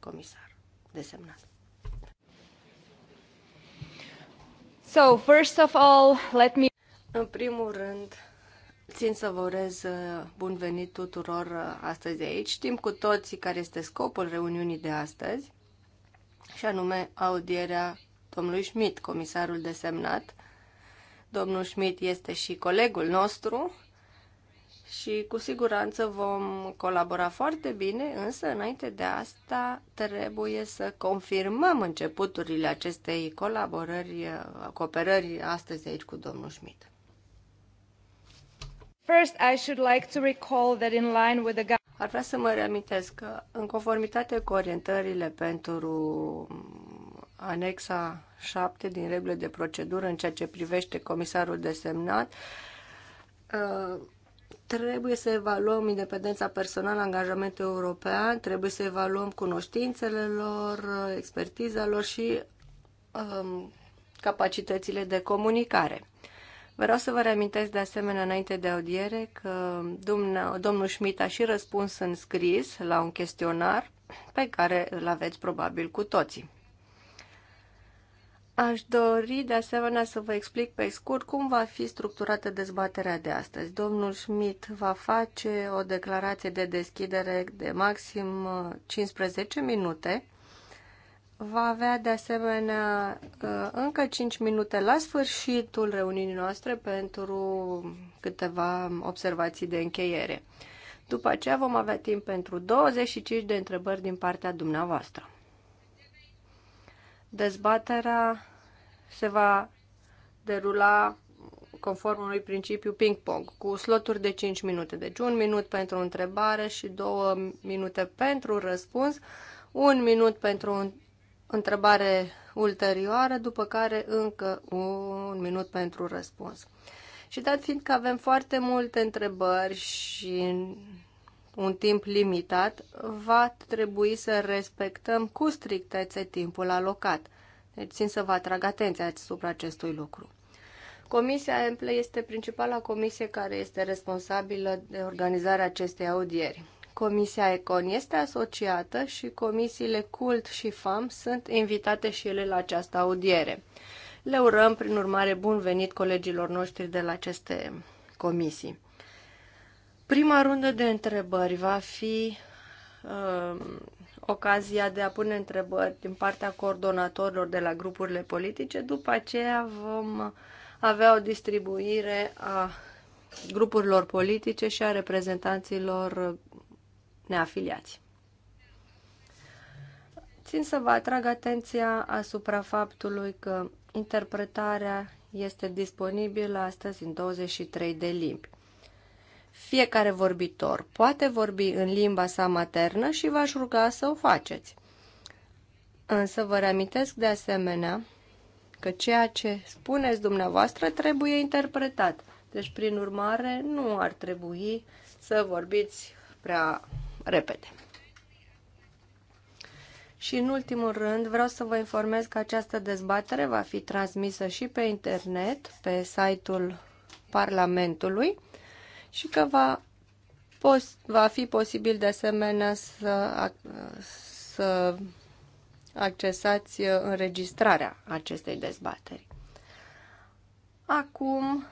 comisar desemnat. So, first of all, let me... În primul rând, țin să vă urez uh, bun venit tuturor uh, astăzi aici. Știm cu toții care este scopul reuniunii de astăzi, și anume audierea domnului Schmidt, comisarul desemnat. Domnul Schmidt este și colegul nostru și cu siguranță vom colabora foarte bine, însă înainte de asta trebuie să confirmăm începuturile acestei colaborări, cooperări astăzi aici cu domnul Schmidt. First, I should like to recall that in line with the Ar vrea să mă reamintesc că în conformitate cu orientările pentru mm, anexa 7 din regulile de procedură în ceea ce privește comisarul desemnat, uh, Trebuie să evaluăm independența personală, angajamentul european, trebuie să evaluăm cunoștințele lor, expertiza lor și um, capacitățile de comunicare. Vreau să vă reamintesc de asemenea înainte de audiere că domnul Schmidt a și răspuns în scris la un chestionar pe care îl aveți probabil cu toții. Aș dori de asemenea să vă explic pe scurt cum va fi structurată dezbaterea de astăzi. Domnul Schmidt va face o declarație de deschidere de maxim 15 uh, minute. Va avea de asemenea uh, încă 5 minute la sfârșitul reuniunii noastre pentru câteva observații de încheiere. După aceea vom avea timp pentru 25 de întrebări din partea dumneavoastră. Dezbaterea se va derula conform unui principiu ping-pong, cu sloturi de 5 minute. Deci un minut pentru întrebare și două minute pentru răspuns, un minut pentru întrebare ulterioară, după care încă un minut pentru răspuns. Și dat fiind că avem foarte multe întrebări și un timp limitat, va trebui să respectăm cu strictețe timpul alocat. Deci țin să vă atrag atenția asupra acestui lucru. Comisia EMPLE este principala comisie care este responsabilă de organizarea acestei audieri. Comisia ECON este asociată și comisiile CULT și FAM sunt invitate și ele la această audiere. Le urăm, prin urmare, bun venit colegilor noștri de la aceste comisii. Prima rundă de întrebări va fi uh, ocazia de a pune întrebări din partea coordonatorilor de la grupurile politice. După aceea vom avea o distribuire a grupurilor politice și a reprezentanților neafiliați. Țin să vă atrag atenția asupra faptului că interpretarea este disponibilă astăzi în 23 de limbi. Fiecare vorbitor poate vorbi în limba sa maternă și v-aș ruga să o faceți. Însă vă reamintesc de asemenea că ceea ce spuneți dumneavoastră trebuie interpretat. Deci, prin urmare, nu ar trebui să vorbiți prea repede. Și în ultimul rând vreau să vă informez că această dezbatere va fi transmisă și pe internet, pe site-ul Parlamentului și că va, pos, va fi posibil de asemenea să, să accesați uh, înregistrarea acestei dezbateri. Acum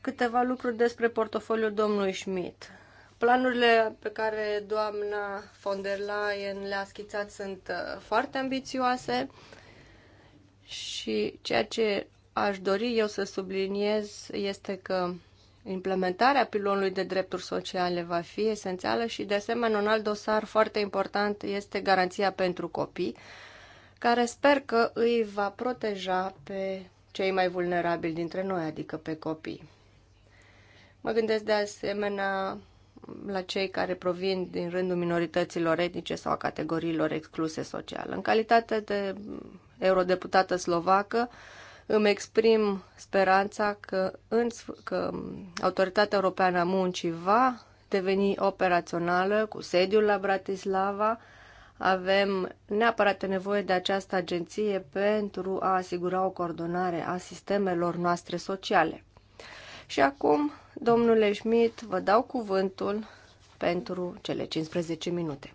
câteva lucruri despre portofoliul domnului Schmidt. Planurile pe care doamna von der Leyen le-a schițat sunt uh, foarte ambițioase și ceea ce aș dori eu să subliniez este că implementarea pilonului de drepturi sociale va fi esențială și, de asemenea, un alt dosar foarte important este garanția pentru copii, care sper că îi va proteja pe cei mai vulnerabili dintre noi, adică pe copii. Mă gândesc de asemenea la cei care provin din rândul minorităților etnice sau a categoriilor excluse sociale. În calitate de eurodeputată slovacă, îmi exprim speranța că, în, că Autoritatea Europeană a Muncii va deveni operațională cu sediul la Bratislava. Avem neapărat nevoie de această agenție pentru a asigura o coordonare a sistemelor noastre sociale. Și acum, domnule Schmidt, vă dau cuvântul pentru cele 15 minute.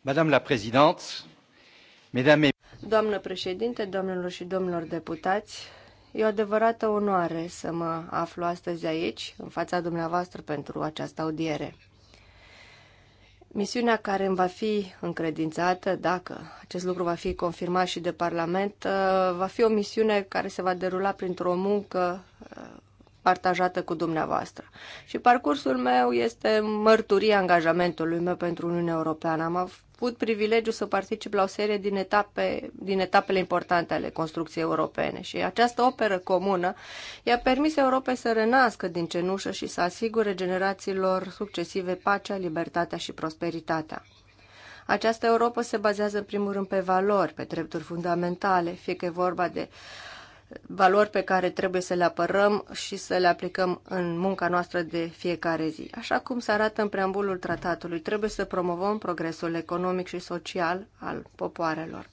Madame la Présidente, Mesdames et Doamnă președinte, domnilor și domnilor deputați, e o adevărată onoare să mă aflu astăzi aici, în fața dumneavoastră, pentru această audiere. Misiunea care îmi va fi încredințată, dacă acest lucru va fi confirmat și de Parlament, uh, va fi o misiune care se va derula printr-o muncă uh, partajată cu dumneavoastră. Și parcursul meu este mărturia angajamentului meu pentru Uniunea Europeană. Am avut privilegiu să particip la o serie din, etape, din etapele importante ale construcției europene și această operă comună i-a permis Europei să renască din cenușă și să asigure generațiilor succesive pacea, libertatea și prosperitatea. Această Europa se bazează în primul rând pe valori, pe drepturi fundamentale, fie că e vorba de uh, valori pe care trebuie să le apărăm și să le aplicăm în munca noastră de fiecare zi. Așa cum se arată în preambulul tratatului, trebuie să promovăm progresul economic și social al popoarelor.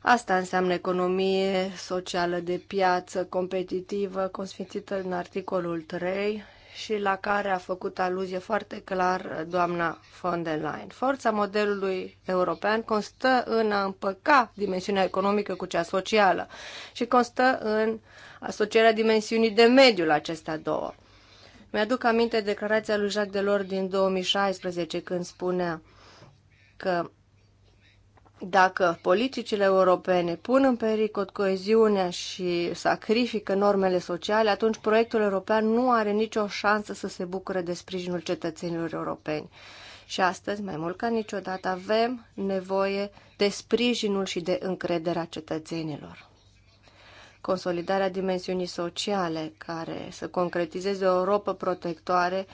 Asta înseamnă economie socială de piață competitivă, consfințită în articolul 3 și la care a făcut aluzie foarte clar doamna von der Leyen. Forța modelului european constă în a împăca dimensiunea economică cu cea socială și constă în asocierea dimensiunii de mediu la acestea două. Mi-aduc aminte declarația lui Jacques Delors din 2016 când spunea că dacă politicile europene pun în pericol coeziunea și sacrifică normele sociale, atunci proiectul european nu are nicio șansă să se bucure de sprijinul cetățenilor europeni. Și astăzi, mai mult ca niciodată, avem nevoie de sprijinul și de încrederea cetățenilor. Consolidarea dimensiunii sociale, care să concretizeze o Europa protectoare,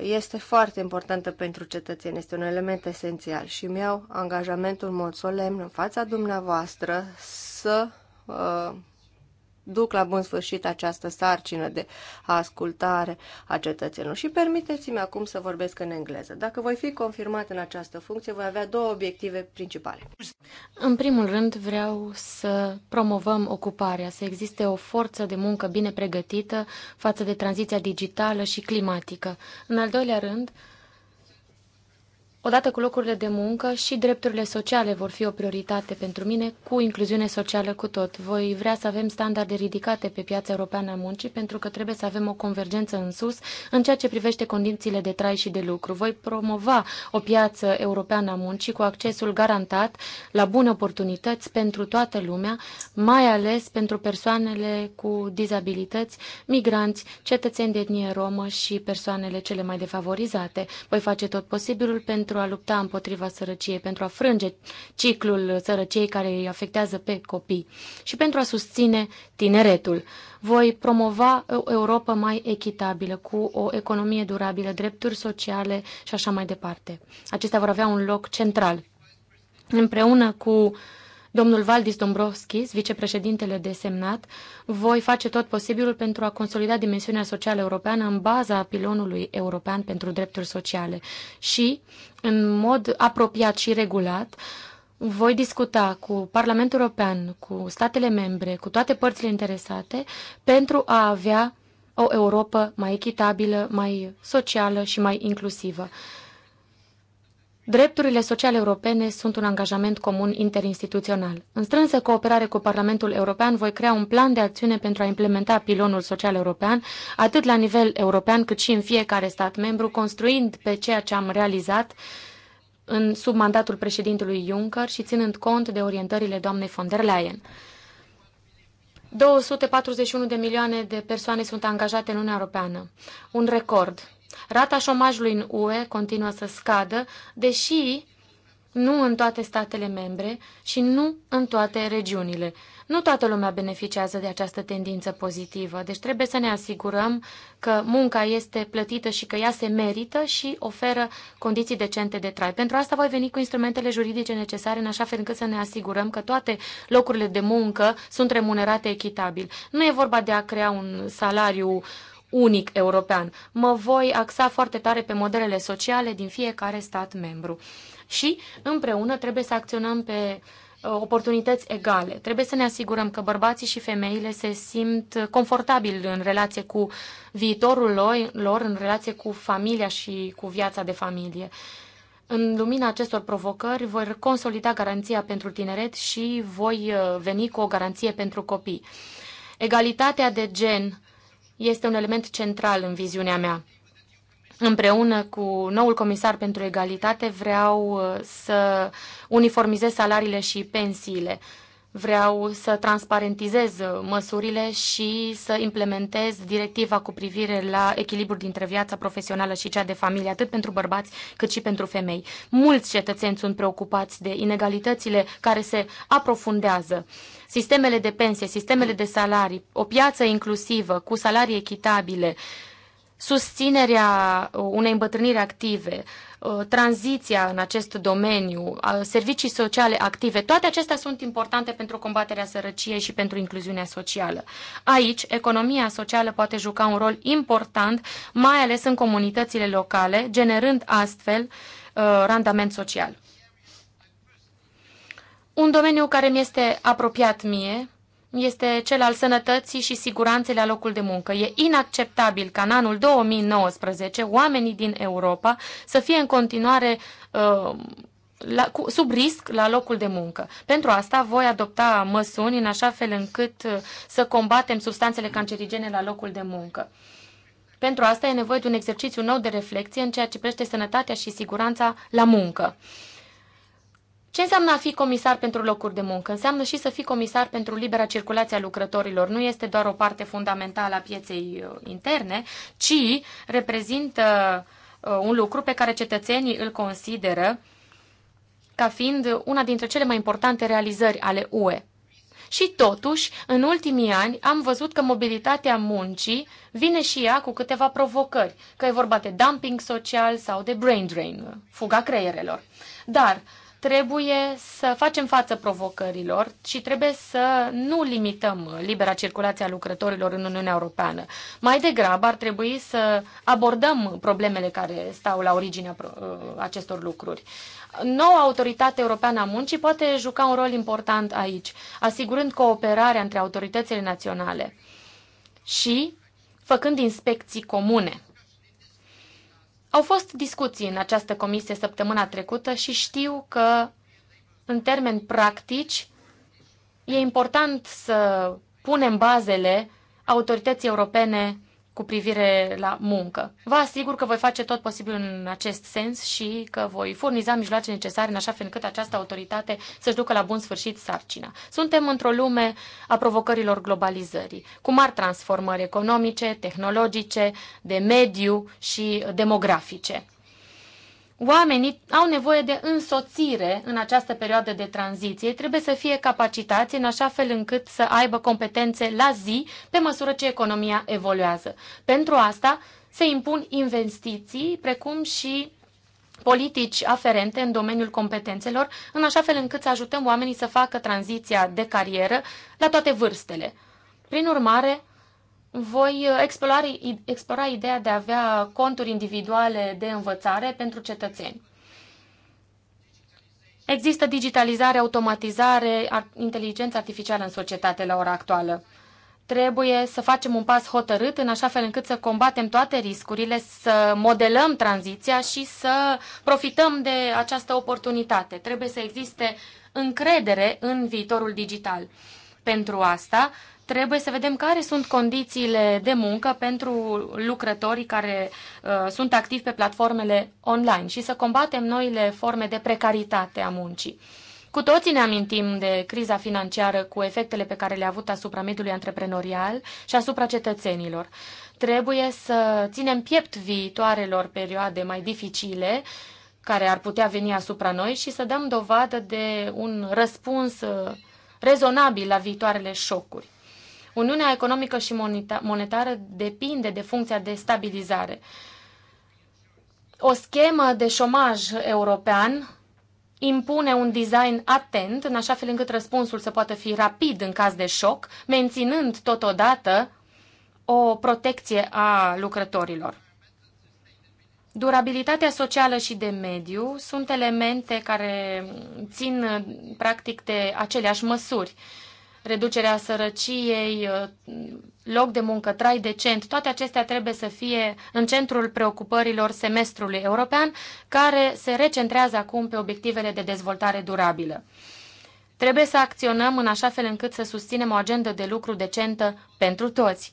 este foarte importantă pentru cetățeni, este un element esențial și mi-au angajamentul în mod solemn în fața dumneavoastră să uh, duc la bun sfârșit această sarcină de ascultare a cetățenilor. Și permiteți-mi acum să vorbesc în engleză. Dacă voi fi confirmat în această funcție, voi avea două obiective principale. În primul rând, vreau să promovăm ocuparea, să existe o forță de muncă bine pregătită față de tranziția digitală și climatică. În al doilea rând, odată cu locurile de muncă și drepturile sociale vor fi o prioritate pentru mine, cu incluziune socială cu tot. Voi vrea să avem standarde ridicate pe piața europeană a muncii, pentru că trebuie să avem o convergență în sus în ceea ce privește condițiile de trai și de lucru. Voi promova o piață europeană a muncii cu accesul garantat la bune oportunități pentru toată lumea, mai ales pentru persoanele cu dizabilități, migranți, cetățeni de etnie romă și persoanele cele mai defavorizate. Voi face tot posibilul pentru pentru a lupta împotriva sărăciei, pentru a frânge ciclul sărăciei care îi afectează pe copii și pentru a susține tineretul. Voi promova o Europa mai echitabilă, cu o economie durabilă, drepturi sociale și așa mai departe. Acestea vor avea un loc central. Împreună cu uh, Domnul Valdis Dombrovskis, vicepreședintele desemnat, voi face tot posibilul pentru a consolida dimensiunea socială europeană în baza pilonului european pentru drepturi sociale și, în mod apropiat și regulat, voi discuta cu Parlamentul European, cu statele membre, cu toate părțile interesate, pentru a avea o Europa mai echitabilă, mai socială și mai inclusivă. Drepturile sociale europene sunt un angajament comun interinstituțional. În strânsă cooperare cu Parlamentul European voi crea un plan de acțiune pentru a implementa pilonul social european, atât la nivel european cât și în fiecare stat membru, construind pe ceea ce am realizat în sub mandatul președintelui Juncker și ținând cont de orientările doamnei von der Leyen. 241 de milioane de persoane sunt angajate în Uniunea Europeană, un record. Rata șomajului în UE continuă să scadă, deși nu în toate statele membre și nu în toate regiunile. Nu toată lumea beneficiază de această tendință pozitivă, deci trebuie să ne asigurăm că munca este plătită și că ea se merită și oferă condiții decente de trai. Pentru asta voi veni cu instrumentele juridice necesare în așa fel încât să ne asigurăm că toate locurile de muncă sunt remunerate echitabil. Nu e vorba de a crea un salariu uh, unic european. Mă voi axa foarte tare pe modelele sociale din fiecare stat membru. Și împreună trebuie să acționăm pe uh, oportunități egale. Trebuie să ne asigurăm că bărbații și femeile se simt confortabil în relație cu viitorul lor, în relație cu familia și cu viața de familie. În lumina acestor provocări, voi consolida garanția pentru tineret și voi uh, veni cu o garanție pentru copii. Egalitatea de gen este un element central în viziunea mea. Împreună cu noul comisar pentru egalitate vreau uh, să uniformizez salariile și pensiile. Vreau să transparentizez măsurile și să implementez directiva cu privire la echilibru dintre viața profesională și cea de familie, atât pentru bărbați cât și pentru femei. Mulți cetățeni sunt preocupați de inegalitățile care se aprofundează. Sistemele de pensie, sistemele de salarii, o piață inclusivă cu salarii echitabile, susținerea uh, unei îmbătrâniri active, uh, tranziția în acest domeniu, uh, servicii sociale active, toate acestea sunt importante pentru combaterea sărăciei și pentru incluziunea socială. Aici, economia socială poate juca un rol important, mai ales în comunitățile locale, generând astfel randament social. Un domeniu care mi este apropiat mie este cel al sănătății și siguranței la locul de muncă. E inacceptabil ca în anul 2019 oamenii din Europa să fie în continuare uh, la, cu, sub risc la locul de muncă. Pentru asta voi adopta măsuni în așa fel încât uh, să combatem substanțele cancerigene la locul de muncă. Pentru asta e nevoie de un exercițiu nou de reflexie în ceea ce privește sănătatea și siguranța la muncă. Ce înseamnă a fi comisar pentru locuri de muncă? Înseamnă și să fii comisar pentru libera circulație a lucrătorilor. Nu este doar o parte fundamentală a pieței uh, interne, ci reprezintă uh, un lucru pe care cetățenii îl consideră ca fiind una dintre cele mai importante realizări ale UE. Și totuși, în ultimii ani, am văzut că mobilitatea muncii vine și ea cu câteva provocări, că e vorba de dumping social sau de brain drain, uh, fuga creierelor. Dar, uh, trebuie să facem față provocărilor și trebuie să nu limităm libera circulație a lucrătorilor în Uniunea Europeană. Mai degrabă ar trebui să abordăm problemele care stau la originea uh, acestor lucruri. Noua autoritate europeană a muncii poate juca un rol important aici, asigurând cooperarea între autoritățile naționale și făcând inspecții comune. Au fost discuții în această comisie săptămâna trecută și știu că, în termeni practici, e important să punem bazele autorității europene cu privire la muncă. Vă asigur că voi face tot posibilul în acest sens și că voi furniza mijloace necesare în așa fel încât această autoritate să-și ducă la bun sfârșit sarcina. Suntem într-o lume a provocărilor globalizării, cu mari transformări economice, tehnologice, de mediu și demografice. Oamenii au nevoie de însoțire în această perioadă de tranziție, trebuie să fie capacitați în așa fel încât să aibă competențe la zi pe măsură ce economia evoluează. Pentru asta se impun investiții precum și politici aferente în domeniul competențelor, în așa fel încât să ajutăm oamenii să facă tranziția de carieră la toate vârstele. Prin urmare, voi uh, explora, explora ideea de a avea conturi individuale de învățare pentru cetățeni. Există digitalizare, automatizare, inteligență artificială în societate la ora actuală. Trebuie să facem un pas hotărât în așa fel încât să combatem toate riscurile, să modelăm tranziția și să profităm de această oportunitate. Trebuie să existe încredere în viitorul digital. Pentru asta trebuie să vedem care sunt condițiile de muncă pentru lucrătorii care uh, sunt activi pe platformele online și să combatem noile forme de precaritate a muncii. Cu toții ne amintim de criza financiară cu efectele pe care le-a avut asupra mediului antreprenorial și asupra cetățenilor. Trebuie să ținem piept viitoarelor perioade mai dificile care ar putea veni asupra noi și să dăm dovadă de un răspuns uh, rezonabil la viitoarele șocuri. Uniunea economică și monetară depinde de funcția de stabilizare. O schemă de șomaj european impune un design atent, în așa fel încât răspunsul să poată fi rapid în caz de șoc, menținând totodată o protecție a lucrătorilor. Durabilitatea socială și de mediu sunt elemente care țin practic de aceleași măsuri reducerea sărăciei, uh, loc de muncă, trai decent, toate acestea trebuie să fie în centrul preocupărilor semestrului european, care se recentrează acum pe obiectivele de dezvoltare durabilă. Trebuie să acționăm în așa fel încât să susținem o agendă de lucru decentă pentru toți.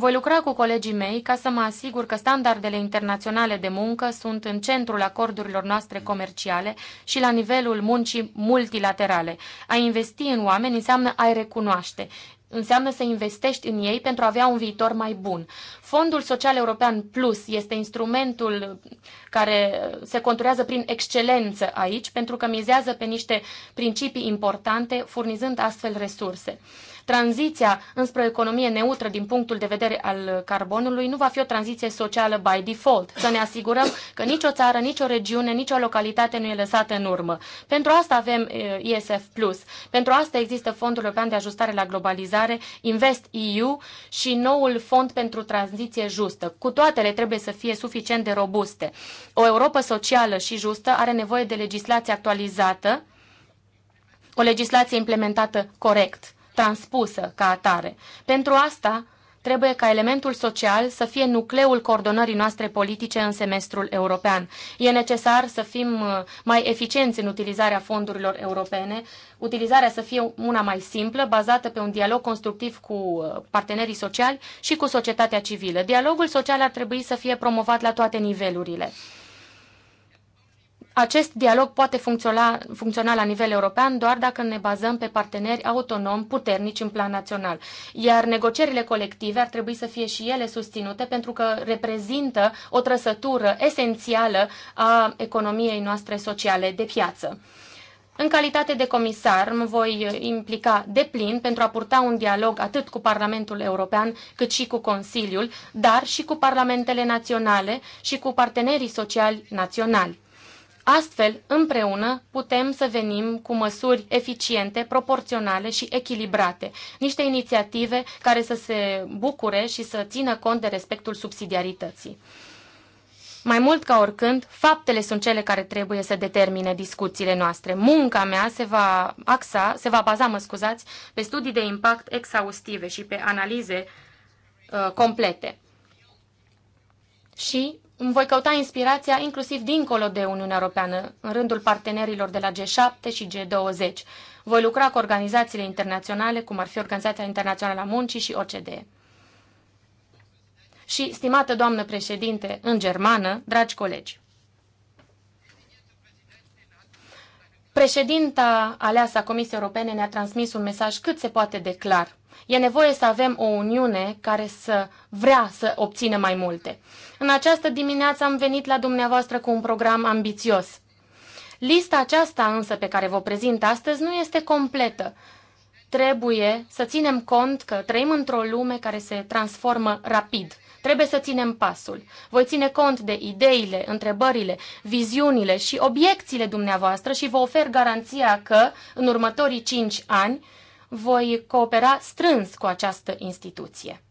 Voi lucra cu colegii mei ca să mă asigur că standardele internaționale de muncă sunt în centrul acordurilor noastre comerciale și la nivelul muncii multilaterale. A investi în oameni înseamnă a-i recunoaște înseamnă să investești în ei pentru a avea un viitor mai bun. Fondul Social European Plus este instrumentul care se conturează prin excelență aici, pentru că mizează pe niște principii importante, furnizând astfel resurse tranziția înspre o economie neutră din punctul de vedere al carbonului nu va fi o tranziție socială by default. Să ne asigurăm că nicio țară, nicio regiune, nicio localitate nu e lăsată în urmă. Pentru asta avem ISF eh, plus. Pentru asta există Fondul European de Ajustare la Globalizare, Invest EU și noul Fond pentru Tranziție Justă. Cu toate le trebuie să fie suficient de robuste. O Europa socială și justă are nevoie de legislație actualizată, o legislație implementată corect transpusă ca atare. Pentru asta, trebuie ca elementul social să fie nucleul coordonării noastre politice în semestrul european. E necesar să fim uh, mai eficienți în utilizarea fondurilor europene, utilizarea să fie una mai simplă, bazată pe un dialog constructiv cu uh, partenerii sociali și cu societatea civilă. Dialogul social ar trebui să fie promovat la toate nivelurile. Acest dialog poate funcționa, funcționa la nivel european doar dacă ne bazăm pe parteneri autonomi puternici în plan național. Iar negocierile colective ar trebui să fie și ele susținute pentru că reprezintă o trăsătură esențială a economiei noastre sociale de piață. În calitate de comisar, mă voi implica de plin pentru a purta un dialog atât cu Parlamentul European, cât și cu Consiliul, dar și cu parlamentele naționale și cu partenerii sociali naționali. Astfel, împreună, putem să venim cu măsuri eficiente, proporționale și echilibrate, niște inițiative care să se bucure și să țină cont de respectul subsidiarității. Mai mult ca oricând, faptele sunt cele care trebuie să determine discuțiile noastre. Munca mea se va axa, se va baza, mă scuzați, pe studii de impact exhaustive și pe analize uh, complete. Și îmi voi căuta inspirația inclusiv dincolo de Uniunea Europeană, în rândul partenerilor de la G7 și G20. Voi lucra cu organizațiile internaționale, cum ar fi Organizația Internațională a Muncii și OCDE. Și, stimată doamnă președinte, în germană, dragi colegi, președinta aleasă a Comisiei Europene ne-a transmis un mesaj cât se poate de clar – E nevoie să avem o uniune care să vrea să obțină mai multe. În această dimineață am venit la dumneavoastră cu un program ambițios. Lista aceasta însă pe care vă prezint astăzi nu este completă. Trebuie să ținem cont că trăim într-o lume care se transformă rapid. Trebuie să ținem pasul. Voi ține cont de ideile, întrebările, viziunile și obiecțiile dumneavoastră și vă ofer garanția că, în următorii 5 ani, voi coopera strâns cu această instituție.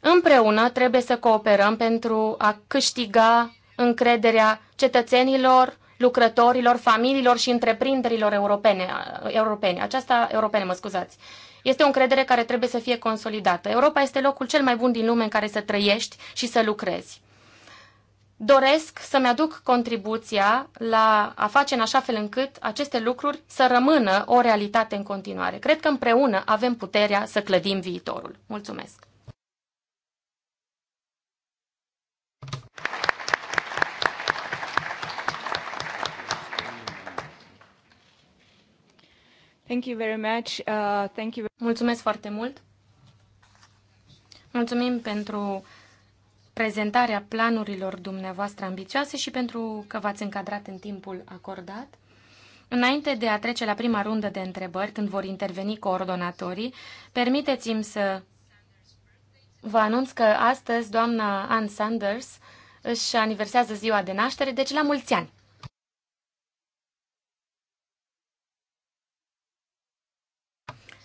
Împreună trebuie să cooperăm pentru a câștiga încrederea cetățenilor, lucrătorilor, familiilor și întreprinderilor europene. europene. Aceasta, europene, mă scuzați. Este o încredere care trebuie să fie consolidată. Europa este locul cel mai bun din lume în care să trăiești și să lucrezi doresc să-mi aduc contribuția la a face în așa fel încât aceste lucruri să rămână o realitate în continuare. Cred că împreună avem puterea să clădim viitorul. Mulțumesc! Thank you very much. Uh, thank you. Mulțumesc foarte mult. Mulțumim pentru prezentarea planurilor dumneavoastră ambițioase și pentru că v-ați încadrat în timpul acordat. Înainte de a trece la prima rundă de întrebări, când vor interveni coordonatorii, permiteți-mi să vă anunț că astăzi doamna Ann Sanders își aniversează ziua de naștere, deci la mulți ani!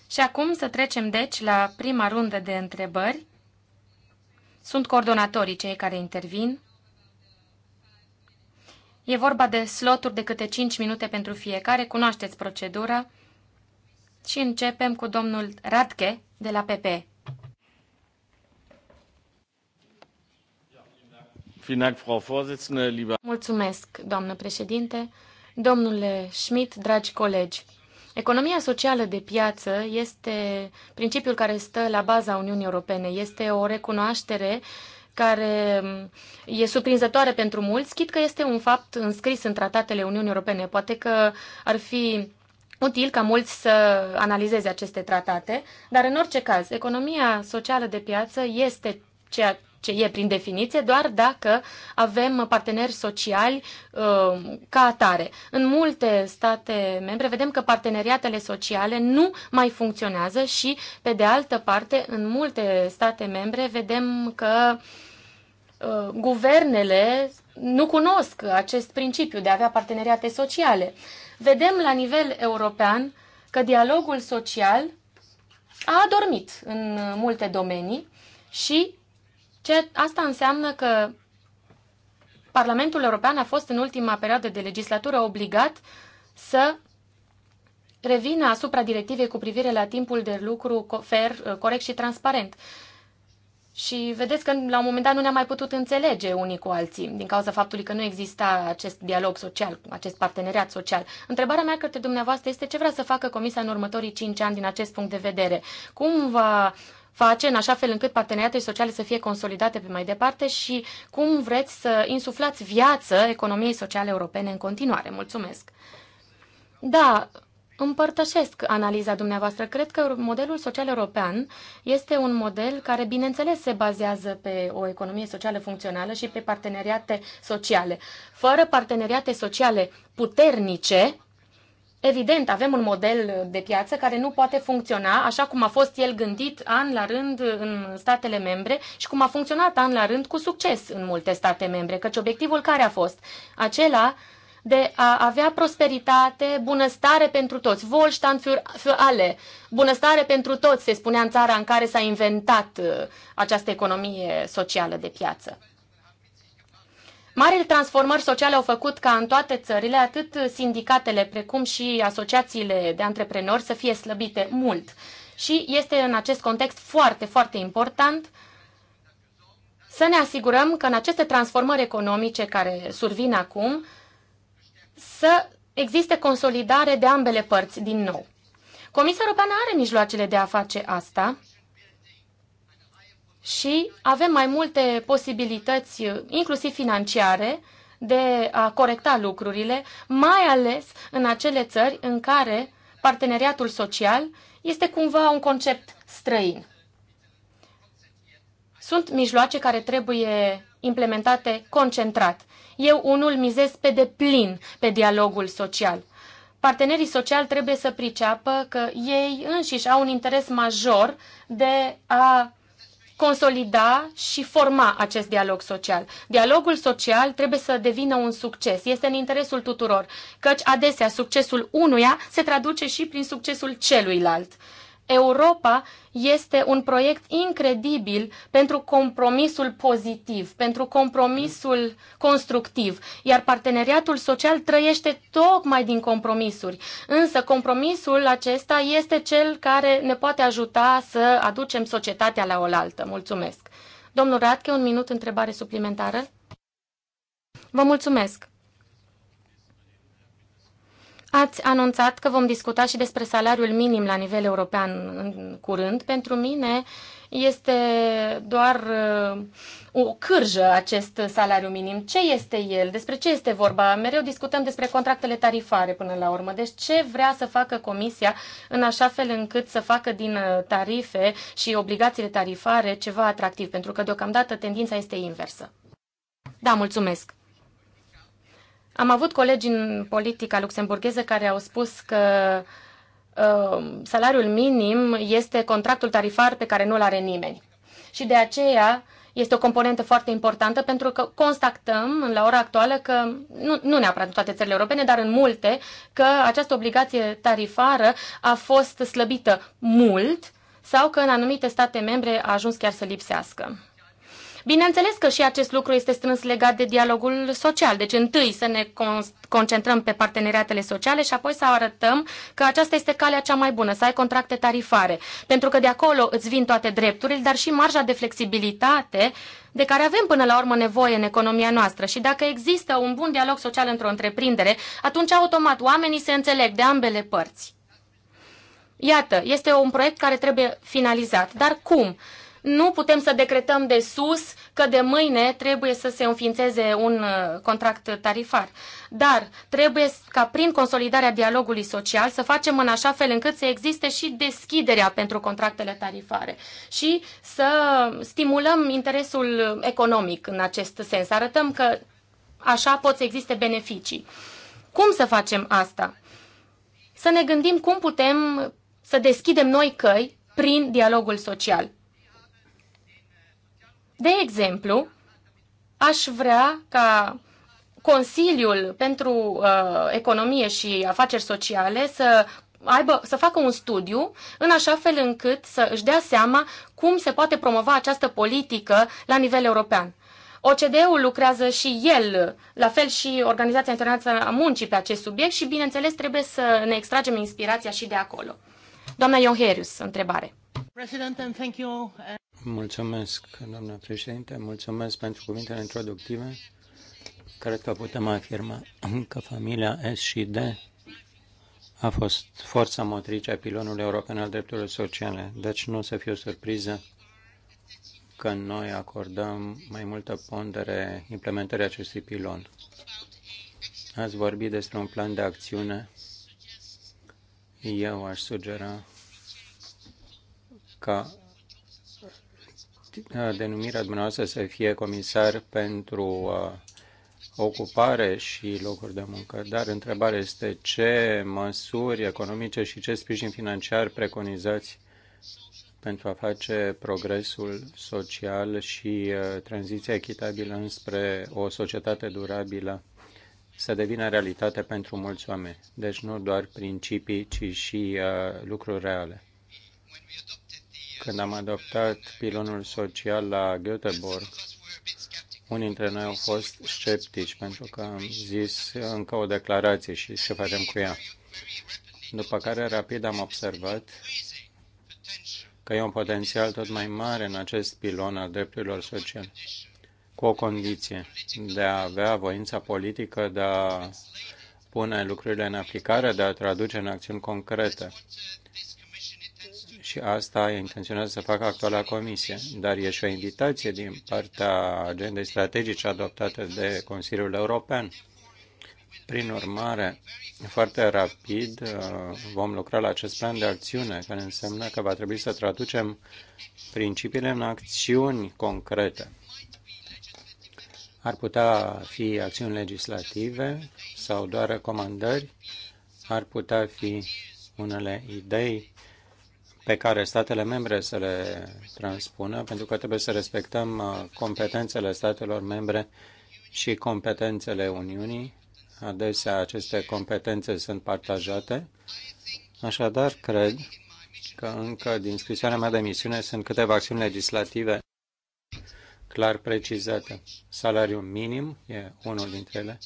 Și acum să trecem deci la prima rundă de întrebări sunt coordonatorii cei care intervin. E vorba de sloturi de câte 5 minute pentru fiecare, cunoașteți procedura. Și începem cu domnul Radke de la PP. Mulțumesc, doamnă președinte, domnule Schmidt, dragi colegi. Economia socială de piață este principiul care stă la baza Uniunii Europene. Este o recunoaștere care mm, e surprinzătoare pentru mulți, chit că este un fapt înscris în tratatele Uniunii Europene. Poate că ar fi util ca mulți să analizeze aceste tratate, dar în orice caz, economia socială de piață este ceea ce e prin definiție, doar dacă avem parteneri sociali uh, ca atare. În multe state membre vedem că parteneriatele sociale nu mai funcționează și, pe de altă parte, în multe state membre vedem că uh, guvernele nu cunosc acest principiu de a avea parteneriate sociale. Vedem la nivel european că dialogul social a adormit în multe domenii și ce, asta înseamnă că Parlamentul European a fost în ultima perioadă de legislatură obligat să revină asupra directivei cu privire la timpul de lucru fer, uh, corect și transparent. Și vedeți că la un moment dat nu ne-am mai putut înțelege unii cu alții din cauza faptului că nu exista acest dialog social, acest parteneriat social. Întrebarea mea către dumneavoastră este ce vrea să facă Comisia în următorii 5 ani din acest punct de vedere. Cum va uh, face în așa fel încât parteneriatele sociale să fie consolidate pe mai departe și cum vreți să insuflați viață economiei sociale europene în continuare. Mulțumesc! Da, Împărtășesc analiza dumneavoastră. Cred că modelul social european este un model care, bineînțeles, se bazează pe o economie socială funcțională și pe parteneriate sociale. Fără parteneriate sociale puternice, Evident, avem un model de piață care nu poate funcționa așa cum a fost el gândit an la rând în statele membre și cum a funcționat an la rând cu succes în multe state membre, căci obiectivul care a fost? Acela de a avea prosperitate, bunăstare pentru toți. Volstand für, für alle. Bunăstare pentru toți, se spunea în țara în care s-a inventat uh, această economie socială de piață. Marile transformări sociale au făcut ca în toate țările, atât sindicatele precum și asociațiile de antreprenori să fie slăbite mult. Și este în acest context foarte, foarte important să ne asigurăm că în aceste transformări economice care survin acum, să existe consolidare de ambele părți din nou. Comisia Europeană are mijloacele de a face asta și avem mai multe posibilități, inclusiv financiare, de a corecta lucrurile, mai ales în acele țări în care parteneriatul social este cumva un concept străin. Sunt mijloace care trebuie implementate concentrat. Eu unul mizez pe deplin pe dialogul social. Partenerii sociali trebuie să priceapă că ei înșiși au un interes major de a consolida și forma acest dialog social. Dialogul social trebuie să devină un succes. Este în interesul tuturor, căci adesea succesul unuia se traduce și prin succesul celuilalt. Europa este un proiect incredibil pentru compromisul pozitiv, pentru compromisul constructiv, iar parteneriatul social trăiește tocmai din compromisuri. Însă compromisul acesta este cel care ne poate ajuta să aducem societatea la oaltă. Mulțumesc. Domnul Radke, un minut întrebare suplimentară. Vă mulțumesc. Ați anunțat că vom discuta și despre salariul minim la nivel european în curând. Pentru mine este doar uh, o cârjă acest salariu minim. Ce este el? Despre ce este vorba? Mereu discutăm despre contractele tarifare până la urmă. Deci ce vrea să facă Comisia în așa fel încât să facă din uh, tarife și obligațiile tarifare ceva atractiv? Pentru că deocamdată tendința este inversă. Da, mulțumesc. Am avut colegi în politica luxemburgheză care au spus că uh, salariul minim este contractul tarifar pe care nu-l are nimeni. Și de aceea este o componentă foarte importantă pentru că constatăm la ora actuală că, nu, nu neapărat în toate țările europene, dar în multe, că această obligație tarifară a fost slăbită mult sau că în anumite state membre a ajuns chiar să lipsească. Bineînțeles că și acest lucru este strâns legat de dialogul social, deci întâi să ne concentrăm pe parteneriatele sociale și apoi să arătăm că aceasta este calea cea mai bună, să ai contracte tarifare, pentru că de acolo îți vin toate drepturile, dar și marja de flexibilitate de care avem până la urmă nevoie în economia noastră și dacă există un bun dialog social într-o întreprindere, atunci automat oamenii se înțeleg de ambele părți. Iată, este un proiect care trebuie finalizat. Dar cum? Nu putem să decretăm de sus că de mâine trebuie să se înființeze un uh, contract tarifar. Dar trebuie ca prin consolidarea dialogului social să facem în așa fel încât să existe și deschiderea pentru contractele tarifare și să stimulăm interesul economic în acest sens. arătăm că așa pot să existe beneficii. Cum să facem asta? Să ne gândim cum putem să deschidem noi căi prin dialogul social. De exemplu, aș vrea ca Consiliul pentru uh, Economie și Afaceri Sociale să aibă, să facă un studiu în așa fel încât să își dea seama cum se poate promova această politică la nivel european. OCDE-ul lucrează și el, la fel și Organizația Internațională a Muncii pe acest subiect și, bineînțeles, trebuie să ne extragem inspirația și de acolo. Doamna Ionherius, întrebare. Mulțumesc, doamnă președinte, mulțumesc pentru cuvintele introductive. Cred că putem afirma că familia S și D a fost forța motrice a pilonului european al drepturilor sociale, deci nu o să fie o surpriză că noi acordăm mai multă pondere implementării acestui pilon. Ați vorbit despre un plan de acțiune. Eu aș sugera ca denumirea dumneavoastră să fie comisar pentru uh, ocupare și locuri de muncă, dar întrebarea este ce măsuri economice și ce sprijin financiar preconizați pentru a face progresul social și uh, tranziția echitabilă înspre o societate durabilă să devină realitate pentru mulți oameni. Deci nu doar principii, ci și uh, lucruri reale. Când am adoptat pilonul social la Göteborg, unii dintre noi au fost sceptici pentru că am zis încă o declarație și ce facem cu ea. După care rapid am observat că e un potențial tot mai mare în acest pilon al drepturilor sociale, cu o condiție de a avea voința politică de a pune lucrurile în aplicare, de a traduce în acțiuni concrete și asta intenționează să facă actuala comisie, dar e și o invitație din partea agendei strategice adoptate de Consiliul European. Prin urmare, foarte rapid uh, vom lucra la acest plan de acțiune, care înseamnă că va trebui să traducem principiile în acțiuni concrete. Ar putea fi acțiuni legislative sau doar recomandări, ar putea fi unele idei pe care statele membre să le transpună, pentru că trebuie să respectăm uh, competențele statelor membre și competențele Uniunii. Adesea aceste competențe sunt partajate. Așadar, cred că încă din scrisoarea mea de misiune sunt câteva acțiuni legislative clar precizate. Salariul minim e unul dintre ele,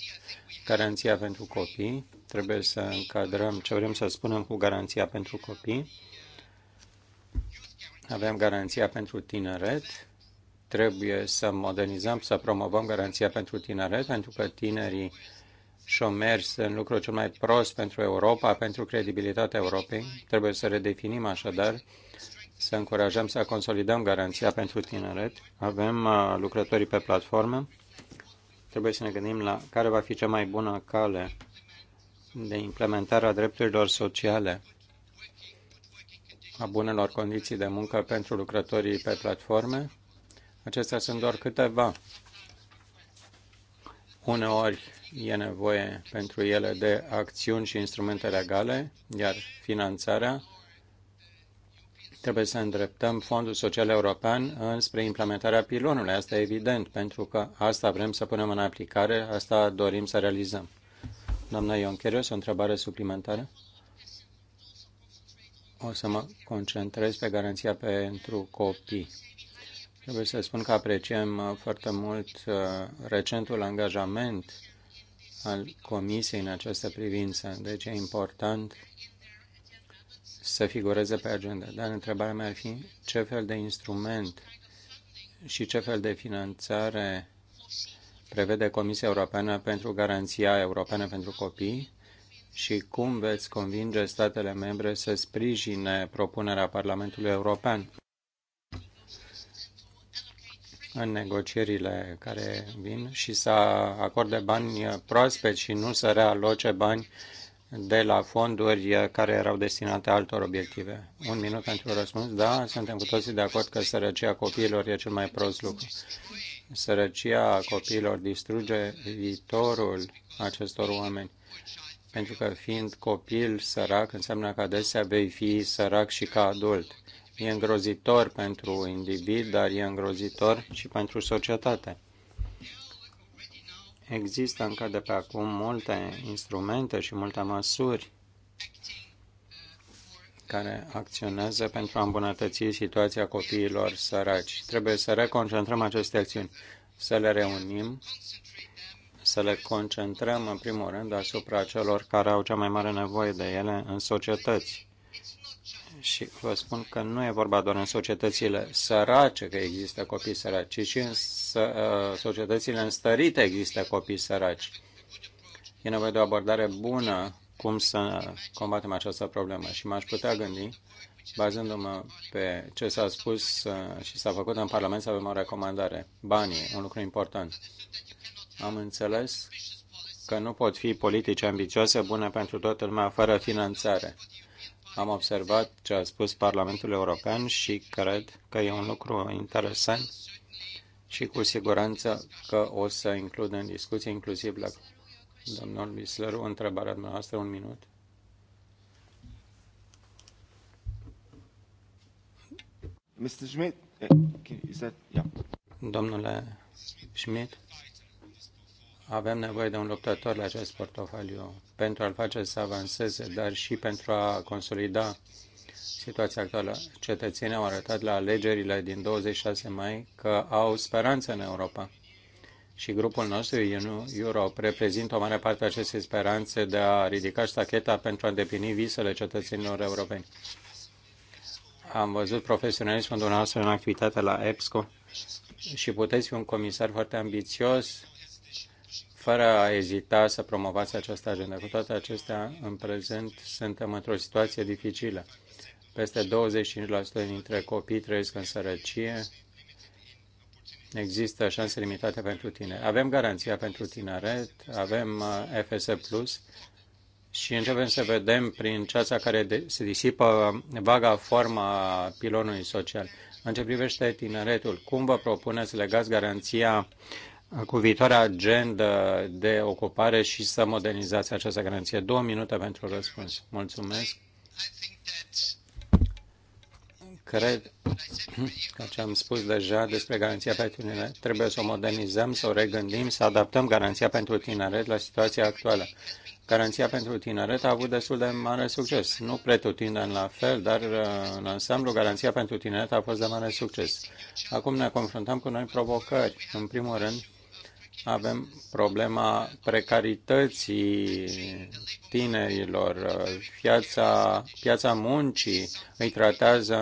garanția pentru copii, trebuie să încadrăm ce vrem să spunem cu garanția pentru copii, avem garanția pentru tineret, trebuie să modernizăm, să promovăm garanția pentru tineret, pentru că tinerii șomeri sunt lucrul cel mai prost pentru Europa, pentru credibilitatea Europei. Trebuie să redefinim așadar, să încurajăm să consolidăm garanția pentru tineret. Avem uh, lucrătorii pe platformă. Trebuie să ne gândim la care va fi cea mai bună cale de implementare a drepturilor sociale a bunelor condiții de muncă pentru lucrătorii pe platforme. Acestea sunt doar câteva. Uneori e nevoie pentru ele de acțiuni și instrumente legale, iar finanțarea trebuie să îndreptăm Fondul Social European înspre implementarea pilonului. Asta e evident, pentru că asta vrem să punem în aplicare, asta dorim să realizăm. Doamna Ioncherios, o întrebare suplimentară? o să mă concentrez pe garanția pentru copii. Trebuie să spun că apreciem uh, foarte mult uh, recentul angajament al Comisiei în această privință, deci e important să figureze pe agenda. Dar întrebarea mea ar fi ce fel de instrument și ce fel de finanțare prevede Comisia Europeană pentru Garanția Europeană pentru Copii și cum veți convinge statele membre să sprijine propunerea Parlamentului European în negocierile care vin și să acorde bani proaspeți și nu să realoce bani de la fonduri care erau destinate altor obiective. Un minut pentru răspuns. Da, suntem cu toții de acord că sărăcia copiilor e cel mai prost lucru. Sărăcia copiilor distruge viitorul acestor oameni pentru că fiind copil sărac înseamnă că adesea vei fi sărac și ca adult. E îngrozitor pentru individ, dar e îngrozitor și pentru societate. Există încă de pe acum multe instrumente și multe măsuri care acționează pentru a îmbunătăți situația copiilor săraci. Trebuie să reconcentrăm aceste acțiuni, să le reunim să le concentrăm în primul rând asupra celor care au cea mai mare nevoie de ele în societăți. Și vă spun că nu e vorba doar în societățile sărace că există copii săraci, ci și în uh, societățile înstărite există copii săraci. E nevoie de o abordare bună cum să combatem această problemă și m-aș putea gândi, bazându-mă pe ce s-a spus uh, și s-a făcut în Parlament, să avem o recomandare. Banii, un lucru important. Am înțeles că nu pot fi politici ambițioase bune pentru toată lumea fără finanțare. Am observat ce a spus Parlamentul European și cred că e un lucru interesant și cu siguranță că o să includ în discuție inclusiv la domnul Bisler o întrebare dumneavoastră, un minut. Mr. Schmidt, eh, is that, yeah. Domnule Schmidt, avem nevoie de un luptător la acest portofoliu pentru a-l face să avanseze, dar și pentru a consolida situația actuală. Cetățenii au arătat la alegerile din 26 mai că au speranță în Europa. Și grupul nostru, Europe, reprezintă o mare parte a acestei speranțe de a ridica stacheta pentru a îndeplini visele cetățenilor europeni. Am văzut profesionalismul dumneavoastră în activitate la EPSCO și puteți fi un comisar foarte ambițios fără a ezita să promovați această agenda. Cu toate acestea, în prezent suntem într-o situație dificilă. Peste 25% dintre copii trăiesc în sărăcie. Există șanse limitate pentru tine. Avem garanția pentru tineret, avem uh, FS Plus și începem să vedem prin ceața care se disipă vaga forma pilonului social. În ce privește tineretul, cum vă propuneți legați garanția cu viitoarea agenda de ocupare și să modernizați această garanție. Două minute pentru răspuns. Mulțumesc. Cred că ce am spus deja despre garanția pentru tineret, trebuie să o modernizăm, să o regândim, să adaptăm garanția pentru tineret la situația actuală. Garanția pentru tineret a avut destul de mare succes. Nu pretutindem la fel, dar uh, în ansamblu garanția pentru tineret a fost de mare succes. Acum ne confruntăm cu noi provocări. În primul rând, avem problema precarității tinerilor, piața, piața muncii îi tratează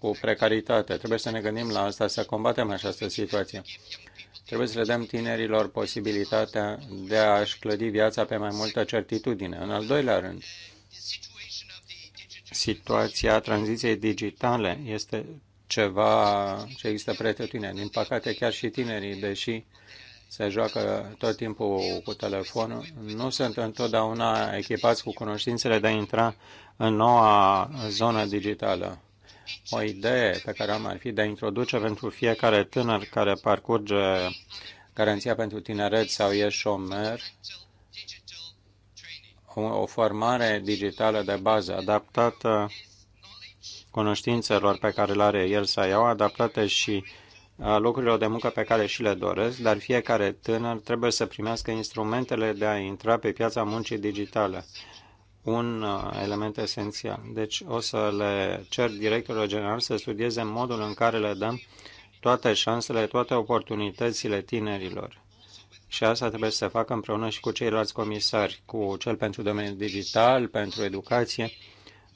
cu precaritate. Trebuie să ne gândim la asta, să combatem această situație. Trebuie să le dăm tinerilor posibilitatea de a-și clădi viața pe mai multă certitudine. În al doilea rând, situația tranziției digitale este ceva ce există pretutine. Din păcate, chiar și tinerii, deși se joacă tot timpul cu telefonul, nu sunt întotdeauna echipați cu cunoștințele de a intra în noua zonă digitală. O idee pe care am ar fi de a introduce pentru fiecare tânăr care parcurge garanția pentru tineret sau e șomer, o formare digitală de bază adaptată cunoștințelor pe care le are el sau ea, adaptate și uh, locurilor de muncă pe care și le doresc, dar fiecare tânăr trebuie să primească instrumentele de a intra pe piața muncii digitale. Un uh, element esențial. Deci o să le cer directorul general să studieze modul în care le dăm toate șansele, toate oportunitățile tinerilor. Și asta trebuie să se facă împreună și cu ceilalți comisari, cu cel pentru domeniul digital, pentru educație,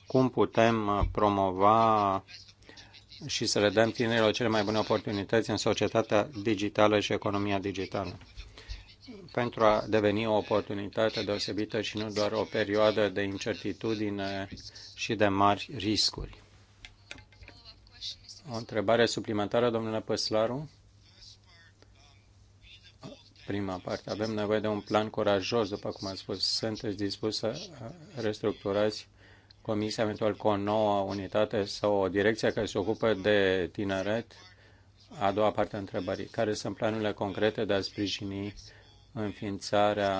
cum putem uh, promova și să le dăm tinerilor cele mai bune oportunități în societatea digitală și economia digitală pentru a deveni o oportunitate deosebită și nu doar o perioadă de incertitudine și de mari riscuri. O întrebare suplimentară, domnule Păslaru? Prima parte. Avem nevoie de un plan curajos, după cum ați spus. Sunteți dispus să restructurați comisia, eventual cu o nouă unitate sau o direcție care se ocupă de tineret? A doua parte a întrebării. Care sunt planurile concrete de a sprijini înființarea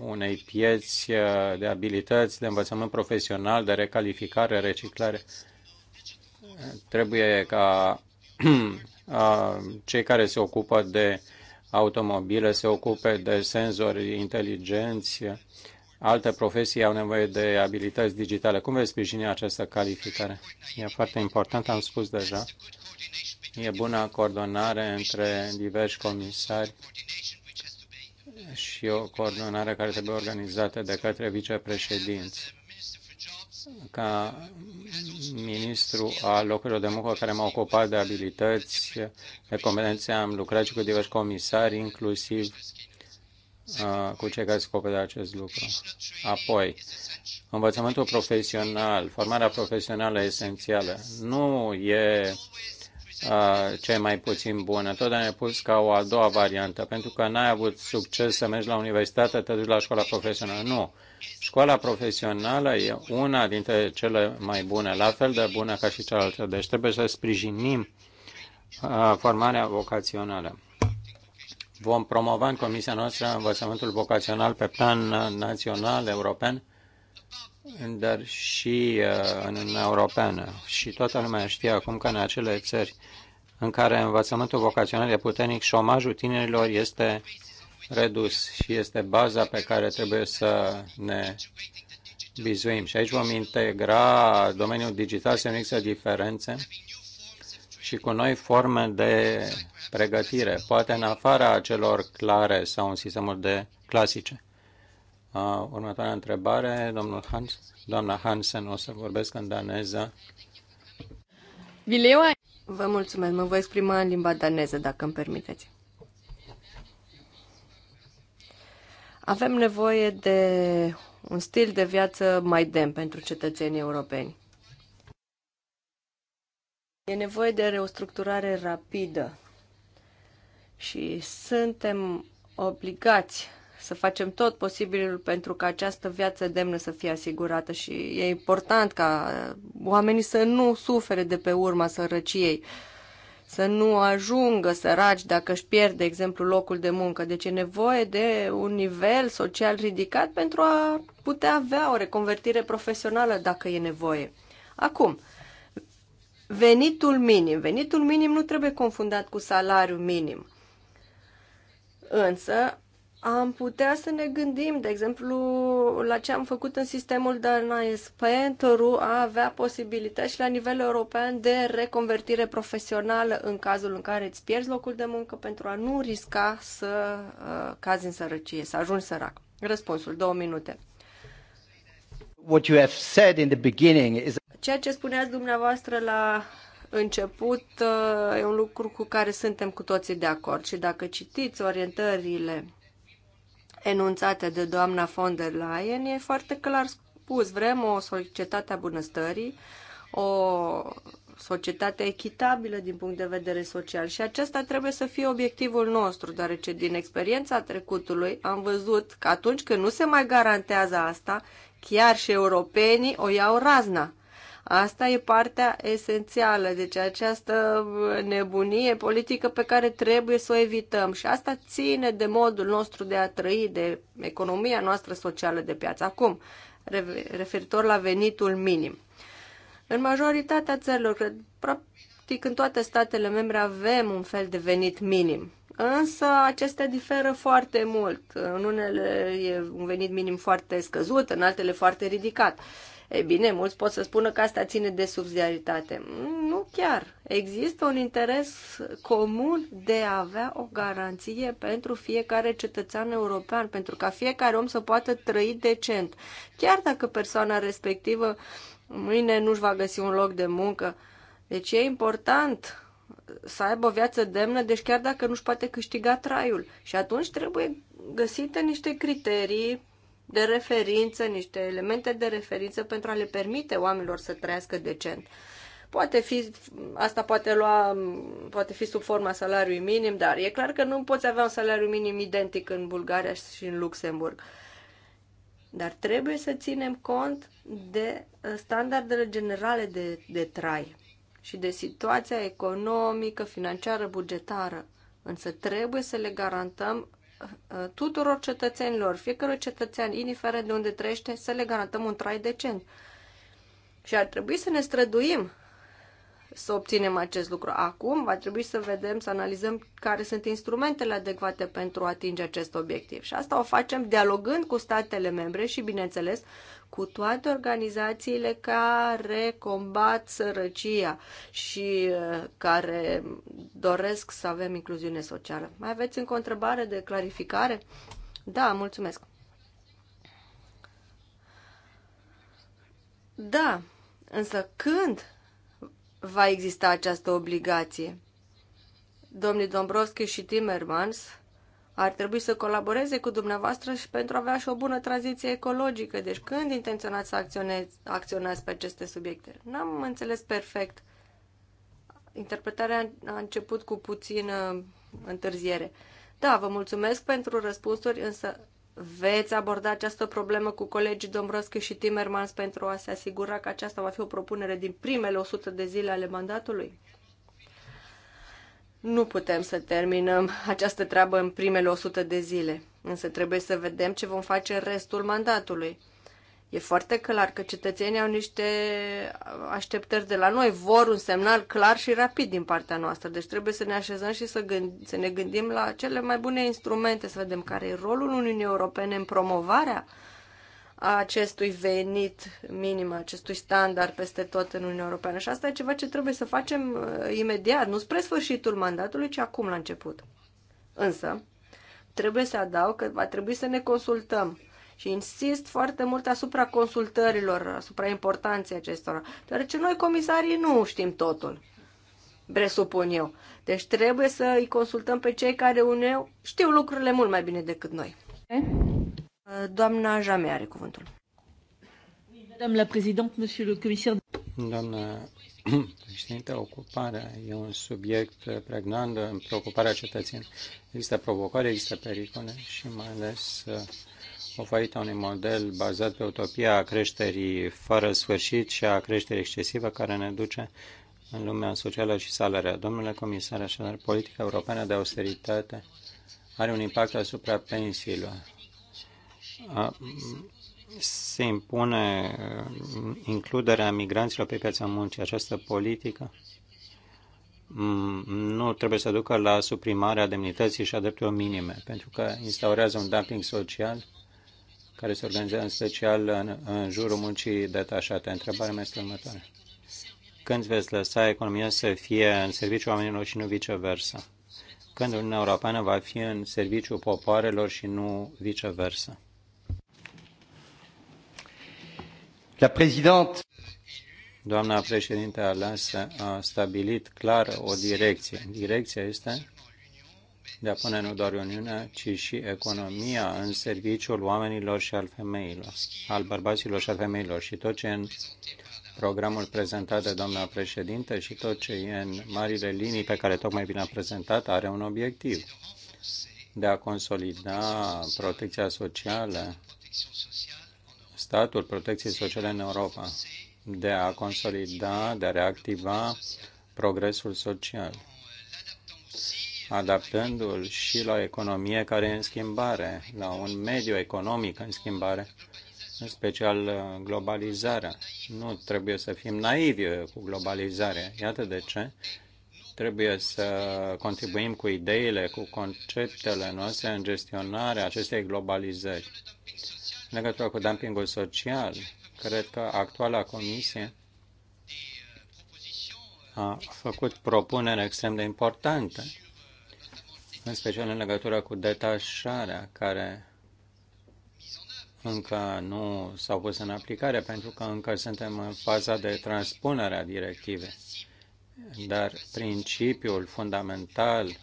unei pieți de abilități, de învățământ profesional, de recalificare, reciclare? Trebuie ca cei care se ocupă de automobile se ocupe de senzori inteligenți, alte profesii au nevoie de abilități digitale. Cum veți sprijini această calificare? E foarte important, am spus deja. E bună coordonare între diversi comisari și o coordonare care trebuie organizată de către vicepreședinți. Ca ministru al locurilor de muncă care m-a ocupat de abilități, de competențe, am lucrat și cu diversi comisari, inclusiv Uh, cu cei care se ocupă de acest lucru. Apoi, învățământul profesional, formarea profesională esențială, nu e uh, cei mai puțin bună. Totdeauna ne pus ca o a doua variantă, pentru că n-ai avut succes să mergi la universitate, te duci la școala profesională. Nu. Școala profesională e una dintre cele mai bune, la fel de bună ca și cealaltă. Deci trebuie să sprijinim uh, formarea vocațională. Vom promova în comisia noastră învățământul vocațional pe plan național, european, dar și uh, în Uniunea Europeană. Și toată lumea știe acum că în acele țări în care învățământul vocațional e puternic, șomajul tinerilor este redus și este baza pe care trebuie să ne bizuim. Și aici vom integra domeniul digital, să nu există diferențe și cu noi forme de pregătire, poate în afara celor clare sau în sistemul de clasice. Următoarea întrebare, domnul Hans, doamna Hansen, o să vorbesc în daneză. Vileu, Vă mulțumesc, mă voi exprima în limba daneză, dacă îmi permiteți. Avem nevoie de un stil de viață mai demn pentru cetățenii europeni. E nevoie de restructurare rapidă și suntem obligați să facem tot posibilul pentru ca această viață demnă să fie asigurată și e important ca oamenii să nu sufere de pe urma sărăciei, să nu ajungă săraci dacă își pierd, de exemplu, locul de muncă. Deci e nevoie de un nivel social ridicat pentru a putea avea o reconvertire profesională dacă e nevoie. Acum, venitul minim. Venitul minim nu trebuie confundat cu salariul minim. Însă, am putea să ne gândim, de exemplu, la ce am făcut în sistemul DANAES pentru a avea posibilități și la nivel european de reconvertire profesională în cazul în care îți pierzi locul de muncă pentru a nu risca să uh, cazi în sărăcie, să ajungi sărac. Răspunsul, două minute. What you have said in the beginning is Ceea ce spuneați dumneavoastră la început uh, e un lucru cu care suntem cu toții de acord și dacă citiți orientările enunțate de doamna von der Leyen, e foarte clar spus, vrem o societate a bunăstării, o societate echitabilă din punct de vedere social și acesta trebuie să fie obiectivul nostru, deoarece din experiența trecutului am văzut că atunci când nu se mai garantează asta, chiar și europenii o iau razna. Asta e partea esențială, deci această nebunie politică pe care trebuie să o evităm și asta ține de modul nostru de a trăi, de economia noastră socială de piață. Acum, referitor la venitul minim. În majoritatea țărilor, cred, practic în toate statele membre avem un fel de venit minim. Însă acestea diferă foarte mult. În unele e un venit minim foarte scăzut, în altele foarte ridicat. Uh, E bine, mulți pot să spună că asta ține de subsidiaritate. Nu chiar. Există un interes comun de a avea o garanție pentru fiecare cetățean european, pentru ca fiecare om să poată trăi decent. Chiar dacă persoana respectivă mâine nu-și va găsi un loc de muncă. Deci e important să aibă o viață demnă, deci chiar dacă nu-și poate câștiga traiul. Și atunci trebuie găsite niște criterii de referință, niște elemente de referință pentru a le permite oamenilor să trăiască decent. Poate fi, asta poate lua, poate fi sub forma salariului minim, dar e clar că nu poți avea un salariu minim identic în Bulgaria și în Luxemburg. Dar trebuie să ținem cont de uh, standardele generale de, de trai și de situația economică, financiară, bugetară. Însă trebuie să le garantăm tuturor cetățenilor, fiecărui cetățean, indiferent de unde trăiește, să le garantăm un trai decent. Și ar trebui să ne străduim să obținem acest lucru. Acum va trebui să vedem, să analizăm care sunt instrumentele adecvate pentru a atinge acest obiectiv. Și asta o facem dialogând cu statele membre și, bineînțeles, cu toate organizațiile care combat sărăcia și uh, care doresc să avem incluziune socială. Mai aveți încă o întrebare de clarificare? Da, mulțumesc. Da, însă când va exista această obligație? Domnii Dombrovski și Timmermans ar trebui să colaboreze cu dumneavoastră și pentru a avea și o bună tranziție ecologică. Deci când intenționați să acționați pe aceste subiecte? N-am înțeles perfect. Interpretarea a început cu puțină întârziere. Da, vă mulțumesc pentru răspunsuri, însă veți aborda această problemă cu colegii Dombrovski și Timmermans pentru a se asigura că aceasta va fi o propunere din primele 100 de zile ale mandatului? Nu putem să terminăm această treabă în primele 100 de zile, însă trebuie să vedem ce vom face în restul mandatului. E foarte clar că cetățenii au niște așteptări de la noi, vor un semnal clar și rapid din partea noastră. Deci trebuie să ne așezăm și să, gând- să ne gândim la cele mai bune instrumente, să vedem care e rolul Uniunii Europene în promovarea uh, a acestui venit minim, acestui standard peste tot în Uniunea Europeană. Și asta e ceva ce trebuie să facem uh, imediat, nu spre sfârșitul mandatului, ci acum la început. Însă, trebuie să adaug că va trebui să ne consultăm și insist foarte mult asupra consultărilor, asupra importanței acestora, deoarece noi comisarii nu știm totul, presupun eu. Deci trebuie să îi consultăm pe cei care uneu știu lucrurile mult mai bine decât noi. Okay. Eh? Uh, doamna Jame are cuvântul. Madame la Présidente, Monsieur le Commissaire. Doamna președinte, ocuparea e un subiect pregnant în preocuparea cetățenilor. Există provocări, există pericole și mai ales uh, oferită unui model bazat pe utopia a creșterii fără sfârșit și a creșterii excesivă care ne duce în lumea socială și salarea. Domnule comisar, așadar, politica europeană de austeritate are un impact asupra pensiilor se impune uh, includerea migranților pe piața muncii. Această politică mm, nu trebuie să ducă la suprimarea demnității și a drepturilor minime, pentru că instaurează un dumping social care se organizează în special în, în jurul muncii detașate. Întrebarea mea este următoare. Când veți lăsa economia să fie în serviciul oamenilor și nu viceversa? Când Uniunea Europeană va fi în serviciul popoarelor și nu viceversa? La Doamna președinte aleasă a stabilit clar o direcție. Direcția este de a pune nu doar Uniunea, ci și economia în serviciul oamenilor și al femeilor, al bărbaților și al femeilor și tot ce în programul prezentat de doamna președinte și tot ce e în marile linii pe care tocmai bine a prezentat are un obiectiv de a consolida protecția socială statul protecției sociale în Europa, de a consolida, de a reactiva progresul social, adaptându-l și la o economie care e în schimbare, la un mediu economic în schimbare, în special uh, globalizarea. Nu trebuie să fim naivi uh, cu globalizarea. Iată de ce trebuie să contribuim cu ideile, cu conceptele noastre în gestionarea acestei globalizări. În legătură cu dumpingul social, cred că actuala comisie a făcut propuneri extrem de importante, în special în legătură cu detașarea, care încă nu s-au pus în aplicare pentru că încă suntem în faza de transpunere a directivei. Dar principiul fundamental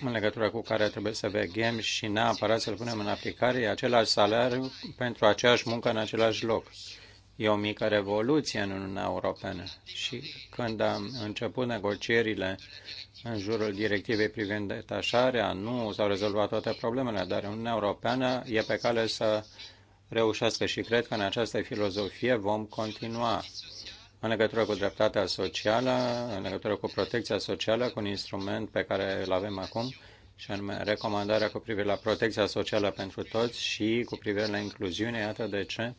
în legătură cu care trebuie să veghem și neapărat să-l punem în aplicare, e același salariu pentru aceeași muncă în același loc. E o mică revoluție în Uniunea Europeană și când am început negocierile în jurul directivei privind detașarea, nu s-au rezolvat toate problemele, dar Uniunea Europeană e pe cale să reușească și cred că în această filozofie vom continua în legătură cu dreptatea socială, în legătură cu protecția socială, cu un instrument pe care îl avem acum, și anume recomandarea cu privire la protecția socială pentru toți și cu privire la incluziune. Iată de ce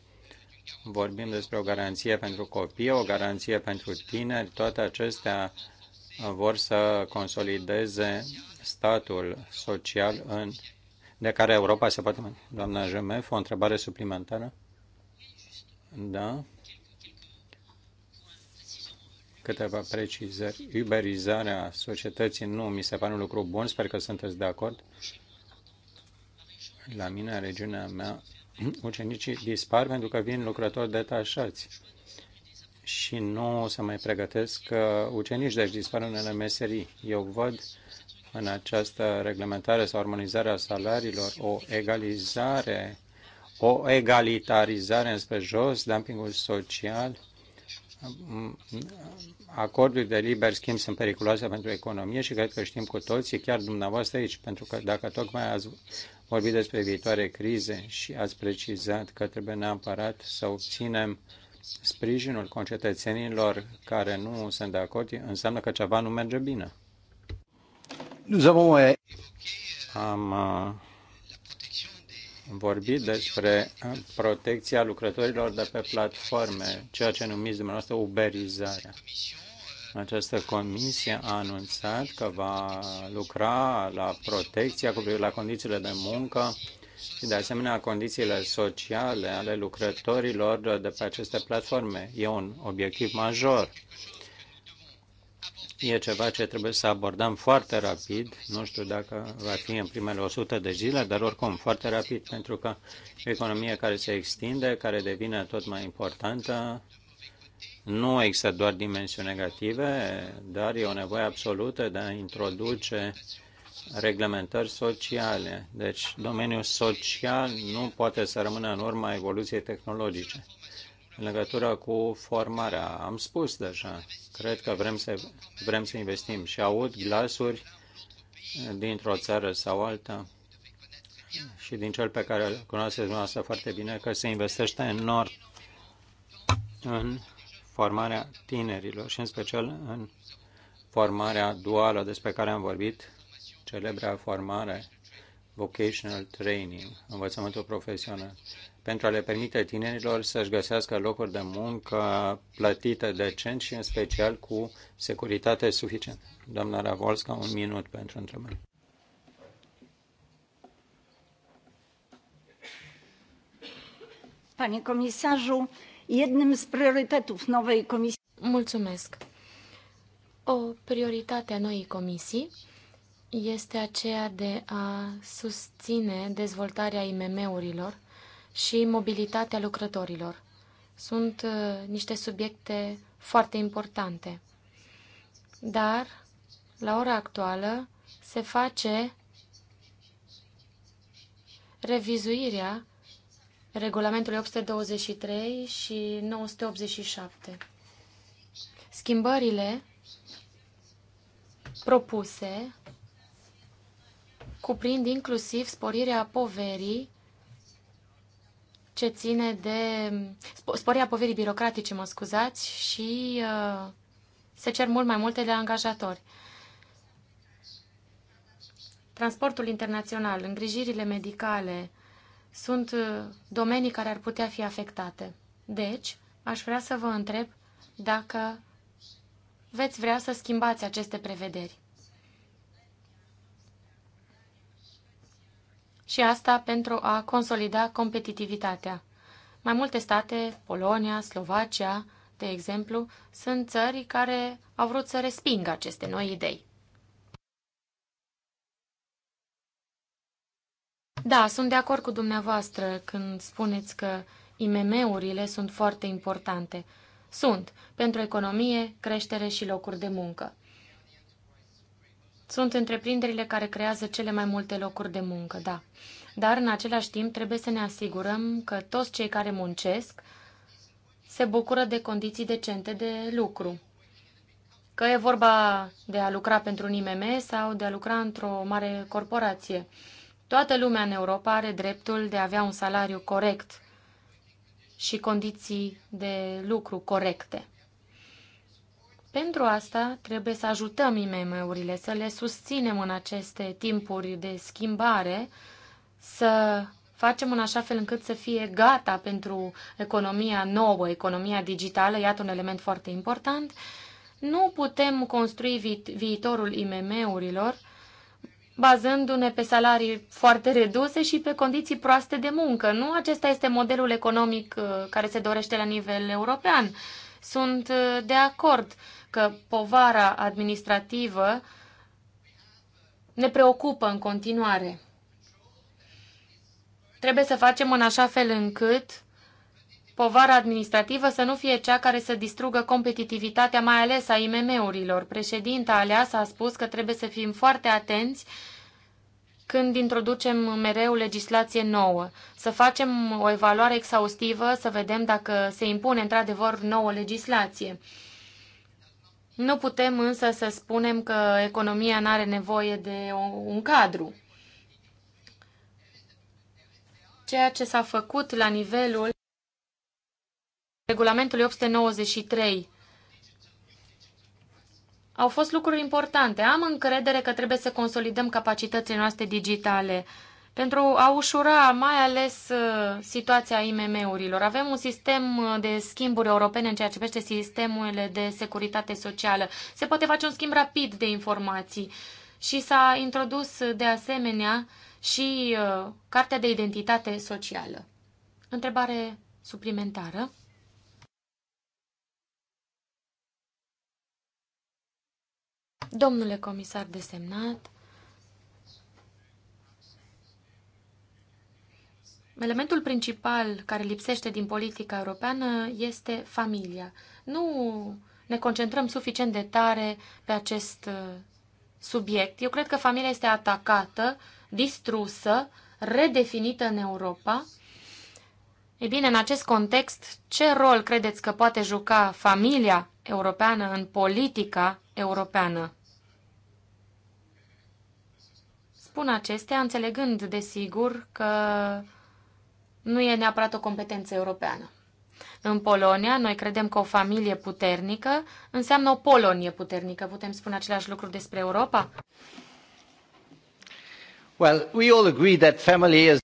vorbim despre o garanție pentru copii, o garanție pentru tineri. Toate acestea vor să consolideze statul social în, de care Europa se poate... Doamna Jemef, o întrebare suplimentară? Da? câteva precizări. Uberizarea societății nu mi se pare un lucru bun, sper că sunteți de acord. La mine, în regiunea mea, ucenicii dispar pentru că vin lucrători detașați și nu se mai pregătesc uh, ucenici, deci dispar unele meserii. Eu văd în această reglementare sau armonizare a salariilor o egalizare, o egalitarizare înspre jos, dumpingul social, acordurile de liber schimb sunt periculoase pentru economie și cred că știm cu toții, chiar dumneavoastră aici, pentru că dacă tocmai ați vorbit despre viitoare crize și ați precizat că trebuie neapărat să obținem sprijinul concetățenilor care nu sunt de acord, înseamnă că ceva nu merge bine. Eh, Am uh, vorbit despre protecția lucrătorilor de pe platforme, ceea ce numiți dumneavoastră uberizarea. Această comisie a anunțat că va lucra la protecția cu privire la condițiile de muncă și de asemenea condițiile sociale ale lucrătorilor de pe aceste platforme. E un obiectiv major E ceva ce trebuie să abordăm foarte rapid. Nu știu dacă va fi în primele 100 de zile, dar oricum foarte rapid, pentru că economia care se extinde, care devine tot mai importantă, nu există doar dimensiuni negative, dar e o nevoie absolută de a introduce reglementări sociale. Deci domeniul social nu poate să rămână în urma evoluției tehnologice în legătură cu formarea. Am spus deja, cred că vrem să, vrem să investim și aud glasuri dintr-o țară sau alta și din cel pe care îl cunoașteți dumneavoastră foarte bine, că se investește enorm în formarea tinerilor și în special în formarea duală despre care am vorbit, celebra formare vocational training, învățământul profesional pentru a le permite tinerilor să-și găsească locuri de muncă plătite decent și în special cu securitate suficientă. Doamna Ravolska, un minut pentru întrebare. Panie komisarzu, jednym z priorytetów nowej komisji... Mulțumesc. O prioritate a noii comisii este aceea de a susține dezvoltarea IMM-urilor și mobilitatea lucrătorilor. Sunt uh, niște subiecte foarte importante. Dar, la ora actuală, se face revizuirea regulamentului 823 și 987. Schimbările propuse cuprind inclusiv sporirea poverii ce ține de sporia poverii birocratice, mă scuzați, și uh, se cer mult mai multe de angajatori. Transportul internațional, îngrijirile medicale sunt uh, domenii care ar putea fi afectate. Deci, aș vrea să vă întreb dacă veți vrea să schimbați aceste prevederi. și asta pentru a consolida competitivitatea. Mai multe state, Polonia, Slovacia, de exemplu, sunt țări care au vrut să respingă aceste noi idei. Da, sunt de acord cu dumneavoastră când spuneți că IMM-urile sunt foarte importante. Sunt, pentru economie, creștere și locuri de muncă sunt întreprinderile care creează cele mai multe locuri de muncă, da. Dar, în același timp, trebuie să ne asigurăm că toți cei care muncesc se bucură de condiții decente de lucru. Că e vorba de a lucra pentru un IMM sau de a lucra într-o mare corporație. Toată lumea în Europa are dreptul de a avea un salariu corect și condiții de lucru corecte. Pentru asta trebuie să ajutăm IMM-urile, să le susținem în aceste timpuri de schimbare, să facem în așa fel încât să fie gata pentru economia nouă, economia digitală, iată un element foarte important. Nu putem construi vi- viitorul IMM-urilor bazându-ne pe salarii foarte reduse și pe condiții proaste de muncă. Nu acesta este modelul economic uh, care se dorește la nivel european. Sunt uh, de acord că povara administrativă ne preocupă în continuare. Trebuie să facem în așa fel încât povara administrativă să nu fie cea care să distrugă competitivitatea, mai ales a IMM-urilor. Președinta aleasă a spus că trebuie să fim foarte atenți când introducem mereu legislație nouă, să facem o evaluare exhaustivă, să vedem dacă se impune într-adevăr nouă legislație. Nu putem însă să spunem că economia nu are nevoie de un cadru. Ceea ce s-a făcut la nivelul regulamentului 893 au fost lucruri importante. Am încredere că trebuie să consolidăm capacitățile noastre digitale pentru a ușura mai ales uh, situația IMM-urilor. Avem un sistem uh, de schimburi europene în ceea ce privește sistemele de securitate socială. Se poate face un schimb rapid de informații și s-a introdus uh, de asemenea și cartea de identitate socială. Întrebare suplimentară. Domnule comisar desemnat, Elementul principal care lipsește din politica europeană este familia. Nu ne concentrăm suficient de tare pe acest uh, subiect. Eu cred că familia este atacată, distrusă, redefinită în Europa. E bine, în acest context, ce rol credeți că poate juca familia europeană în politica europeană? Spun acestea înțelegând, desigur, că nu e neapărat o competență europeană. În Polonia, noi credem că o familie puternică înseamnă o Polonie puternică. Putem spune același lucru despre Europa? Well, we all agree that family is...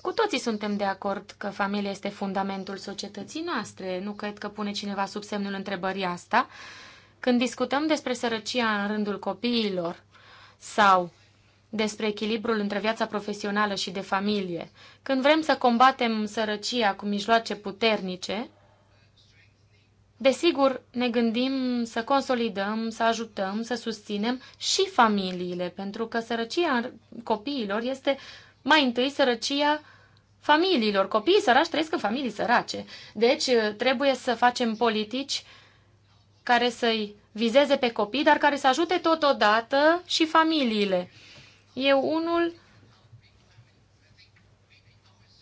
Cu toții suntem de acord că familia este fundamentul societății noastre. Nu cred că pune cineva sub semnul întrebării asta. Când discutăm despre sărăcia în rândul copiilor sau despre echilibrul între viața profesională și de familie. Când vrem să combatem sărăcia cu mijloace puternice, desigur ne gândim să consolidăm, să ajutăm, să susținem și familiile, pentru că sărăcia copiilor este mai întâi sărăcia familiilor. Copiii săraci trăiesc în familii sărace. Deci trebuie să facem politici care să-i vizeze pe copii, dar care să ajute totodată și familiile. Eu unul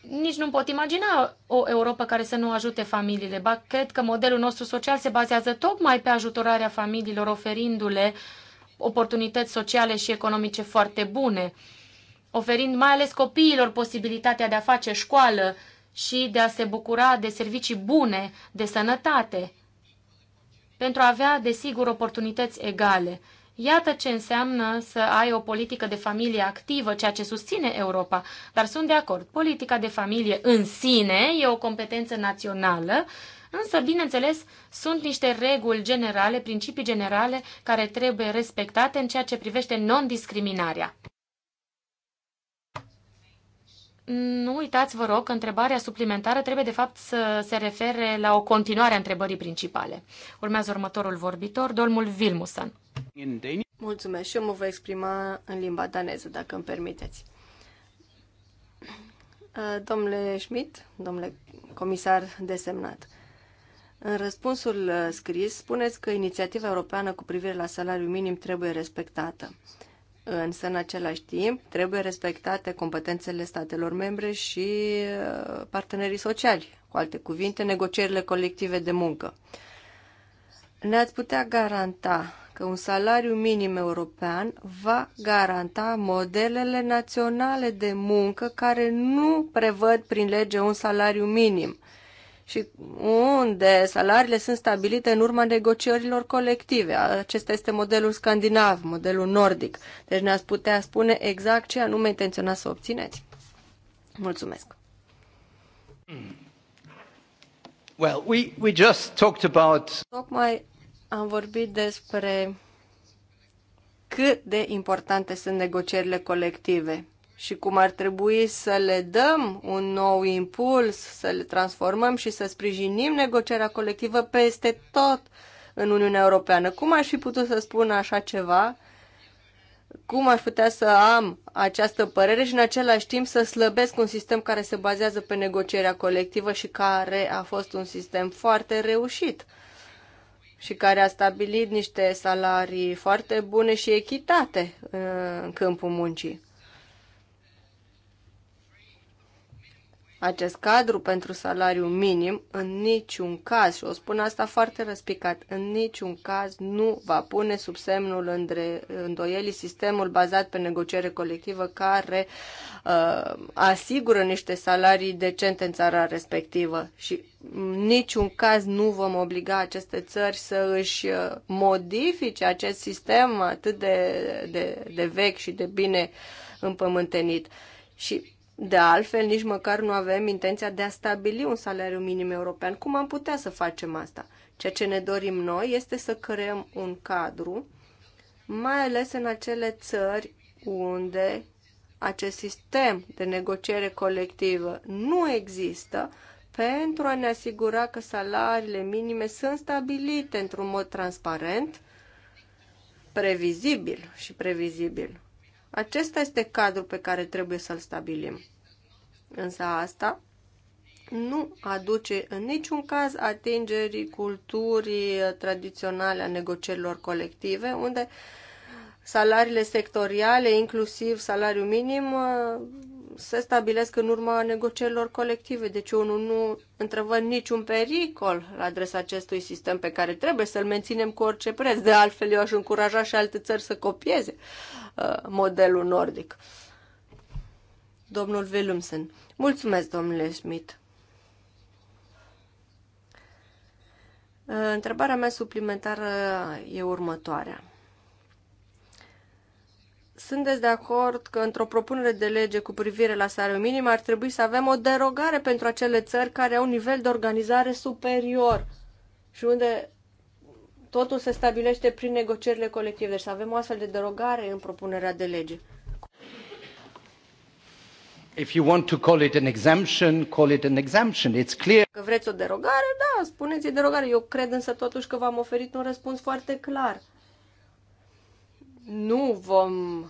nici nu pot imagina o Europa care să nu ajute familiile. Ba, cred că modelul nostru social se bazează tocmai pe ajutorarea familiilor, oferindu-le oportunități sociale și economice foarte bune, oferind mai ales copiilor posibilitatea de a face școală și de a se bucura de servicii bune, de sănătate, pentru a avea, desigur, oportunități egale. Iată ce înseamnă să ai o politică de familie activă, ceea ce susține Europa. Dar sunt de acord, politica de familie în sine e o competență națională, însă, bineînțeles, sunt niște reguli generale, principii generale care trebuie respectate în ceea ce privește non-discriminarea. Nu uitați, vă rog, că întrebarea suplimentară trebuie de fapt să se refere la o continuare a întrebării principale. Urmează următorul vorbitor, domnul Vilmusan. Mulțumesc și eu mă voi exprima în limba daneză, dacă îmi permiteți. Uh, domnule Schmidt, domnule comisar desemnat, în răspunsul uh, scris spuneți că inițiativa europeană cu privire la salariul minim trebuie respectată. Însă, în același timp, trebuie respectate competențele statelor membre și uh, partenerii sociali, cu alte cuvinte, negocierile colective de muncă. Ne-ați putea garanta că un salariu minim european va garanta modelele naționale de muncă care nu prevăd prin lege un salariu minim și unde salariile sunt stabilite în urma negocierilor colective. Acesta este modelul scandinav, modelul nordic. Deci ne-ați putea spune exact ce anume intenționați să obțineți. Mulțumesc. Well, we, we just talked about... Tocmai am vorbit despre cât de importante sunt negocierile colective și cum ar trebui să le dăm un nou impuls, să le transformăm și să sprijinim negocierea colectivă peste tot în Uniunea Europeană. Cum aș fi putut să spun așa ceva? Cum aș putea să am această părere și în același timp să slăbesc un sistem care se bazează pe negocierea colectivă și care a fost un sistem foarte reușit și care a stabilit niște salarii foarte bune și echitate uh, în câmpul muncii. acest cadru pentru salariu minim în niciun caz, și o spun asta foarte răspicat, în niciun caz nu va pune sub semnul între îndoielii sistemul bazat pe negociere colectivă care uh, asigură niște salarii decente în țara respectivă și în niciun caz nu vom obliga aceste țări să își uh, modifice acest sistem atât de, de, de vechi și de bine împământenit. Și de altfel, nici măcar nu avem intenția de a stabili un salariu minim european. Cum am putea să facem asta? Ceea ce ne dorim noi este să creăm un cadru, mai ales în acele țări unde acest sistem de negociere colectivă nu există, pentru a ne asigura că salariile minime sunt stabilite într-un mod transparent, previzibil și previzibil. Acesta este cadrul pe care trebuie să-l stabilim. Însă asta nu aduce în niciun caz atingerii culturii tradiționale a negocierilor colective, unde salariile sectoriale, inclusiv salariul minim, se stabilesc în urma negocierilor colective. Deci eu nu, nu întrevăd niciun pericol la adresa acestui sistem pe care trebuie să-l menținem cu orice preț. De altfel, eu aș încuraja și alte țări să copieze uh, modelul nordic. Domnul Willumsen. Mulțumesc, domnule Smith. Uh, întrebarea mea suplimentară e următoarea sunteți de acord că într-o propunere de lege cu privire la salariul minim ar trebui să avem o derogare pentru acele țări care au un nivel de organizare superior și unde totul se stabilește prin negocierile colective. Deci să avem o astfel de derogare în propunerea de lege. If you want to call it an exemption, call it an exemption. It's clear. Că vreți o derogare? Da, spuneți derogare. Eu cred însă totuși că v-am oferit un răspuns foarte clar nu vom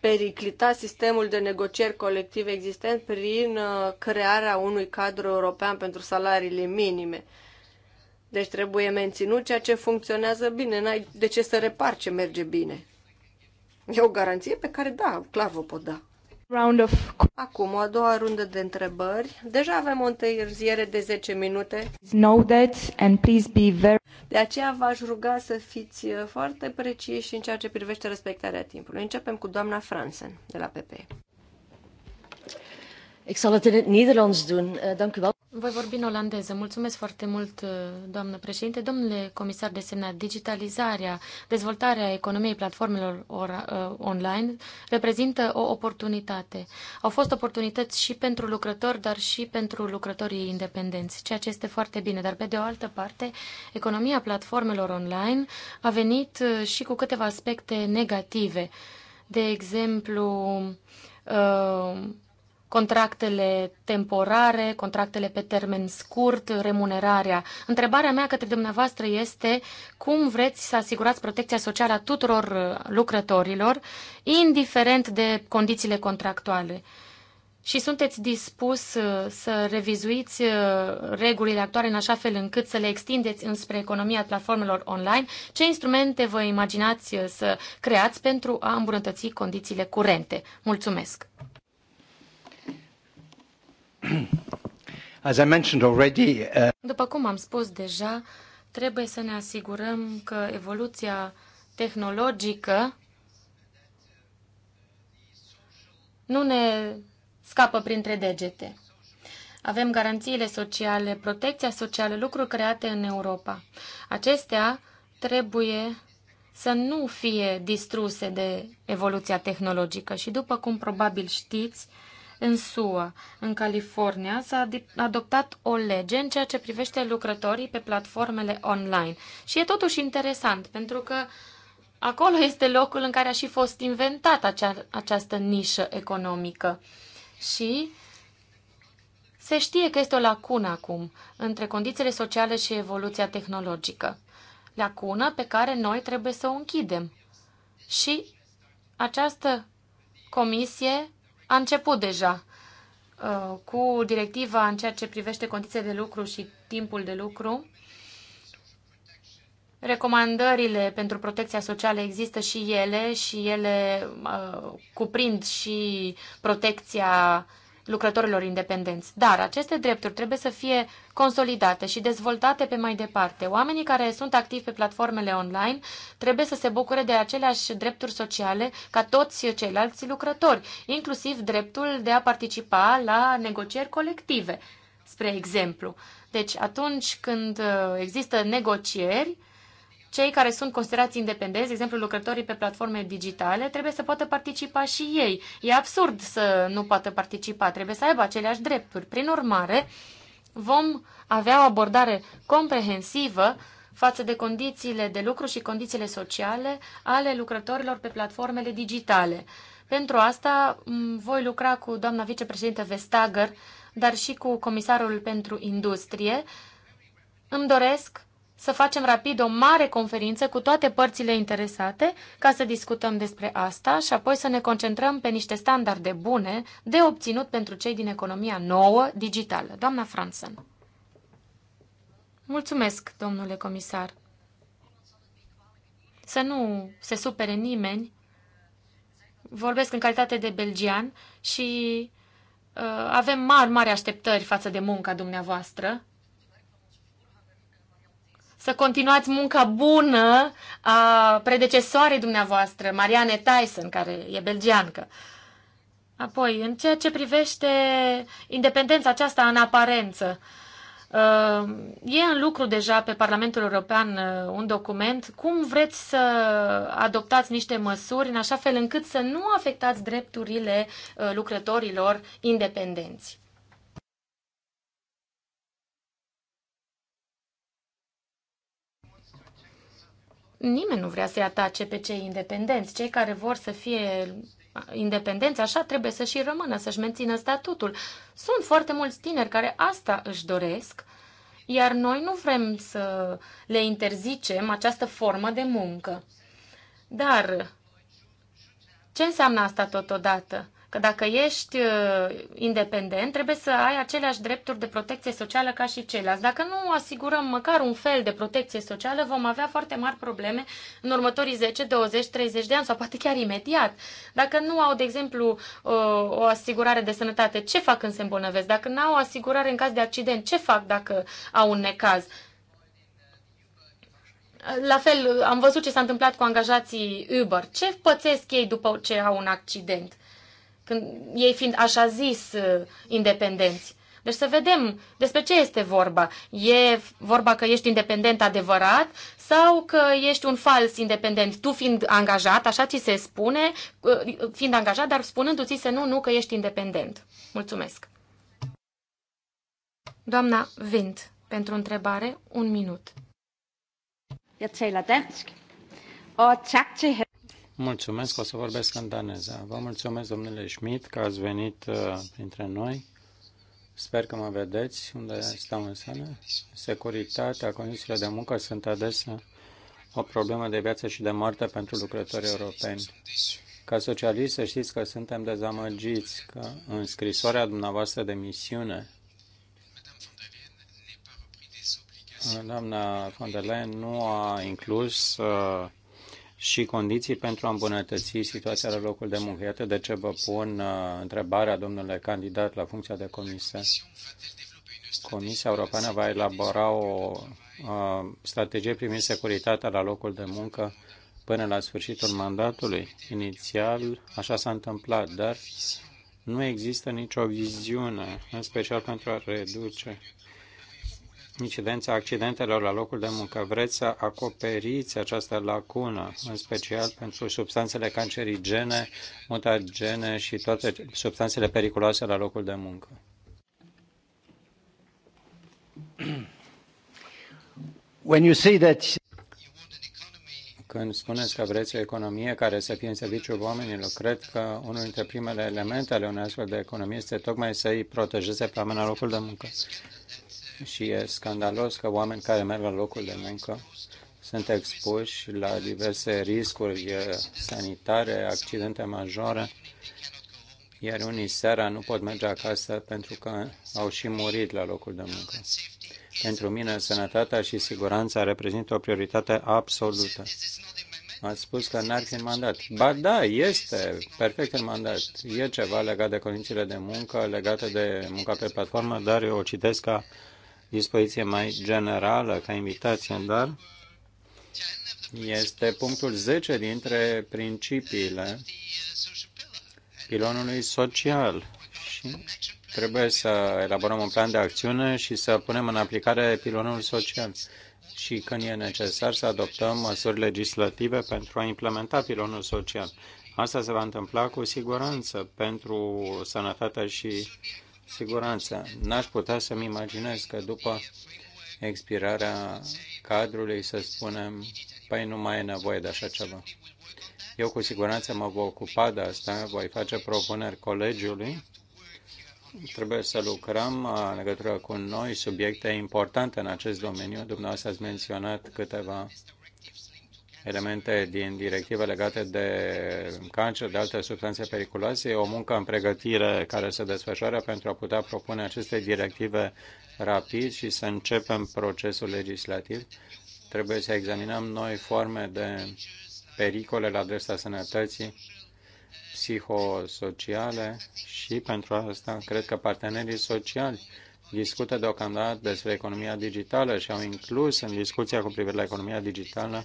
periclita sistemul de negocieri colectiv existent prin uh, crearea unui cadru european pentru salariile minime. Deci trebuie menținut ceea ce funcționează bine, n-ai de ce să repar ce merge bine. E o garanție pe care, da, clar vă pot da round of... Acum, a doua rundă de întrebări. Deja avem o întârziere de 10 minute. Know that and please be very... De aceea v-aș ruga să fiți uh, foarte preciși în ceea ce privește respectarea timpului. Începem cu doamna Fransen, de la PP. Ik zal het in het Nederlands doen. Eh, dank u wel. Voi vorbi în olandeză. Mulțumesc foarte mult, eh, doamnă președinte. Domnule comisar de semnat, digitalizarea, dezvoltarea economiei platformelor eh, online reprezintă o oportunitate. Au fost oportunități și pentru lucrători, dar și pentru lucrătorii independenți, ceea ce este foarte bine. Dar, pe de o altă parte, economia platformelor online a venit și cu câteva aspecte negative. De exemplu, uh, contractele temporare, contractele pe termen scurt, remunerarea. Întrebarea mea către dumneavoastră este cum vreți să asigurați protecția socială a tuturor uh, lucrătorilor, indiferent de condițiile contractuale. Și sunteți dispus uh, să revizuiți uh, regulile actuale în așa fel încât să le extindeți înspre economia platformelor online? Ce instrumente vă imaginați să creați pentru a îmbunătăți condițiile curente? Mulțumesc! Uh, după cum am spus deja, trebuie să ne asigurăm că evoluția tehnologică nu ne scapă printre degete. Avem garanțiile sociale, protecția socială, lucruri create în Europa. Acestea trebuie să nu fie distruse de evoluția tehnologică și, după cum probabil știți, în SUA, în California, s-a adoptat o lege în ceea ce privește lucrătorii pe platformele online. Și e totuși interesant, pentru că acolo este locul în care a și fost inventată acea, această nișă economică. Și se știe că este o lacună acum între condițiile sociale și evoluția tehnologică. Lacună pe care noi trebuie să o închidem. Și această comisie a început deja uh, cu directiva în ceea ce privește condițiile de lucru și timpul de lucru. Recomandările pentru protecția socială există și ele și ele uh, cuprind și protecția lucrătorilor independenți. Dar aceste drepturi trebuie să fie consolidate și dezvoltate pe mai departe. Oamenii care sunt activi pe platformele online trebuie să se bucure de aceleași drepturi sociale ca toți ceilalți lucrători, inclusiv dreptul de a participa la negocieri colective, spre exemplu. Deci atunci când uh, există negocieri, cei care sunt considerați independenți, de exemplu lucrătorii pe platforme digitale, trebuie să poată participa și ei. E absurd să nu poată participa, trebuie să aibă aceleași drepturi. Prin urmare, vom avea o abordare comprehensivă față de condițiile de lucru și condițiile sociale ale lucrătorilor pe platformele digitale. Pentru asta voi lucra cu doamna vicepreședinte Vestager, dar și cu comisarul pentru industrie. Îmi doresc să facem rapid o mare conferință cu toate părțile interesate ca să discutăm despre asta și apoi să ne concentrăm pe niște standarde bune de obținut pentru cei din economia nouă digitală. Doamna Franson. Mulțumesc, domnule comisar. Să nu se supere nimeni. Vorbesc în calitate de belgian și uh, avem mari, mari așteptări față de munca dumneavoastră să continuați munca bună a predecesoarei dumneavoastră, Marianne Tyson, care e belgiancă. Apoi, în ceea ce privește independența aceasta în aparență, uh, e în lucru deja pe Parlamentul European uh, un document. Cum vreți să adoptați niște măsuri în așa fel încât să nu afectați drepturile uh, lucrătorilor independenți? nimeni nu vrea să-i atace pe cei independenți. Cei care vor să fie independenți, așa trebuie să și rămână, să-și mențină statutul. Sunt foarte mulți tineri care asta își doresc, iar noi nu vrem să le interzicem această formă de muncă. Dar ce înseamnă asta totodată? că dacă ești uh, independent, trebuie să ai aceleași drepturi de protecție socială ca și ceilalți. Dacă nu asigurăm măcar un fel de protecție socială, vom avea foarte mari probleme în următorii 10, 20, 30 de ani sau poate chiar imediat. Dacă nu au, de exemplu, uh, o asigurare de sănătate, ce fac când se îmbolnăvesc? Dacă nu au asigurare în caz de accident, ce fac dacă au un necaz? La fel, am văzut ce s-a întâmplat cu angajații Uber. Ce pățesc ei după ce au un accident? când, ei fiind așa zis uh, independenți. Deci să vedem despre ce este vorba. E vorba că ești independent adevărat sau că ești un fals independent, tu fiind angajat, așa ți se spune, uh, fiind angajat, dar spunându-ți să nu, nu că ești independent. Mulțumesc. Doamna Vint, pentru întrebare, un minut. Jeg la dansk. O, tak til Mulțumesc, o să vorbesc în daneză. Vă mulțumesc, domnule Schmidt, că ați venit uh, printre noi. Sper că mă vedeți unde stau în sală. Securitatea, condițiile de muncă sunt adesea o problemă de viață și de moarte pentru lucrătorii europeni. Ca socialist să știți că suntem dezamăgiți că în scrisoarea dumneavoastră de misiune uh, doamna von der Leyen nu a inclus uh, și condiții pentru a îmbunătăți situația la locul de muncă. Iată de ce vă pun uh, întrebarea, domnule candidat, la funcția de comisar. Comisia Europeană va elabora o uh, strategie privind securitatea la locul de muncă până la sfârșitul mandatului. Inițial, așa s-a întâmplat, dar nu există nicio viziune, în special pentru a reduce incidența accidentelor la locul de muncă. Vreți să acoperiți această lacună, în special pentru substanțele cancerigene, mutagene și toate substanțele periculoase la locul de muncă. When you say that când spuneți că vreți o economie care să fie în serviciul oamenilor, cred că unul dintre primele elemente ale unei astfel de economie este tocmai să îi protejeze pe oameni la locul de muncă și e scandalos că oameni care merg la locul de muncă sunt expuși la diverse riscuri sanitare, accidente majore, iar unii seara nu pot merge acasă pentru că au și murit la locul de muncă. Pentru mine, sănătatea și siguranța reprezintă o prioritate absolută. Ați spus că n-ar fi în mandat. Ba da, este perfect în mandat. E ceva legat de condițiile de muncă, legate de munca pe platformă, dar eu o citesc ca dispoziție mai generală ca invitație, dar este punctul 10 dintre principiile pilonului social și trebuie să elaborăm un plan de acțiune și să punem în aplicare pilonul social și când e necesar să adoptăm măsuri legislative pentru a implementa pilonul social. Asta se va întâmpla cu siguranță pentru sănătatea și siguranță. N-aș putea să-mi imaginez că după expirarea cadrului să spunem, păi nu mai e nevoie de așa ceva. Eu cu siguranță mă voi ocupa de asta, voi face propuneri colegiului. Trebuie să lucrăm în legătură cu noi subiecte importante în acest domeniu. Dumneavoastră ați menționat câteva elemente din directive legate de cancer, de alte substanțe periculoase. E o muncă în pregătire care se desfășoară pentru a putea propune aceste directive rapid și să începem procesul legislativ. Trebuie să examinăm noi forme de pericole la adresa sănătății psihosociale și pentru asta cred că partenerii sociali discută deocamdată despre economia digitală și au inclus în discuția cu privire la economia digitală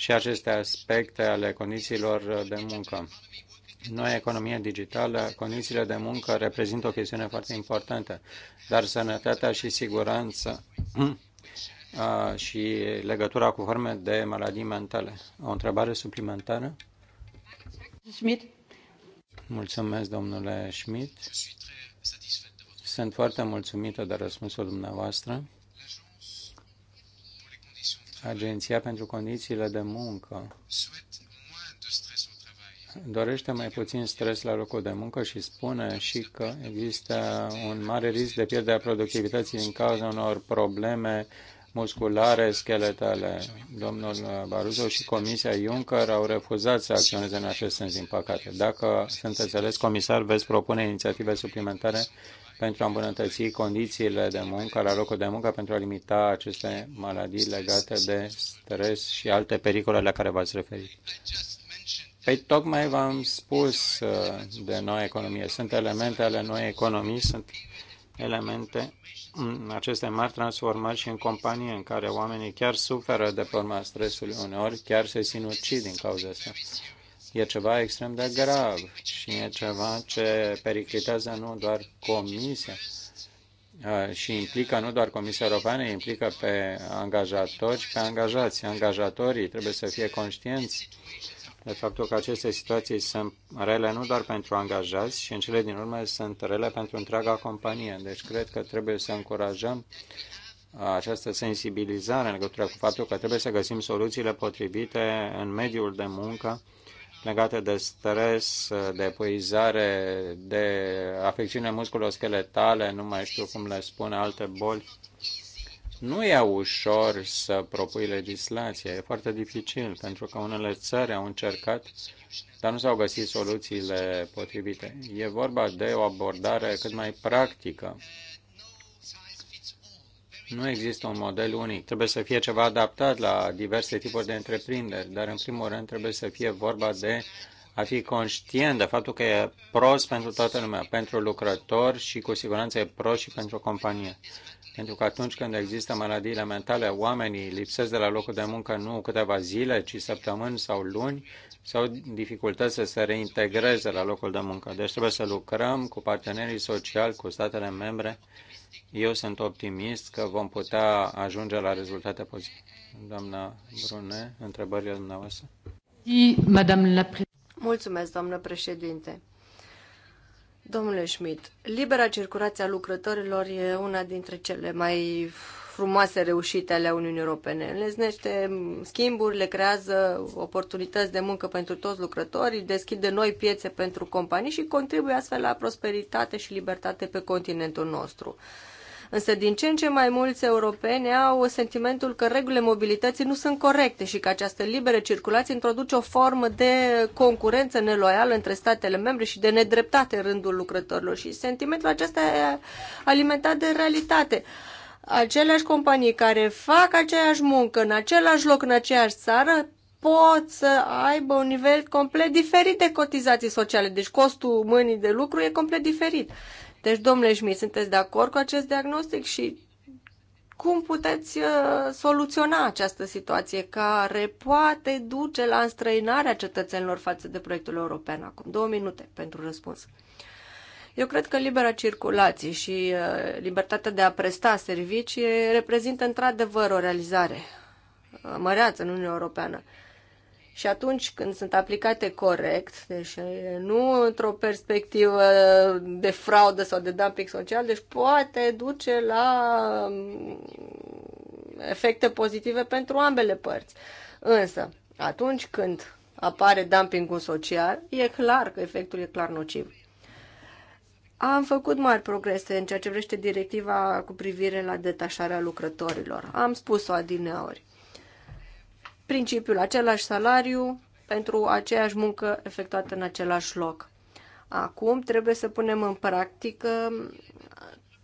și aceste aspecte ale condițiilor de muncă. Noi, economie digitală, condițiile de muncă reprezintă o chestiune foarte importantă, dar sănătatea și siguranța și legătura cu forme de maladii mentale. O întrebare suplimentară? Schmidt. Mulțumesc, domnule Schmidt. Sunt foarte mulțumită de răspunsul dumneavoastră. Agenția pentru Condițiile de Muncă dorește mai puțin stres la locul de muncă și spune și că există un mare risc de pierdere a productivității din cauza unor probleme uh, musculare scheletale. Domnul Baruzo și Comisia Juncker au refuzat să acționeze în acest sens, din păcate. Dacă sunt înțeles, comisar, veți propune inițiative suplimentare pentru a îmbunătăți condițiile de muncă la locul de muncă, pentru a limita aceste maladii legate de stres și alte pericole la care v-ați referit. Păi tocmai v-am spus uh, de noi economie. Sunt elemente ale noi economii, sunt elemente aceste mari transformări și în companie în care oamenii chiar suferă de forma stresului uneori, chiar se sinucid din cauza asta. E ceva extrem de grav și e ceva ce periclitează nu doar comisia, și implică nu doar Comisia Europeană, implică pe angajatori și pe angajați. Angajatorii trebuie să fie conștienți de faptul că aceste situații sunt rele nu doar pentru angajați, și în cele din urmă sunt rele pentru întreaga companie. Deci cred că trebuie să încurajăm această sensibilizare în legătură cu faptul că trebuie să găsim soluțiile potrivite în mediul de muncă legate de stres, de epuizare, de afecțiune musculoscheletale, nu mai știu cum le spune, alte boli nu e ușor să propui legislația, e foarte dificil, pentru că unele țări au încercat, dar nu s-au găsit soluțiile potrivite. E vorba de o abordare cât mai practică. Nu există un model unic. Trebuie să fie ceva adaptat la diverse tipuri de întreprinderi, dar în primul rând trebuie să fie vorba de a fi conștient de faptul că e prost pentru toată lumea, pentru lucrători și cu siguranță e prost și pentru companie. Pentru că atunci când există maladiile mentale, oamenii lipsesc de la locul de muncă nu câteva zile, ci săptămâni sau luni, sau dificultăți să se reintegreze la locul de muncă. Deci trebuie să lucrăm cu partenerii sociali, cu statele membre. Eu sunt optimist că vom putea ajunge la rezultate pozitive. Doamna Brune, întrebările dumneavoastră. Mulțumesc, doamnă președinte. Domnule Schmidt, libera circulație a lucrătorilor e una dintre cele mai frumoase reușite ale Uniunii Europene. Înlesnește schimburi, le creează oportunități de muncă pentru toți lucrătorii, deschide noi piețe pentru companii și contribuie astfel la prosperitate și libertate pe continentul nostru. Însă din ce în ce mai mulți europeni au sentimentul că regulile mobilității nu sunt corecte și că această liberă circulație introduce o formă de concurență neloială între statele membre și de nedreptate în rândul lucrătorilor. Și sentimentul acesta e alimentat de realitate aceleași companii care fac aceeași muncă în același loc, în aceeași țară, pot să aibă un nivel complet diferit de cotizații sociale. Deci costul mâinii de lucru e complet diferit. Deci, domnule Schmidt, sunteți de acord cu acest diagnostic și cum puteți uh, soluționa această situație care poate duce la înstrăinarea cetățenilor față de proiectul european? Acum două minute pentru răspuns. Eu cred că libera circulație și uh, libertatea de a presta servicii reprezintă într-adevăr o realizare măreață în Uniunea Europeană. Și atunci când sunt aplicate corect, deci nu într-o perspectivă de fraudă sau de dumping social, deci poate duce la um, efecte pozitive pentru ambele părți. Însă, atunci când apare dumpingul social, e clar că efectul e clar nociv. Am făcut mari progrese în ceea ce vrește directiva cu privire la detașarea lucrătorilor. Am spus-o adineori principiul același salariu pentru aceeași muncă efectuată în același loc. Acum trebuie să punem în practică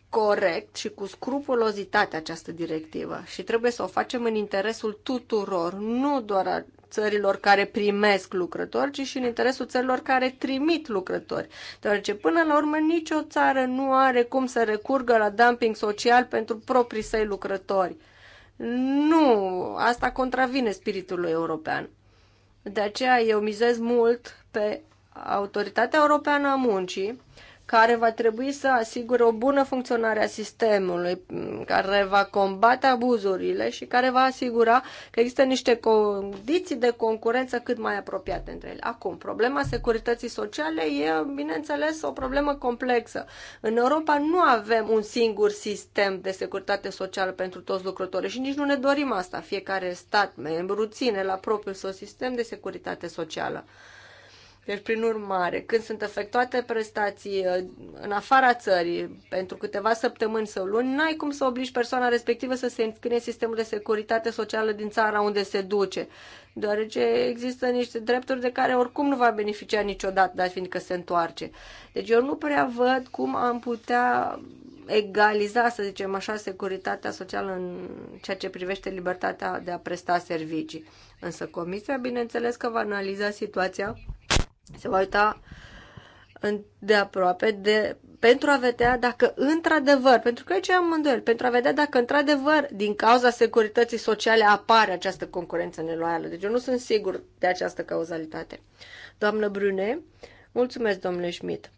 corect și cu scrupulozitate această directivă și trebuie să o facem în interesul tuturor, nu doar a țărilor care primesc lucrători, ci și în interesul țărilor care trimit lucrători. Deoarece până la urmă nicio țară nu are cum să recurgă la dumping social pentru proprii săi lucrători. Nu, asta contravine spiritului european. De aceea eu mizez mult pe Autoritatea Europeană a Muncii, care va trebui să asigure o bună funcționare a sistemului, care va combate abuzurile și care va asigura că există niște condiții de concurență cât mai apropiate între ele. Acum, problema securității sociale e, bineînțeles, o problemă complexă. În Europa nu avem un singur sistem de securitate socială pentru toți lucrătorii și nici nu ne dorim asta. Fiecare stat membru ține la propriul său sistem de securitate socială. Deci, prin urmare, când sunt efectuate prestații uh, în afara țării, pentru câteva săptămâni sau luni, n-ai cum să obligi persoana respectivă să se înscrie în sistemul de securitate socială din țara unde se duce, deoarece există niște drepturi de care oricum nu va beneficia niciodată, dar fiindcă se întoarce. Deci eu nu prea văd cum am putea egaliza, să zicem așa, securitatea socială în ceea ce privește libertatea de a presta servicii. Însă comisia, bineînțeles că va analiza situația se va uita de aproape de, pentru a vedea dacă într-adevăr, pentru că aici am îndoiel, pentru a vedea dacă într-adevăr din cauza securității sociale apare această concurență neloială. Deci eu nu sunt sigur de această cauzalitate. Doamnă Brune, mulțumesc domnule Schmidt.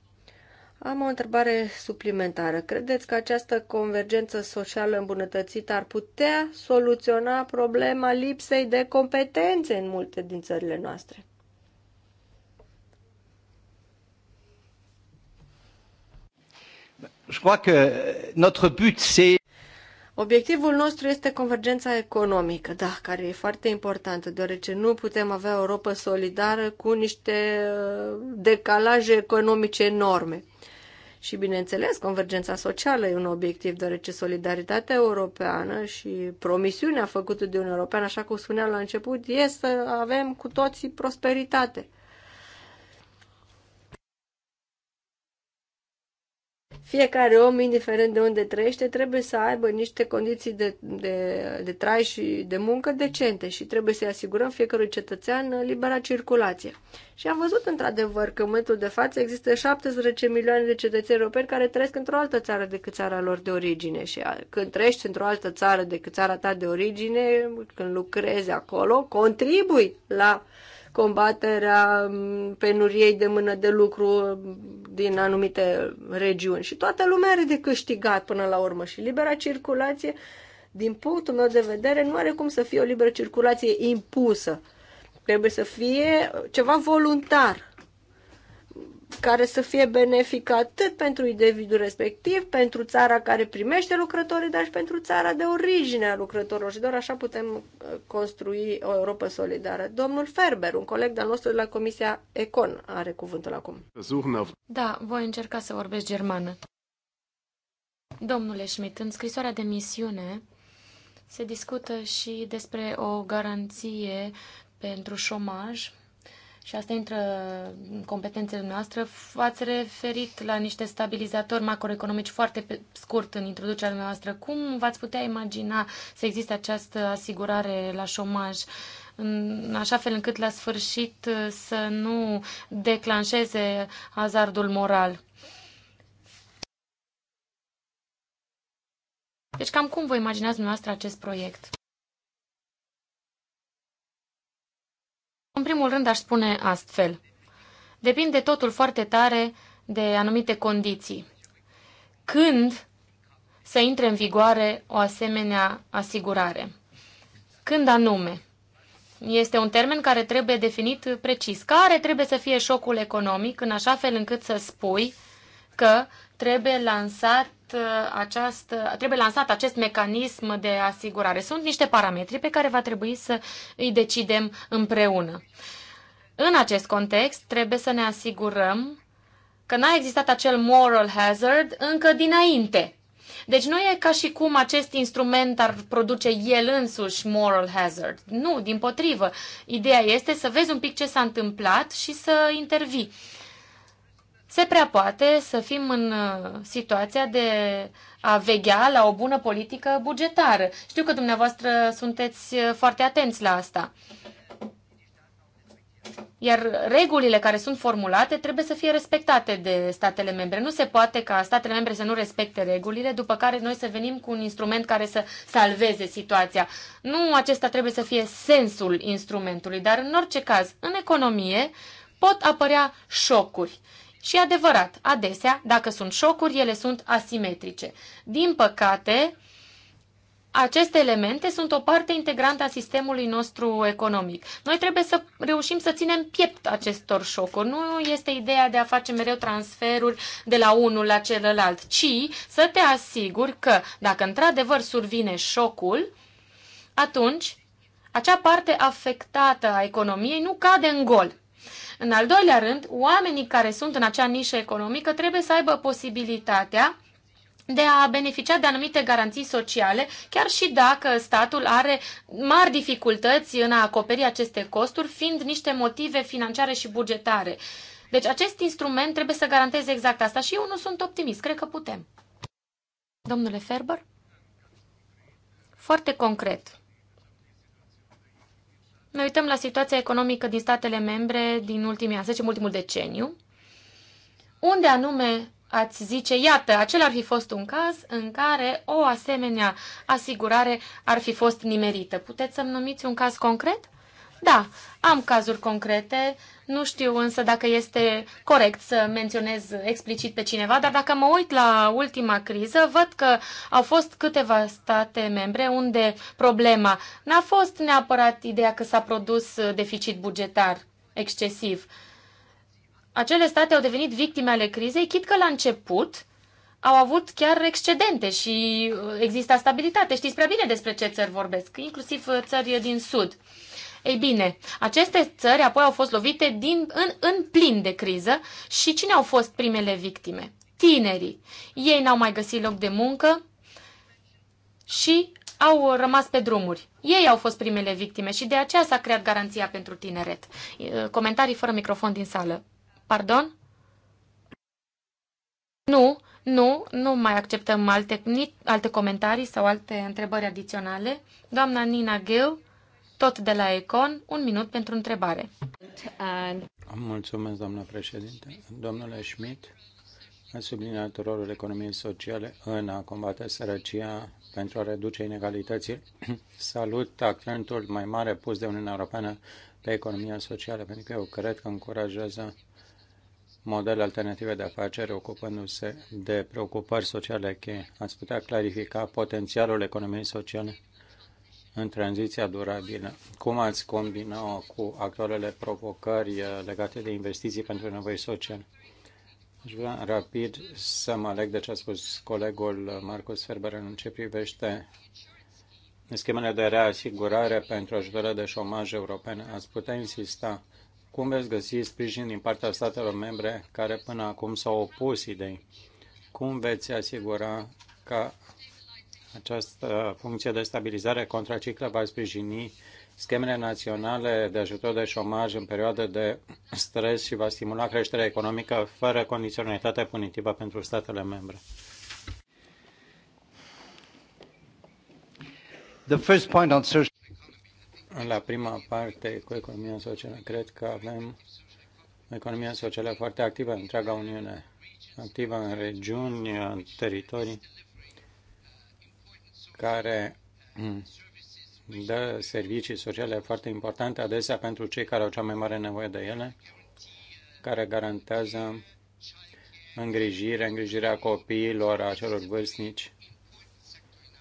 Am o întrebare suplimentară. Credeți că această convergență socială îmbunătățită ar putea soluționa problema lipsei de competențe în multe din țările noastre? je crois que notre but c'est Obiectivul nostru este convergența economică, da, care e foarte importantă, deoarece nu putem avea Europa solidară cu niște uh, decalaje economice enorme. Și, bineînțeles, convergența socială e un obiectiv, deoarece solidaritatea europeană și promisiunea făcută de Uniunea Europeană, așa cum spuneam la început, e să avem cu toții prosperitate. Fiecare om, indiferent de unde trăiește, trebuie să aibă niște condiții de, de, de trai și de muncă decente și trebuie să-i asigurăm fiecărui cetățean libera circulație. Și am văzut într-adevăr că în momentul de față există 17 milioane de cetățeni europeni care trăiesc într-o altă țară decât țara lor de origine și când trăiești într-o altă țară decât țara ta de origine, când lucrezi acolo, contribui la uh, combaterea mm, penuriei de mână de lucru din anumite regiuni. Și toată lumea are de câștigat până la urmă și libera circulație, din punctul meu de vedere, nu are cum să fie o liberă circulație impusă. Trebuie să fie ceva voluntar care să fie benefică atât pentru individul respectiv, pentru țara care primește lucrătorii, dar și pentru țara de origine a lucrătorilor. Și doar așa putem uh, construi o Europa solidară. Domnul Ferber, un coleg de-al nostru de la Comisia Econ, are cuvântul acum. Da, voi încerca să vorbesc germană. Domnule Schmidt, în scrisoarea de misiune se discută și despre o garanție pentru șomaj și asta intră în competențele noastre, v-ați referit la niște stabilizatori macroeconomici foarte pe scurt în introducerea noastră. Cum v-ați putea imagina să existe această asigurare la șomaj? în așa fel încât la sfârșit să nu declanșeze hazardul moral. Deci cam cum vă imaginați dumneavoastră acest proiect? În primul rând aș spune astfel. Depinde totul foarte tare de anumite condiții. Când să intre în vigoare o asemenea asigurare? Când anume? Este un termen care trebuie definit precis. Care trebuie să fie șocul economic în așa fel încât să spui că trebuie lansat Uh, această, trebuie lansat acest mecanism de asigurare. Sunt niște parametri pe care va trebui să îi decidem împreună. În acest context, trebuie să ne asigurăm că n-a existat acel moral hazard încă dinainte. Deci nu e ca și cum acest instrument ar produce el însuși moral hazard. Nu, din potrivă. Ideea este să vezi un pic ce s-a întâmplat și să intervii se prea poate să fim în uh, situația de a veghea la o bună politică bugetară. Știu că dumneavoastră sunteți uh, foarte atenți la asta. Iar regulile care sunt formulate trebuie să fie respectate de statele membre. Nu se poate ca statele membre să nu respecte regulile, după care noi să venim cu un instrument care să salveze situația. Nu acesta trebuie să fie sensul instrumentului, dar în orice caz, în economie pot apărea șocuri. Și adevărat, adesea, dacă sunt șocuri, ele sunt asimetrice. Din păcate, aceste elemente sunt o parte integrantă a sistemului nostru economic. Noi trebuie să reușim să ținem piept acestor șocuri. Nu este ideea de a face mereu transferuri de la unul la celălalt, ci să te asiguri că dacă într-adevăr survine șocul, atunci acea parte afectată a economiei nu cade în gol. În al doilea rând, oamenii care sunt în acea nișă economică trebuie să aibă posibilitatea de a beneficia de anumite garanții sociale, chiar și dacă statul are mari dificultăți în a acoperi aceste costuri, fiind niște motive financiare și bugetare. Deci acest instrument trebuie să garanteze exact asta și eu nu sunt optimist, cred că putem. Domnule Ferber? Foarte concret ne uităm la situația economică din statele membre din ultimii ani, să zicem ultimul deceniu, unde anume ați zice, iată, acela ar fi fost un caz în care o asemenea asigurare ar fi fost nimerită. Puteți să-mi numiți un caz concret? Da, am cazuri concrete nu știu însă dacă este corect să menționez explicit pe cineva, dar dacă mă uit la ultima criză, văd că au fost câteva state membre unde problema n-a fost neapărat ideea că s-a produs deficit bugetar excesiv. Acele state au devenit victime ale crizei, chit că la început au avut chiar excedente și uh, exista stabilitate. Știți prea bine despre ce țări vorbesc, inclusiv uh, țări din Sud. Ei bine, aceste țări apoi au fost lovite din, în, în plin de criză și cine au fost primele victime? Tinerii. Ei n-au mai găsit loc de muncă și au rămas pe drumuri. Ei au fost primele victime și de aceea s-a creat garanția pentru tineret. Comentarii fără microfon din sală. Pardon? Nu, nu, nu mai acceptăm alte, alte comentarii sau alte întrebări adiționale. Doamna Nina Gheu tot de la Econ, un minut pentru întrebare. Mulțumesc, doamna președinte. Domnule Schmidt, a subliniat rolul economiei sociale în a combate sărăcia pentru a reduce inegalitățile. Salut accentul mai mare pus de Uniunea Europeană pe economia socială, pentru că eu cred că încurajează modele alternative de afaceri ocupându-se de preocupări sociale cheie. Ați putea clarifica potențialul economiei sociale în tranziția durabilă. Cum ați combina cu actualele provocări uh, legate de investiții pentru nevoi sociale? Aș vrea rapid să mă leg de ce a spus colegul uh, Marcus Ferber în ce privește schemele de reasigurare pentru ajutoare de șomaj europene. Ați putea insista cum veți găsi sprijin din partea statelor membre care până acum s-au opus idei? Cum veți asigura ca această funcție de stabilizare contraciclă va sprijini schemele naționale de ajutor de șomaj în perioadă de stres și va stimula creșterea economică fără condiționalitate punitivă pentru statele membre. The first point on social... La prima parte cu economia socială, cred că avem o economie socială foarte activă în întreaga Uniune, activă în regiuni, în teritorii care mm, dă servicii sociale foarte importante, adesea pentru cei care au cea mai mare nevoie de ele, care garantează îngrijire, îngrijirea copiilor, a celor vârstnici.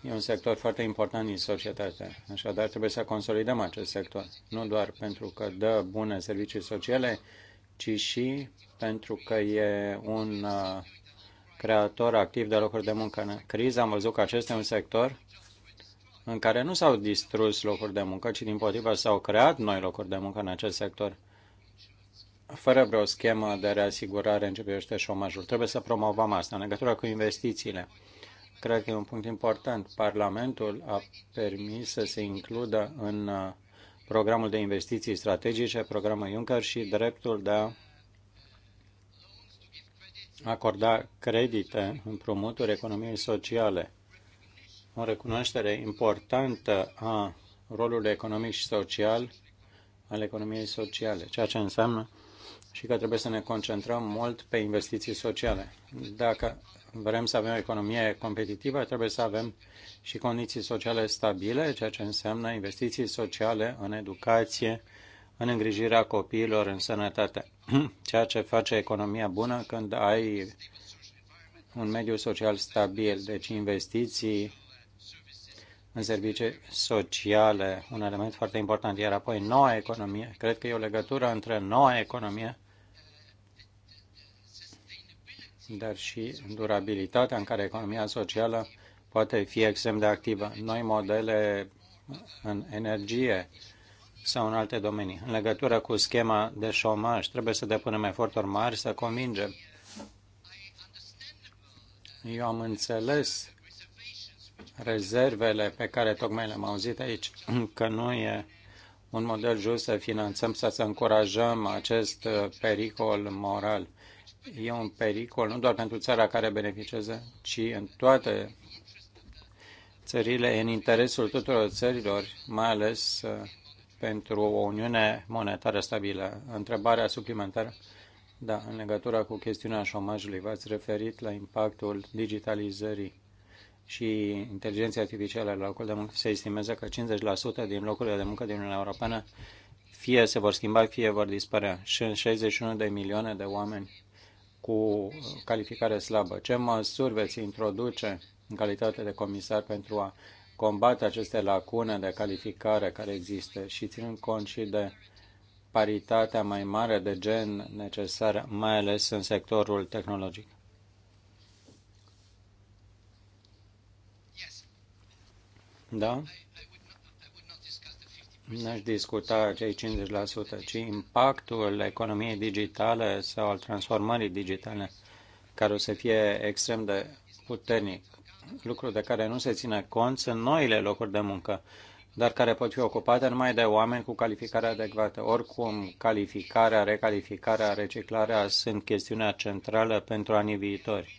E un sector foarte important în societate. Așadar, trebuie să consolidăm acest sector, nu doar pentru că dă bune servicii sociale, ci și pentru că e un uh, creator activ de locuri de muncă. În criză am văzut că acesta este un sector în care nu s-au distrus locuri de muncă, ci din potrivă s-au creat noi locuri de muncă în acest sector, fără vreo schemă de reasigurare începește șomajul. Trebuie să promovăm asta în legătură cu investițiile. Cred că e un punct important. Parlamentul a permis să se includă în uh, programul de investiții strategice, programul Juncker și dreptul de a acorda credite, împrumuturi economiei sociale, o recunoaștere importantă a rolului economic și social al economiei sociale, ceea ce înseamnă și că trebuie să ne concentrăm mult pe investiții sociale. Dacă vrem să avem o economie competitivă, trebuie să avem și condiții sociale stabile, ceea ce înseamnă investiții sociale în educație, în îngrijirea copiilor, în sănătate, ceea ce face economia bună când ai un mediu social stabil, deci investiții în servicii sociale, un element foarte important, iar apoi noua economie. Cred că e o legătură între noua economie, dar și durabilitatea în care economia socială poate fi extrem de activă. Noi modele în energie, sau în alte domenii. În legătură cu schema de șomaj, trebuie să depunem eforturi mari să convingem. Eu am înțeles rezervele pe care tocmai le-am auzit aici, că nu e un model just să finanțăm, să, să încurajăm acest uh, pericol moral. E un pericol nu doar pentru țara care beneficiază, ci în toate țările, în interesul tuturor țărilor, mai ales uh, pentru o uniune monetară stabilă. Întrebarea suplimentară? Da, în legătură cu chestiunea șomajului, v-ați referit la impactul digitalizării și inteligenței artificiale la locul de muncă. Se estimează că 50% din locurile de muncă din Uniunea Europeană fie se vor schimba, fie vor dispărea. Și în 61 de milioane de oameni cu calificare slabă. Ce măsuri veți introduce în calitate de comisar pentru a combate aceste lacune de calificare care există și ținând cont și de paritatea mai mare de gen necesară, mai ales în sectorul tehnologic. Da? N-aș discuta cei 50%, ci impactul economiei digitale sau al transformării digitale, care o să fie extrem de puternic lucru de care nu se ține cont sunt noile locuri de muncă, dar care pot fi ocupate numai de oameni cu calificare adecvată. Oricum, calificarea, recalificarea, reciclarea sunt chestiunea centrală pentru anii viitori.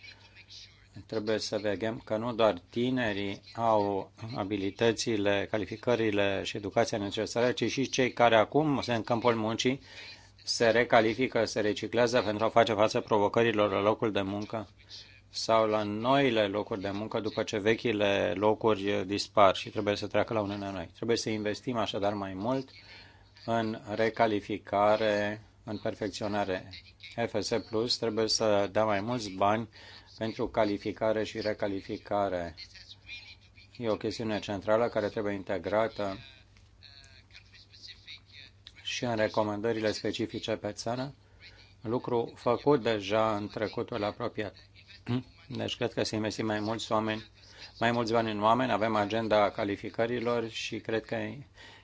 Trebuie să vedem că nu doar tinerii au abilitățile, calificările și educația necesară, ci și cei care acum sunt în câmpul muncii se recalifică, se reciclează pentru a face față provocărilor la locul de muncă sau la noile locuri de muncă după ce vechile locuri dispar și trebuie să treacă la unele noi. Trebuie să investim așadar mai mult în recalificare, în perfecționare. FS Plus trebuie să dea mai mulți bani pentru calificare și recalificare. E o chestiune centrală care trebuie integrată și în recomandările specifice pe țară, lucru făcut deja în trecutul apropiat. Mm? Deci cred că se investim mai mulți oameni, mai mulți bani în oameni, avem agenda calificărilor și cred că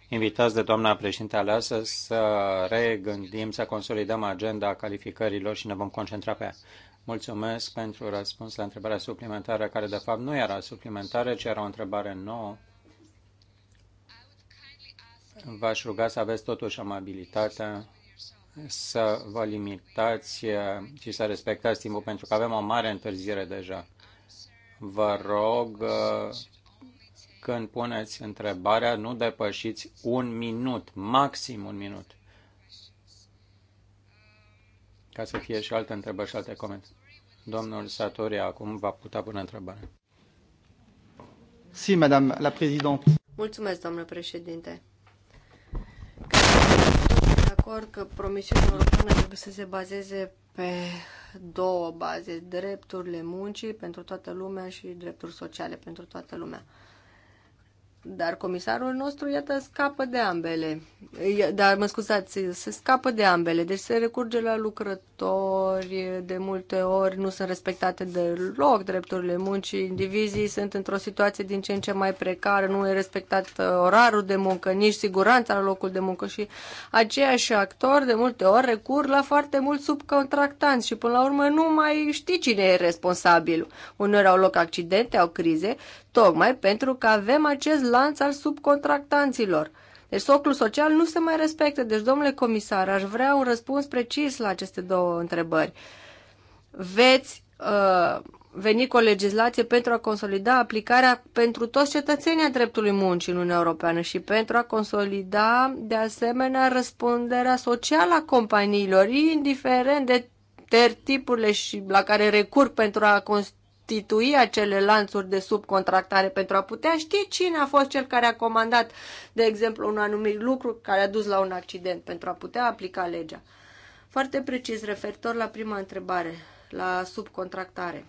invitați de doamna președinte aleasă să regândim, să consolidăm agenda calificărilor și ne vom concentra pe ea. Mulțumesc pentru răspuns la întrebarea suplimentară, care de fapt nu era suplimentară, ci era o întrebare nouă. V-aș ruga să aveți totuși amabilitatea să vă limitați și eh, să respectați timpul, pentru că avem o mare întârziere deja. Vă rog, eh, când puneți întrebarea, nu depășiți un minut, maxim un minut. Ca să fie și alte întrebări și alte comentarii. Domnul Satoria acum va putea pune întrebarea. Si, madame la présidente. Mulțumesc, domnule președinte acord că promisiunea europeană trebuie să se bazeze pe două baze, drepturile muncii pentru toată lumea și drepturi sociale pentru toată lumea. Dar comisarul nostru, iată, scapă de ambele. Dar, mă scuzați, se scapă de ambele. Deci se recurge la lucrători, de multe ori nu sunt respectate deloc drepturile muncii, indivizii sunt într-o situație din ce în ce mai precară, nu e respectat uh, orarul de muncă, nici siguranța la locul de muncă și aceiași actori de multe ori recur la foarte mult subcontractanți și până la urmă nu mai știi cine e responsabil. Uneori au loc accidente, au crize tocmai pentru că avem acest lanț al subcontractanților. Deci socul social nu se mai respectă. Deci, domnule comisar, aș vrea un răspuns precis la aceste două întrebări. Veți uh, veni cu o legislație pentru a consolida aplicarea pentru toți cetățenii a dreptului muncii în Uniunea Europeană și pentru a consolida, de asemenea, răspunderea socială a companiilor, indiferent de tipurile și la care recurg pentru a restitui acele lanțuri de subcontractare pentru a putea ști cine a fost cel care a comandat, de exemplu, un anumit lucru care a dus la un accident pentru a putea aplica legea. Foarte precis, referitor la prima întrebare, la subcontractare.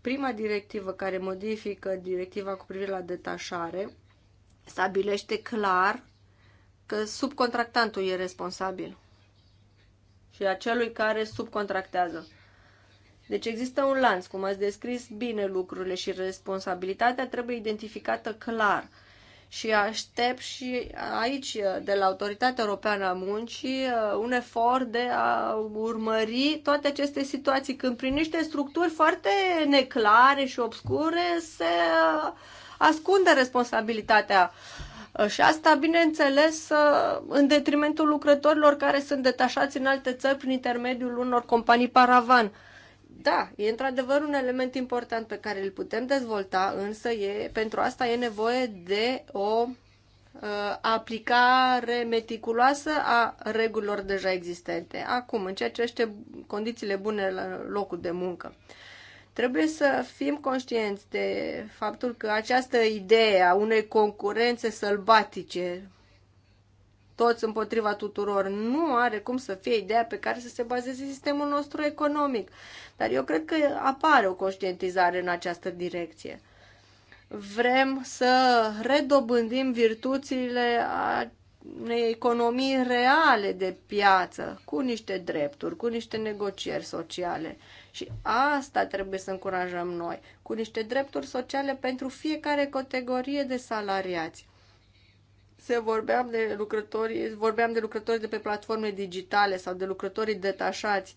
Prima directivă care modifică directiva cu privire la detașare stabilește clar că subcontractantul e responsabil și acelui care subcontractează. Deci există un lanț, cum ați descris bine lucrurile și responsabilitatea trebuie identificată clar. Și aștept și aici, de la Autoritatea Europeană a Muncii, un efort de a urmări toate aceste situații, când prin niște structuri foarte neclare și obscure se ascunde responsabilitatea și asta, bineînțeles, în detrimentul lucrătorilor care sunt detașați în alte țări prin intermediul unor companii paravan. Da, e într-adevăr un element important pe care îl putem dezvolta, însă e, pentru asta e nevoie de o uh, aplicare meticuloasă a regulilor deja existente. Acum, în ceea ce este condițiile bune la locul de muncă. Trebuie să fim conștienți de faptul că această idee a unei concurențe sălbatice toți împotriva tuturor. Nu are cum să fie ideea pe care să se bazeze sistemul nostru economic. Dar eu cred că apare o conștientizare în această direcție. Vrem să redobândim virtuțile a unei economii reale de piață, cu niște drepturi, cu niște negocieri sociale. Și asta trebuie să încurajăm noi, cu niște drepturi sociale pentru fiecare categorie de salariați se vorbeam de lucrători, vorbeam de lucrători de pe platforme digitale sau de lucrătorii detașați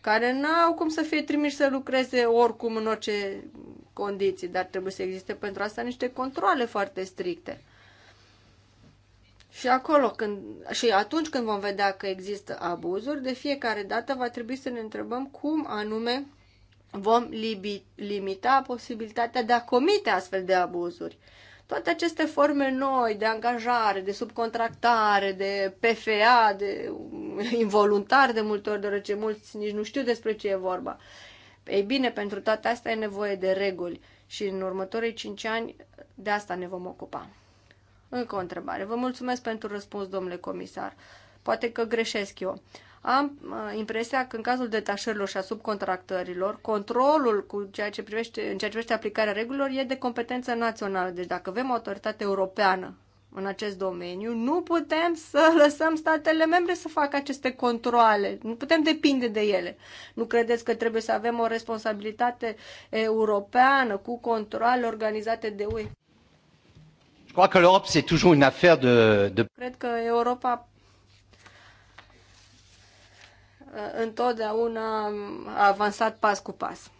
care n-au cum să fie trimiși să lucreze oricum în orice condiții, dar trebuie să existe pentru asta niște controle foarte stricte. Și acolo, când, și atunci când vom vedea că există abuzuri, de fiecare dată va trebui să ne întrebăm cum anume vom libi, limita posibilitatea de a comite astfel de abuzuri. Toate aceste forme noi de angajare, de subcontractare, de PFA, de involuntar de multe ori, deoarece mulți nici nu știu despre ce e vorba. Ei bine, pentru toate astea e nevoie de reguli și în următorii 5 ani de asta ne vom ocupa. Încă o întrebare. Vă mulțumesc pentru răspuns, domnule comisar. Poate că greșesc eu. Uh, am uh, impresia că în cazul detașărilor și a subcontractărilor, controlul cu ceea ce privește, în ceea ce privește aplicarea regulilor e de competență națională. Deci dacă avem o autoritate europeană în acest domeniu, nu putem să lăsăm statele membre să facă aceste controle. Nu putem depinde de ele. Nu credeți că trebuie să avem o responsabilitate europeană cu controle organizate de UE? Je crois que l'Europe, c'est toujours une affaire de, de... Cred că Europa întotdeauna a avansat pas cu pas.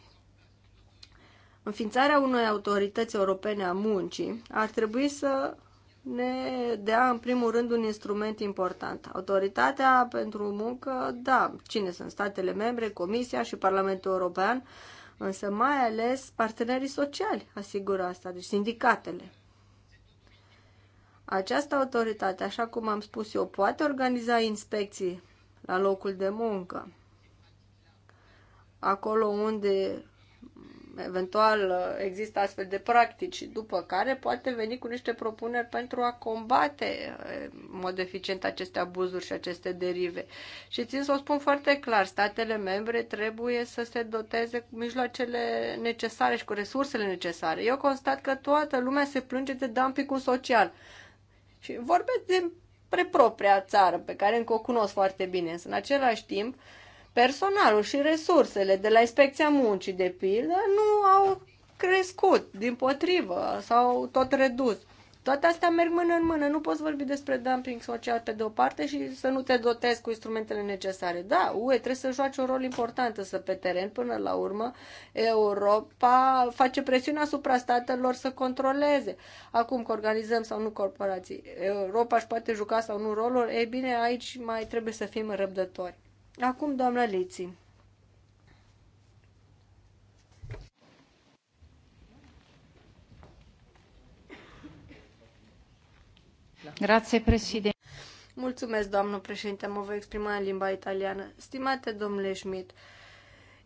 Înființarea unei autorități europene a muncii ar trebui să ne dea în primul rând un instrument important. Autoritatea pentru muncă, da, cine sunt statele membre, Comisia și Parlamentul European, însă mai ales partenerii sociali asigură asta, deci sindicatele. Această autoritate, așa cum am spus eu, poate organiza inspecții la locul de muncă. Acolo unde eventual există astfel de practici, după care poate veni cu niște propuneri pentru a combate în mod eficient aceste abuzuri și aceste derive. Și țin să o spun foarte clar, statele membre trebuie să se doteze cu mijloacele necesare și cu resursele necesare. Eu constat că toată lumea se plânge de dumping social. Și vorbesc de spre propria țară, pe care încă o cunosc foarte bine, însă în același timp personalul și resursele de la inspecția muncii, de pildă, nu au crescut, din potrivă, s-au tot redus. Toate astea merg mână în mână. Nu poți vorbi despre dumping social pe de o parte și să nu te dotezi cu instrumentele necesare. Da, UE trebuie să joace un rol important, să pe teren, până la urmă, Europa face presiune asupra statelor să controleze. Acum că organizăm sau nu corporații, Europa își poate juca sau nu rolul, ei bine, aici mai trebuie să fim răbdători. Acum, doamna Liții. Grazie, Mulțumesc, doamnă președinte, mă voi exprima în limba italiană. Stimate domnule Schmidt,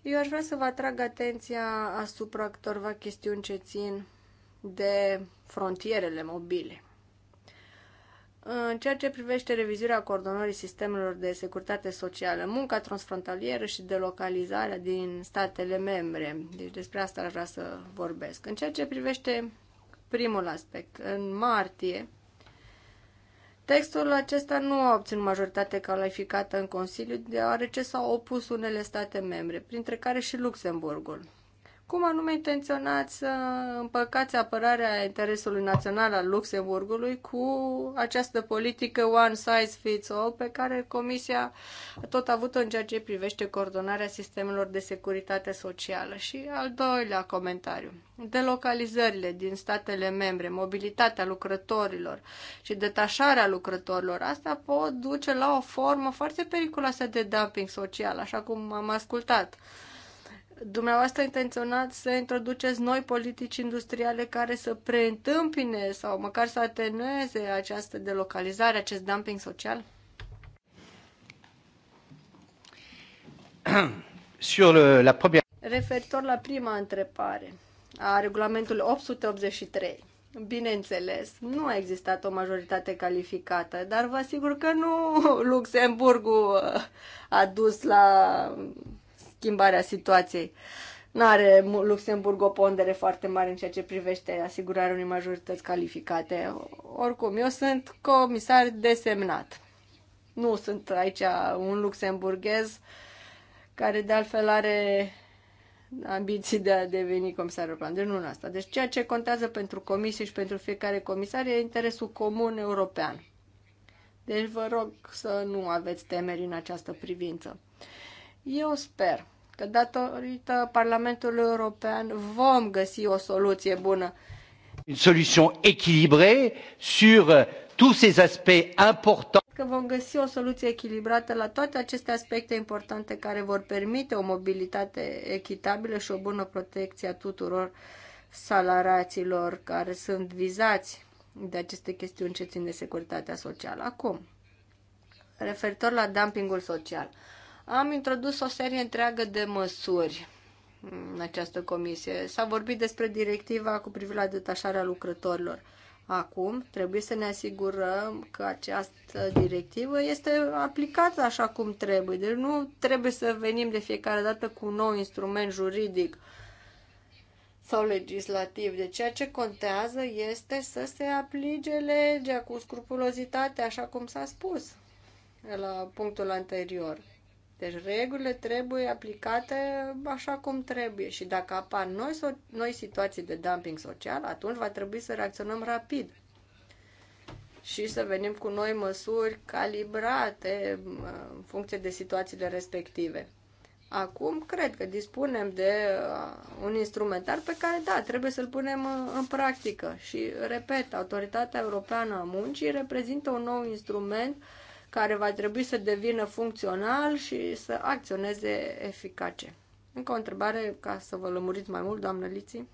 eu aș vrea să vă atrag atenția asupra câtorva chestiuni ce țin de frontierele mobile. În ceea ce privește revizuirea coordonării sistemelor de securitate socială, munca transfrontalieră și delocalizarea din statele membre, deci despre asta aș vrea să vorbesc. În ceea ce privește primul aspect, în martie Textul acesta nu a obținut majoritate calificată în Consiliu, deoarece s-au opus unele state membre, printre care și Luxemburgul. Cum anume intenționați să împăcați apărarea interesului național al Luxemburgului cu această politică one size fits all pe care Comisia a tot avut-o în ceea ce privește coordonarea sistemelor de securitate socială? Și al doilea comentariu. Delocalizările din statele membre, mobilitatea lucrătorilor și detașarea lucrătorilor, asta pot duce la o formă foarte periculoasă de dumping social, așa cum am ascultat dumneavoastră intenționați să introduceți noi politici industriale care să preîntâmpine sau măcar să atenueze această delocalizare, acest dumping social? Sur le, la première... Referitor la prima întrebare a regulamentului 883, bineînțeles, nu a existat o majoritate calificată, dar vă asigur că nu Luxemburgul a dus la schimbarea situației. Nu are Luxemburg o pondere foarte mare în ceea ce privește asigurarea unei majorități calificate. Oricum, eu sunt comisar desemnat. Nu sunt aici un luxemburghez care de altfel are ambiții de a deveni comisar european. Deci nu în asta. Deci ceea ce contează pentru comisie și pentru fiecare comisar e interesul comun european. Deci vă rog să nu aveți temeri în această privință. Eu sper că datorită Parlamentului European vom găsi o soluție bună. Une solution équilibrée sur tous ces aspects importants. Că vom găsi o soluție echilibrată la toate aceste aspecte importante care vor permite o mobilitate echitabilă și o bună protecție a tuturor salaraților care sunt vizați de aceste chestiuni ce țin de securitatea socială. Acum, referitor la dumpingul social. Am introdus o serie întreagă de măsuri în această comisie. S-a vorbit despre directiva cu privire la detașarea lucrătorilor. Acum trebuie să ne asigurăm că această directivă este aplicată așa cum trebuie. Deci nu trebuie să venim de fiecare dată cu un nou instrument juridic sau legislativ. Deci ceea ce contează este să se aplice legea cu scrupulozitate, așa cum s-a spus la punctul anterior. Deci regulile trebuie aplicate așa cum trebuie și dacă apar noi, so- noi situații de dumping social, atunci va trebui să reacționăm rapid și să venim cu noi măsuri calibrate în funcție de situațiile respective. Acum cred că dispunem de uh, un instrumentar pe care, da, trebuie să-l punem uh, în practică. Și, repet, Autoritatea Europeană a Muncii reprezintă un nou instrument uh, care va trebui să devină funcțional și să acționeze eficace. Încă o întrebare ca să vă lămuriți mai mult, doamnă Liții.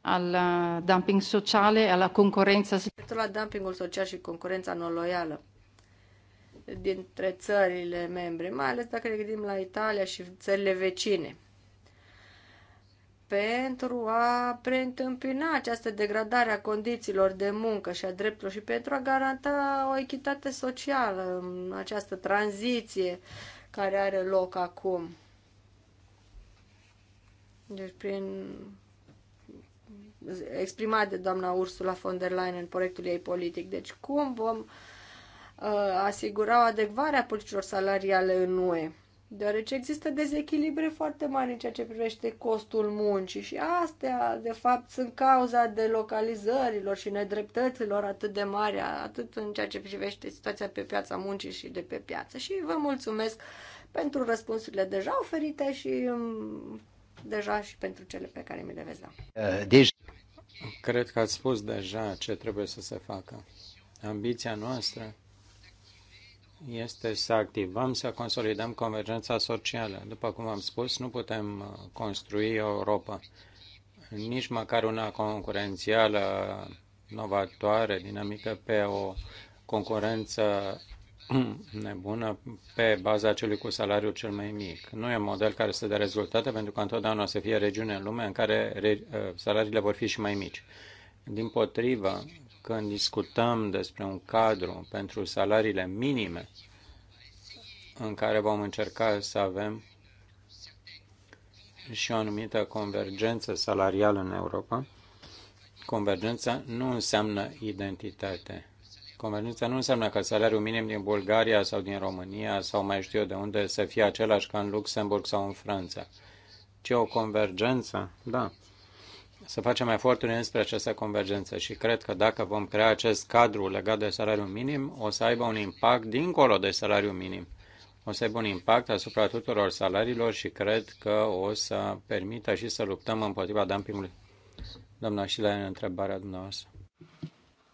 Al uh, dumping sociale, alla concurența. La dumpingul social și concurența non-loială dintre țările membre, mai ales dacă ne gândim la Italia și țările vecine pentru a preîntâmpina această degradare a condițiilor de muncă și a drepturilor și pentru a garanta o echitate socială în această tranziție care are loc acum. Deci prin exprimat de doamna Ursula von der Leyen în proiectul ei politic. Deci cum vom uh, asigura o adecvare a politicilor salariale în UE? deoarece există dezechilibre foarte mari în ceea ce privește costul muncii și astea, de fapt, sunt cauza delocalizărilor și nedreptăților atât de mari, atât în ceea ce privește situația pe piața muncii și de pe piață. Și vă mulțumesc pentru răspunsurile deja oferite și mm, deja și pentru cele pe care mi le veți da. Uh, deci... Cred că ați spus deja ce trebuie să se facă. Ambiția noastră este să activăm, să consolidăm convergența socială. După cum am spus, nu putem uh, construi Europa, nici măcar una concurențială, novatoare, dinamică, pe o concurență nebună pe baza celui cu salariul cel mai mic. Nu e un model care să dea rezultate pentru că întotdeauna o să fie regiune în lume în care uh, salariile vor fi și mai mici. Din potrivă, când discutăm despre un cadru pentru salariile minime în care vom încerca să avem și o anumită convergență salarială în Europa. Convergența nu înseamnă identitate. Convergența nu înseamnă că salariul minim din Bulgaria sau din România sau mai știu eu de unde să fie același ca în Luxemburg sau în Franța. Ce o convergență? Da să facem eforturi înspre această convergență și cred că dacă vom crea acest cadru legat de salariul minim, o să aibă un impact dincolo de salariul minim. O să aibă un impact asupra tuturor salariilor și cred că o să permită și să luptăm împotriva dumpingului. Doamna Șilea, întrebarea dumneavoastră.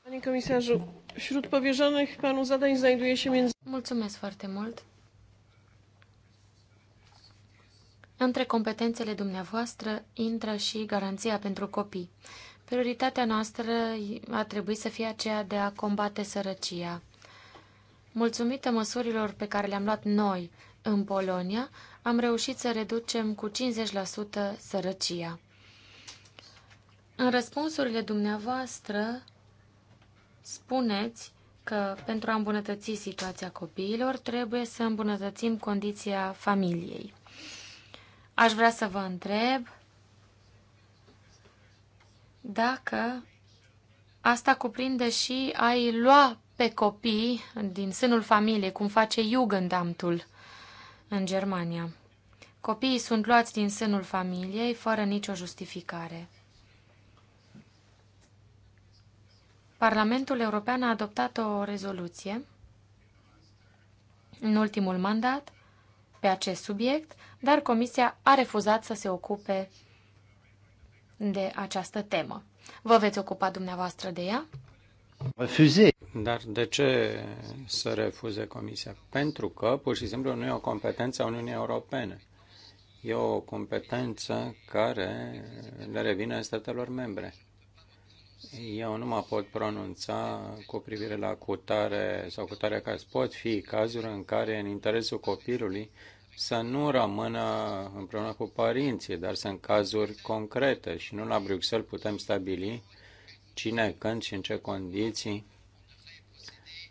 Panie komisarzu, șrut powierzonych panu zadań znajduje się między... Mulțumesc foarte mult. Între competențele dumneavoastră intră și garanția pentru copii. Prioritatea noastră a trebuit să fie aceea de a combate sărăcia. Mulțumită măsurilor pe care le-am luat noi în Polonia, am reușit să reducem cu 50% sărăcia. În răspunsurile dumneavoastră spuneți că pentru a îmbunătăți situația copiilor trebuie să îmbunătățim condiția familiei. Aș vrea să vă întreb dacă asta cuprinde și ai lua pe copii din sânul familiei, cum face Jugendamtul în Germania. Copiii sunt luați din sânul familiei fără nicio justificare. Parlamentul European a adoptat o rezoluție în ultimul mandat pe acest subiect, dar Comisia a refuzat să se ocupe de această temă. Vă veți ocupa dumneavoastră de ea? Refuze. Dar de ce să refuze Comisia? Pentru că, pur și simplu, nu e o competență a Uniunii Europene. E o competență care le revine statelor membre. Eu nu mă pot pronunța cu privire la cutare sau cutare caz. Pot fi cazuri în care, în interesul copilului, să nu rămână împreună cu părinții, dar sunt cazuri concrete și nu la Bruxelles putem stabili cine, când și în ce condiții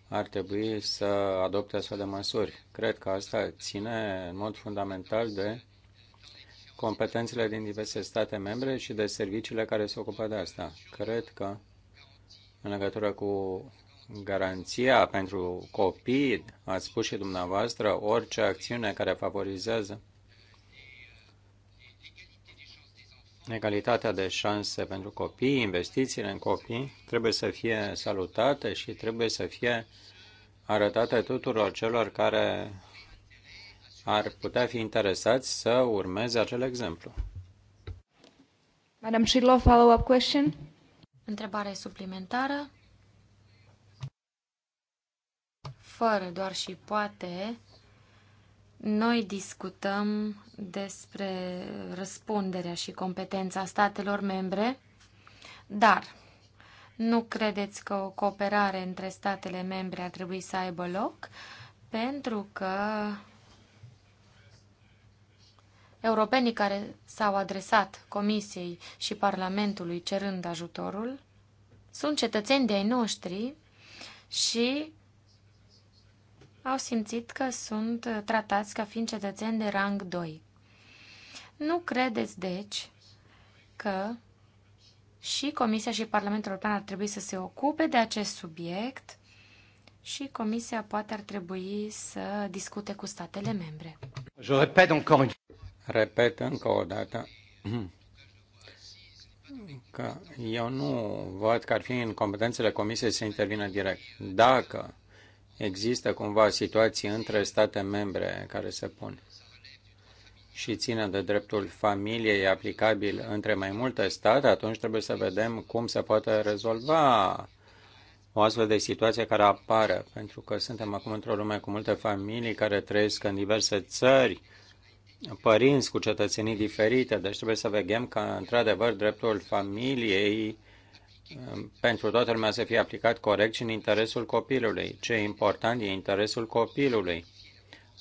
ar trebui să adopte astfel de măsuri. Cred că asta ține în mod fundamental de competențele din diverse state membre și de serviciile care se ocupă de asta. Cred că în legătură cu garanția pentru copii, ați spus și dumneavoastră, orice acțiune care favorizează egalitatea de șanse pentru copii, investițiile în copii, trebuie să fie salutate și trebuie să fie arătate tuturor celor care ar putea fi interesați să urmeze acel exemplu. Madam Shidlow, follow-up question? Întrebare suplimentară. fără doar și poate, noi discutăm despre răspunderea și competența statelor membre, dar nu credeți că o cooperare între statele membre ar trebui să aibă loc, pentru că europenii care s-au adresat Comisiei și Parlamentului cerând ajutorul sunt cetățeni de ai noștri și au simțit că sunt tratați ca fiind cetățeni de rang 2. Nu credeți, deci, că și Comisia și Parlamentul European ar trebui să se ocupe de acest subiect și Comisia poate ar trebui să discute cu statele membre. Repet încă o dată că eu nu văd că ar fi în competențele Comisiei să intervină direct. Dacă Există cumva situații între state membre care se pun și țină de dreptul familiei aplicabil între mai multe state, atunci trebuie să vedem cum se poate rezolva o astfel de situație care apare, pentru că suntem acum într-o lume cu multe familii care trăiesc în diverse țări, părinți cu cetățenii diferite, deci trebuie să vedem că, într-adevăr, dreptul familiei pentru toată lumea să fie aplicat corect și în interesul copilului. Ce e important e interesul copilului.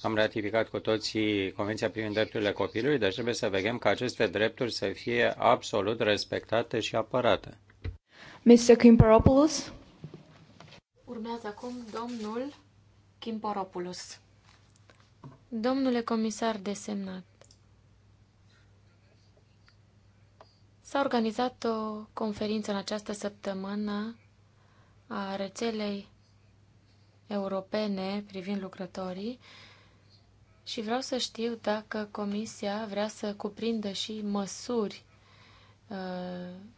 Am ratificat cu toții Convenția privind drepturile copilului, deci trebuie să vedem că aceste drepturi să fie absolut respectate și apărate. Mr. Kimperopoulos? Urmează acum domnul Kimporopoulos. Domnule comisar desemnat, S-a organizat o conferință în această săptămână a rețelei europene privind lucrătorii și vreau să știu dacă Comisia vrea să cuprindă și măsuri uh,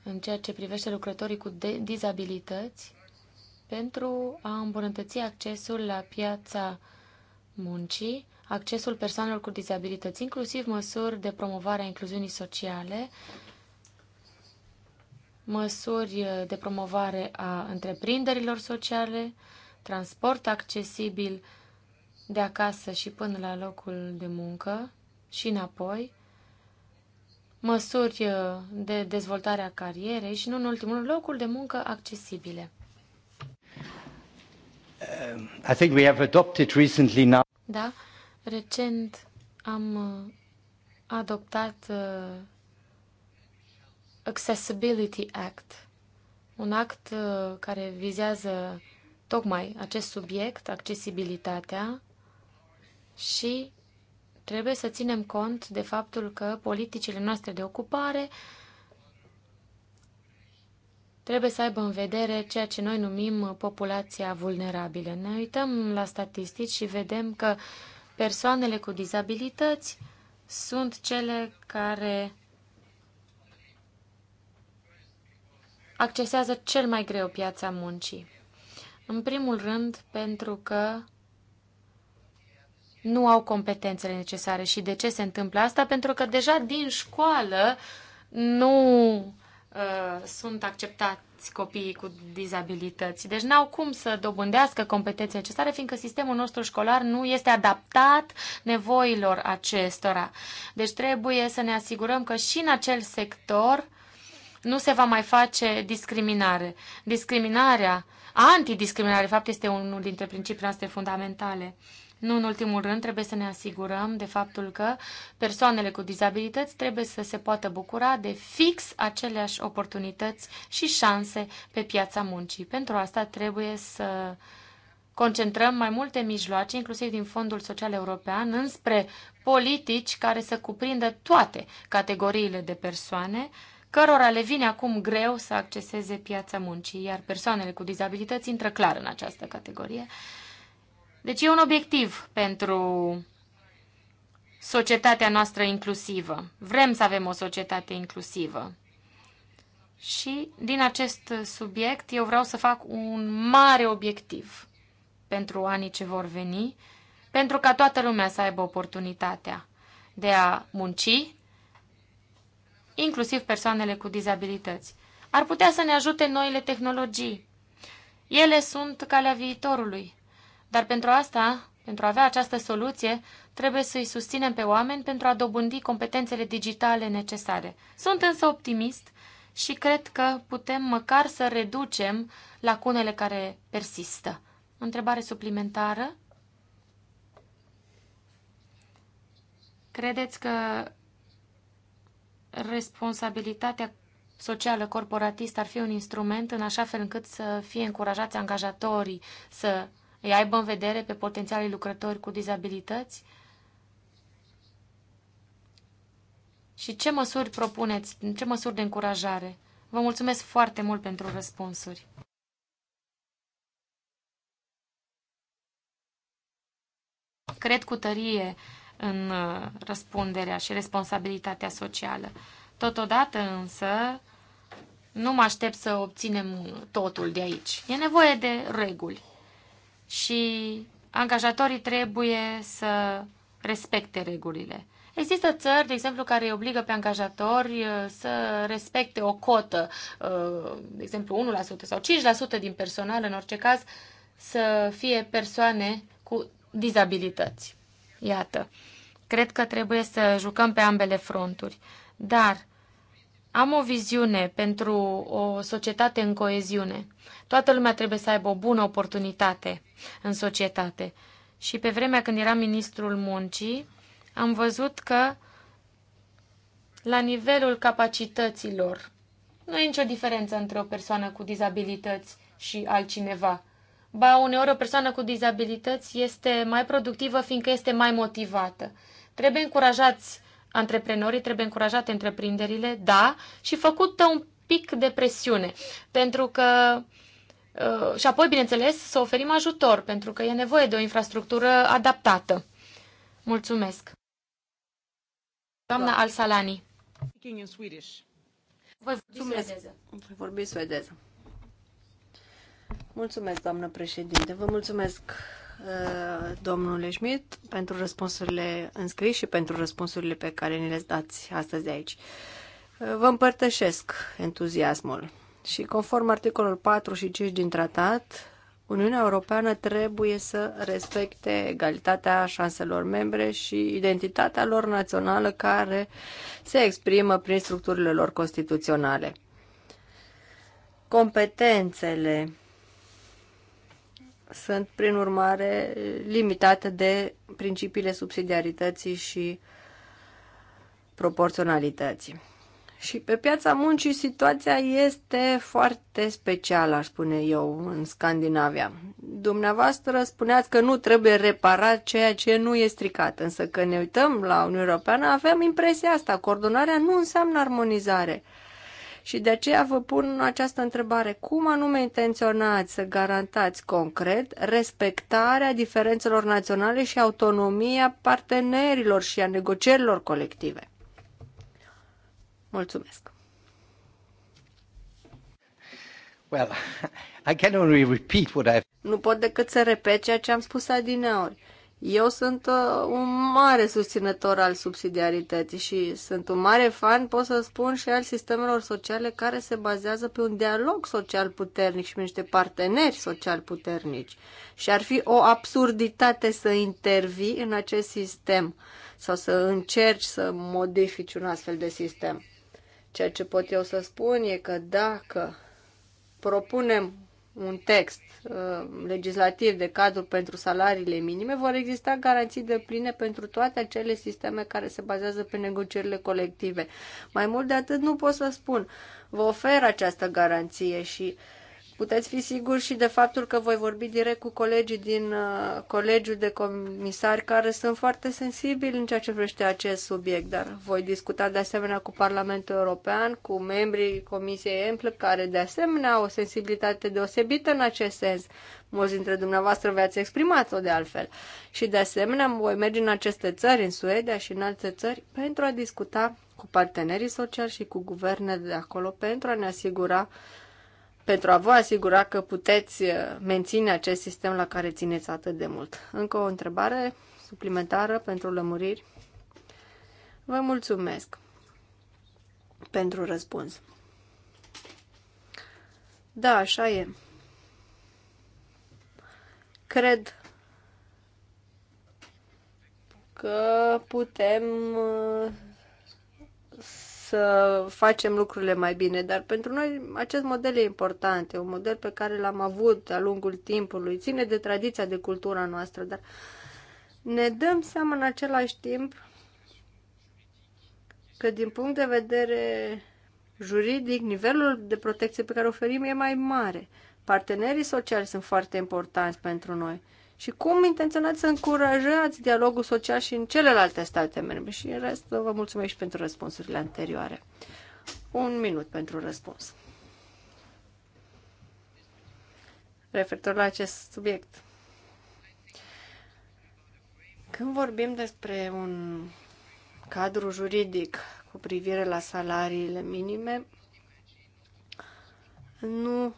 în ceea ce privește lucrătorii cu dizabilități pentru a îmbunătăți accesul la piața muncii, accesul persoanelor cu dizabilități, inclusiv măsuri de promovare a incluziunii sociale măsuri eh, de promovare a întreprinderilor sociale, transport accesibil de acasă și până la locul de muncă și înapoi, măsuri eh, de dezvoltare a carierei și, nu în ultimul locul de muncă accesibile. Um, I think we have adopted recently now. Da, recent am eh, adoptat Accessibility Act, un act uh, care vizează tocmai acest subiect, accesibilitatea, și trebuie să ținem cont de faptul că politicile noastre de ocupare trebuie să aibă în vedere ceea ce noi numim populația vulnerabilă. Ne uităm la statistici și vedem că persoanele cu dizabilități sunt cele care accesează cel mai greu piața muncii. În primul rând, pentru că nu au competențele necesare. Și de ce se întâmplă asta? Pentru că deja din școală nu uh, sunt acceptați copiii cu dizabilități. Deci n-au cum să dobândească competențele necesare, fiindcă sistemul nostru școlar nu este adaptat nevoilor acestora. Deci trebuie să ne asigurăm că și în acel sector uh, nu se va mai face discriminare. Discriminarea, antidiscriminarea, de fapt, este unul dintre principiile noastre fundamentale. Nu în ultimul rând, trebuie să ne asigurăm de faptul că persoanele cu dizabilități trebuie să se poată bucura de fix aceleași oportunități și șanse pe piața muncii. Pentru asta trebuie să concentrăm mai multe mijloace, inclusiv din Fondul Social European, înspre politici care să cuprindă toate categoriile de persoane, cărora le vine acum greu să acceseze piața muncii, iar persoanele cu dizabilități intră clar în această categorie. Deci e un obiectiv pentru societatea noastră inclusivă. Vrem să avem o societate inclusivă. Și din acest subiect eu vreau să fac un mare obiectiv pentru anii ce vor veni, pentru ca toată lumea să aibă oportunitatea de a munci, inclusiv persoanele cu dizabilități. Ar putea să ne ajute noile tehnologii. Ele sunt calea viitorului. Dar pentru asta, pentru a avea această soluție, trebuie să-i susținem pe oameni pentru a dobândi competențele digitale necesare. Sunt însă optimist și cred că putem măcar să reducem lacunele care persistă. Întrebare suplimentară? Credeți că responsabilitatea socială corporatistă ar fi un instrument în așa fel încât să fie încurajați angajatorii să îi aibă în vedere pe potențialii lucrători cu dizabilități? Și ce măsuri propuneți? Ce măsuri de încurajare? Vă mulțumesc foarte mult pentru răspunsuri. Cred cu tărie în uh, răspunderea și responsabilitatea socială. Totodată însă, nu mă aștept să obținem totul de aici. E nevoie de reguli și angajatorii trebuie să respecte regulile. Există țări, de exemplu, care îi obligă pe angajatori uh, să respecte o cotă, uh, de exemplu 1% sau 5% din personal, în orice caz, să fie persoane cu dizabilități. Iată, cred că trebuie să jucăm pe ambele fronturi. Dar am o viziune pentru o societate în coeziune. Toată lumea trebuie să aibă o bună oportunitate în societate. Și pe vremea când eram ministrul muncii, am văzut că la nivelul capacităților nu e nicio diferență între o persoană cu dizabilități și altcineva. Ba, uneori o persoană cu dizabilități este mai productivă fiindcă este mai motivată. Trebuie încurajați antreprenorii, trebuie încurajate întreprinderile, da, și făcută un pic de presiune. Pentru că uh, și apoi, bineînțeles, să oferim ajutor, pentru că e nevoie de o infrastructură adaptată. Mulțumesc. Doamna da. Al-Salani. Vă vorbi suedeză. Voi suedeză. Mulțumesc, doamnă președinte. Vă mulțumesc, uh, domnule Schmidt, pentru răspunsurile înscris și pentru răspunsurile pe care ni le dați astăzi aici. Uh, vă împărtășesc entuziasmul și conform articolul 4 și 5 din tratat, Uniunea Europeană trebuie să respecte egalitatea șanselor membre și identitatea lor națională care se exprimă prin structurile lor constituționale. Competențele sunt, prin urmare, limitate de principiile subsidiarității și proporționalității. Și pe piața muncii situația este foarte specială, aș spune eu, în Scandinavia. Dumneavoastră spuneați că nu trebuie reparat ceea ce nu e stricat, însă când ne uităm la Uniunea Europeană avem impresia asta. Coordonarea nu înseamnă armonizare. Și de aceea vă pun această întrebare. Cum anume intenționați să garantați concret respectarea diferențelor naționale și autonomia partenerilor și a negocierilor colective? Mulțumesc! Well, I can only repeat what I've... Nu pot decât să repet ceea ce am spus adineori. Eu sunt uh, un mare susținător al subsidiarității și sunt un mare fan, pot să spun, și al sistemelor sociale care se bazează pe un dialog social puternic și pe niște parteneri social puternici. Și ar fi o absurditate să intervii în acest sistem sau să încerci să modifici un astfel de sistem. Ceea ce pot eu să spun e că dacă propunem un text uh, legislativ de cadru pentru salariile minime, vor exista garanții de pline pentru toate acele sisteme care se bazează pe negocierile colective. Mai mult de atât nu pot să spun. Vă ofer această garanție și uh, Puteți fi siguri și de faptul că voi vorbi direct cu colegii din uh, Colegiul de Comisari care sunt foarte sensibili în ceea ce vrește acest subiect, dar voi discuta de asemenea cu Parlamentul European, cu membrii Comisiei Emplă, care de asemenea au o sensibilitate deosebită în acest sens. Mulți dintre dumneavoastră v-ați exprimat-o de altfel. Și de asemenea voi merge în aceste țări, în Suedia și în alte țări, pentru a discuta cu partenerii sociali și cu guvernele de acolo, pentru a ne asigura pentru a vă asigura că puteți uh, menține acest sistem la care țineți atât de mult. Încă o întrebare suplimentară pentru lămuriri? Vă mulțumesc pentru răspuns. Da, așa e. Cred că putem uh, să facem lucrurile mai bine, dar pentru noi acest model e important, e un model pe care l-am avut de-a lungul timpului, ține de tradiția, de cultura noastră, dar ne dăm seama în același timp că din punct de vedere juridic, nivelul de protecție pe care oferim e mai mare. Partenerii sociali sunt foarte importanți pentru noi. Și cum intenționați să încurajați dialogul social și în celelalte state membre? Și în rest, vă mulțumesc și pentru răspunsurile anterioare. Un minut pentru răspuns. Referitor la acest subiect. Când vorbim despre un cadru juridic cu privire la salariile minime, nu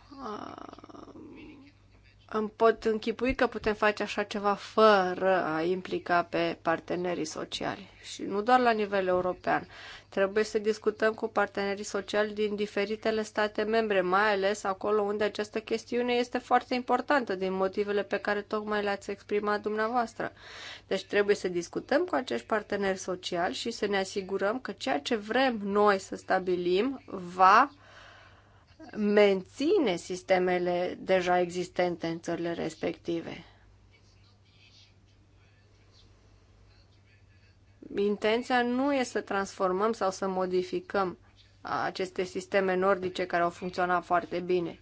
îmi pot închipui că putem face așa ceva fără a implica pe partenerii sociali. Și nu doar la nivel european. Trebuie să discutăm cu partenerii sociali din diferitele state membre, mai ales acolo unde această chestiune este foarte importantă din motivele pe care tocmai le-ați exprimat dumneavoastră. Deci trebuie să discutăm cu acești parteneri sociali și să ne asigurăm că ceea ce vrem noi să stabilim va uh, menține sistemele deja existente în țările respective. Intenția nu este să transformăm sau să modificăm aceste sisteme nordice care au funcționat foarte bine.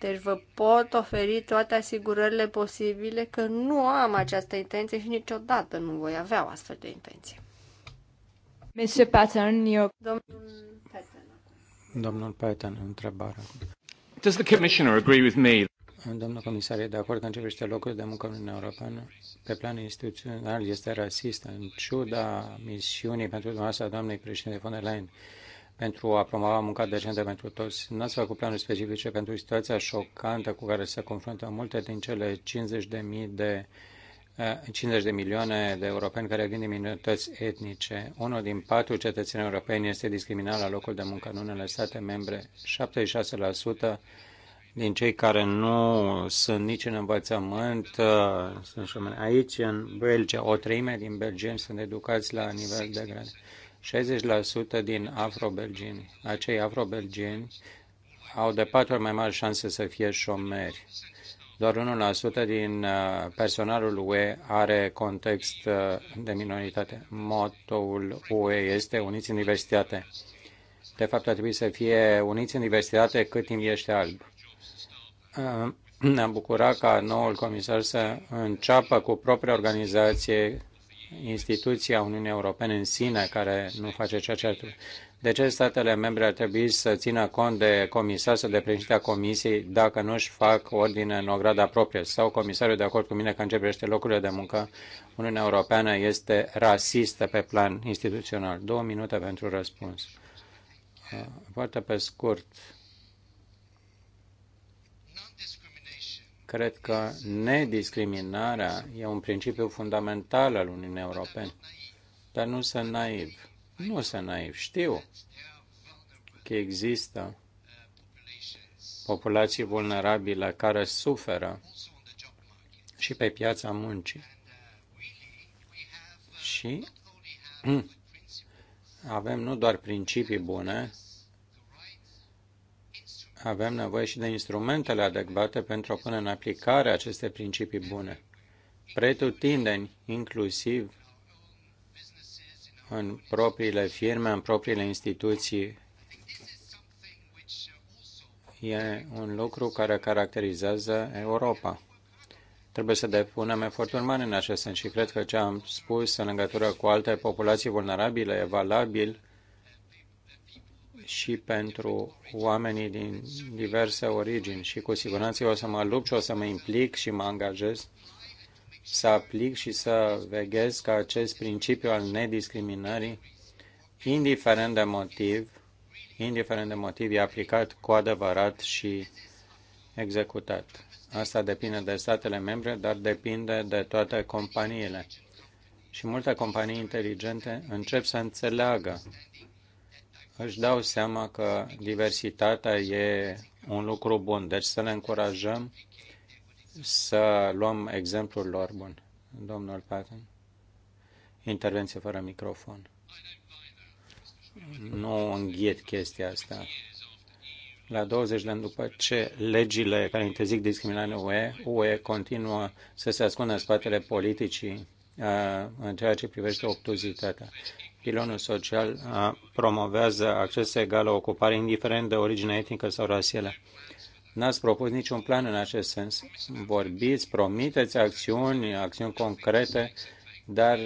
Deci vă pot oferi toate asigurările posibile că nu am această intenție și niciodată nu voi avea o astfel de intenție. Mr. Domnul... Domnul Paetan, întrebare. Does the commissioner agree with me? Domnul comisar, e de acord că în ce privește locul de muncă în Uniunea Europeană, pe plan instituțional, este rasist, în ciuda misiunii pentru dumneavoastră, doamnei președinte von der Leyen, pentru a promova munca decentă pentru toți. N-ați făcut planuri specifice pentru situația șocantă cu care se confruntă multe din cele 50.000 de 50 eh, de milioane de europeni care vin din minorități etnice. Unul din patru cetățeni europeni este discriminat la locul de muncă în unele state membre. 76% din cei care nu sunt nici în învățământ eh, sunt șomeni. Aici, în Belgia, o treime din belgeni sunt educați la nivel de grad. 60% din afro belgini Acei afro au de patru ori mai mari șanse să fie șomeri doar 1% din uh, personalul UE are context uh, de minoritate. Motoul UE este Uniți în diversitate. De fapt, ar trebui să fie Uniți în diversitate cât timp ești alb. Uh, ne-am bucurat ca noul comisar să înceapă cu propria organizație instituția Uniunii Europene în sine care nu face ceea ce trebuie. De ce statele membre ar trebui să țină cont de comisar sau de președintea comisiei dacă nu își fac ordine în ograda proprie? Sau comisarul de acord cu mine că începește locurile de muncă, Uniunea Europeană este rasistă pe plan instituțional. Două minute pentru răspuns. Foarte pe scurt, Cred că nediscriminarea e un principiu fundamental al Uniunii Europene. Dar nu sunt naiv. Nu sunt naiv. Știu că există populații vulnerabile care suferă și pe piața muncii. Și avem nu doar principii bune, avem nevoie și de instrumentele adecvate pentru a pune în aplicare aceste principii bune. Pretutindeni, inclusiv în propriile firme, în propriile instituții, e un lucru care caracterizează Europa. Trebuie să depunem eforturi mari în acest sens și cred că ce am spus în legătură cu alte populații vulnerabile e valabil și pentru oamenii din diverse origini și cu siguranță eu o să mă lupt și o să mă implic și mă angajez să aplic și să veghez ca acest principiu al nediscriminării, indiferent de motiv, indiferent de motiv, e aplicat cu adevărat și executat. Asta depinde de statele membre, dar depinde de toate companiile. Și multe companii inteligente încep să înțeleagă își dau seama că diversitatea e un lucru bun, deci să le încurajăm să luăm exemplul lor bun. Domnul Patton, intervenție fără microfon. Nu înghiet chestia asta. La 20 de ani după ce legile care interzic discriminarea UE, UE continuă să se ascundă în spatele politicii uh, în ceea ce privește obtuzitatea pilonul social promovează acces egal la ocupare, indiferent de origine etnică sau rasială. N-ați propus niciun plan în acest sens. Vorbiți, promiteți acțiuni, acțiuni concrete, dar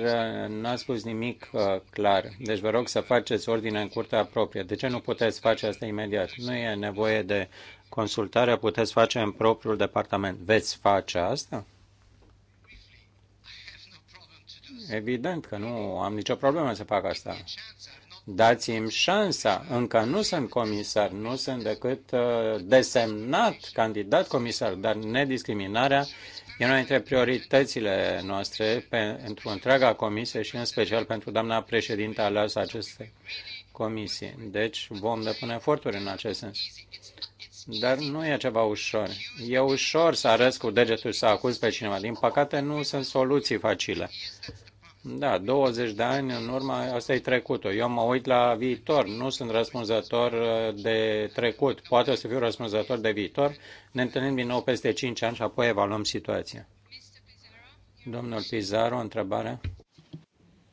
n-ați spus nimic clar. Deci vă rog să faceți ordine în curtea proprie. De ce nu puteți face asta imediat? Nu e nevoie de consultare, puteți face în propriul departament. Veți face asta? Evident că nu am nicio problemă să fac asta. Dați-mi șansa. Încă nu sunt comisar, nu sunt decât uh, desemnat candidat comisar, dar nediscriminarea e una dintre prioritățile noastre pentru întreaga comisie și în special pentru doamna președinte aleasă acestei comisii. Deci vom depune eforturi în acest sens. Dar nu e ceva ușor. E ușor să arăți cu degetul și să acuzi pe cineva. Din păcate, nu sunt soluții facile. Da, 20 de ani în urmă, asta e trecutul. Eu mă uit la viitor, nu sunt răspunzător uh, de trecut. Poate o să fiu răspunzător de viitor. Ne întâlnim din nou peste 5 ani și apoi evaluăm situația. Domnul Pizarro, întrebare?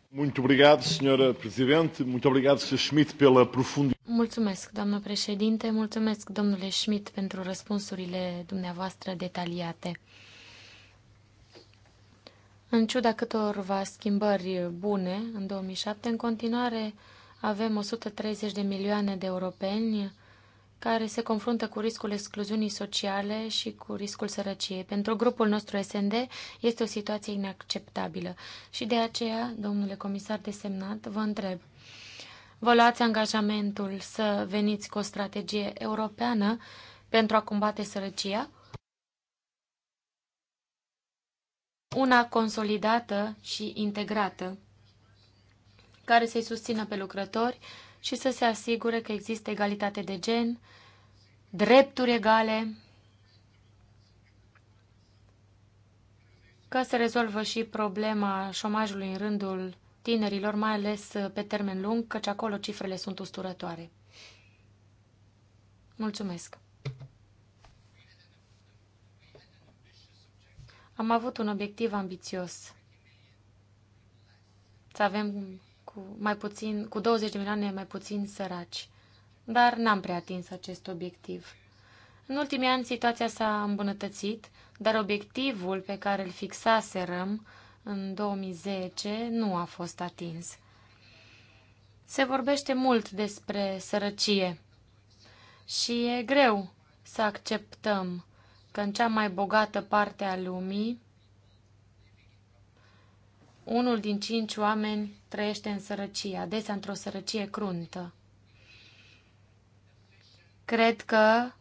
Muito obrigado, senhora presidente. Muito obrigado, Sr. Schmidt, pela profundidade. Mulțumesc, doamnă președinte. Mulțumesc, domnule Schmidt, pentru răspunsurile dumneavoastră detaliate. În ciuda câtorva schimbări bune în 2007, în continuare avem 130 de milioane de europeni care se confruntă cu riscul excluziunii sociale și cu riscul sărăciei. Pentru grupul nostru SND este o situație inacceptabilă și de aceea, domnule comisar desemnat, vă întreb, vă luați angajamentul să veniți cu o strategie europeană pentru a combate sărăcia? una consolidată și integrată, care să-i susțină pe lucrători și să se asigure că există egalitate de gen, drepturi egale, ca se rezolvă și problema șomajului în rândul tinerilor, mai ales pe termen lung, căci acolo cifrele sunt usturătoare. Mulțumesc! Am avut un obiectiv ambițios. Să avem cu, mai puțin, cu 20 de milioane mai puțin săraci. Dar n-am prea atins acest obiectiv. În ultimii ani situația s-a îmbunătățit, dar obiectivul pe care îl fixaserăm în 2010 nu a fost atins. Se vorbește mult despre sărăcie și e greu să acceptăm că în cea mai bogată parte a lumii, unul din cinci oameni trăiește în sărăcie, adesea într-o sărăcie cruntă. Cred că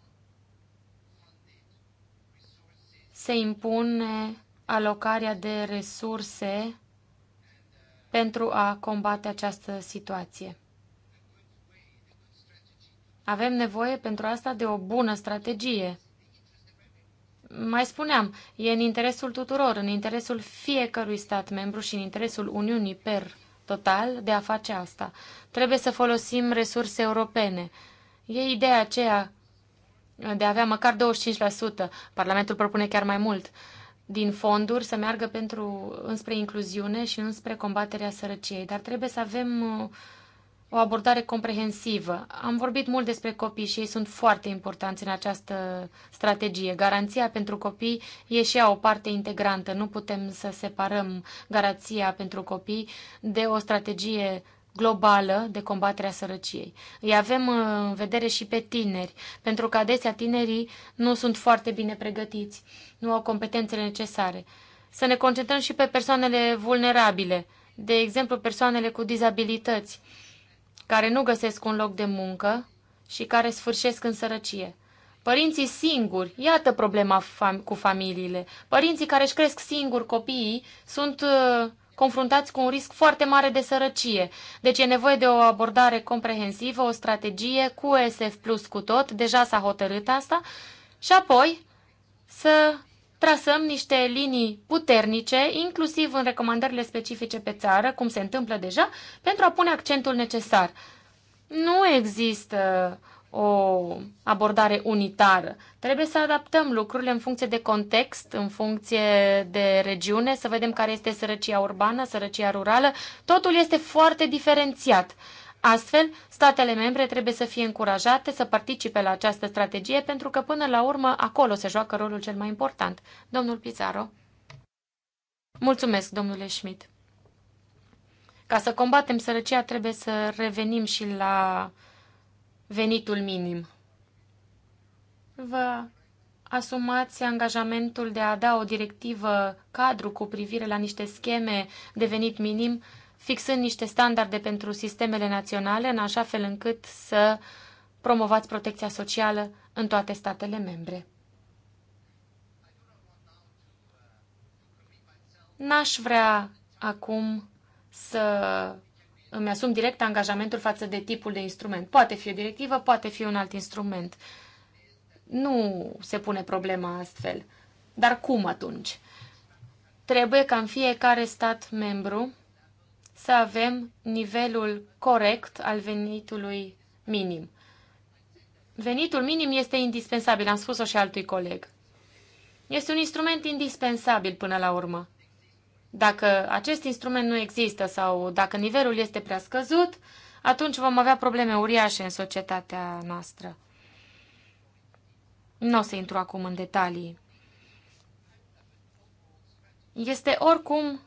se impune alocarea de resurse pentru a combate această situație. Avem nevoie pentru asta de o bună strategie mai spuneam, e în interesul tuturor, în interesul fiecărui stat membru și în interesul Uniunii per total de a face asta. Trebuie să folosim resurse europene. E ideea aceea de a avea măcar 25%, Parlamentul propune chiar mai mult, din fonduri să meargă pentru, înspre incluziune și înspre combaterea sărăciei. Dar trebuie să avem uh, o abordare comprehensivă. Am vorbit mult despre copii și ei sunt foarte importanți în această strategie. Garanția pentru copii e și ea o parte integrantă. Nu putem să separăm garanția pentru copii de o strategie globală de combaterea sărăciei. Îi avem în vedere și pe tineri, pentru că adesea tinerii nu sunt foarte bine pregătiți, nu au competențele necesare. Să ne concentrăm și pe persoanele vulnerabile, de exemplu persoanele cu dizabilități care nu găsesc un loc de muncă și care sfârșesc în sărăcie. Părinții singuri, iată problema fam- cu familiile. Părinții care își cresc singuri copiii sunt uh, confruntați cu un risc foarte mare de sărăcie. Deci e nevoie de o abordare comprehensivă, o strategie cu SF Plus cu tot, deja s-a hotărât asta, și apoi să trasăm niște linii puternice, inclusiv în recomandările specifice pe țară, cum se întâmplă deja, pentru a pune accentul necesar. Nu există o abordare unitară. Trebuie să adaptăm lucrurile în funcție de context, în funcție de regiune, să vedem care este sărăcia urbană, sărăcia rurală. Totul este foarte diferențiat. Astfel, statele membre trebuie să fie încurajate să participe la această strategie pentru că, până la urmă, acolo se joacă rolul cel mai important. Domnul Pizarro. Mulțumesc, domnule Schmidt. Ca să combatem sărăcia, trebuie să revenim și la venitul minim. Vă asumați angajamentul de a da o directivă cadru cu privire la niște scheme de venit minim fixând niște standarde pentru sistemele naționale, în așa fel încât să promovați protecția socială în toate statele membre. N-aș vrea acum să îmi asum direct angajamentul față de tipul de instrument. Poate fi o directivă, poate fi un alt instrument. Nu se pune problema astfel. Dar cum atunci? Trebuie ca în fiecare stat membru să avem nivelul corect al venitului minim. Venitul minim este indispensabil, am spus-o și altui coleg. Este un instrument indispensabil până la urmă. Dacă acest instrument nu există sau dacă nivelul este prea scăzut, atunci vom avea probleme uriașe în societatea noastră. Nu o să intru acum în detalii. Este oricum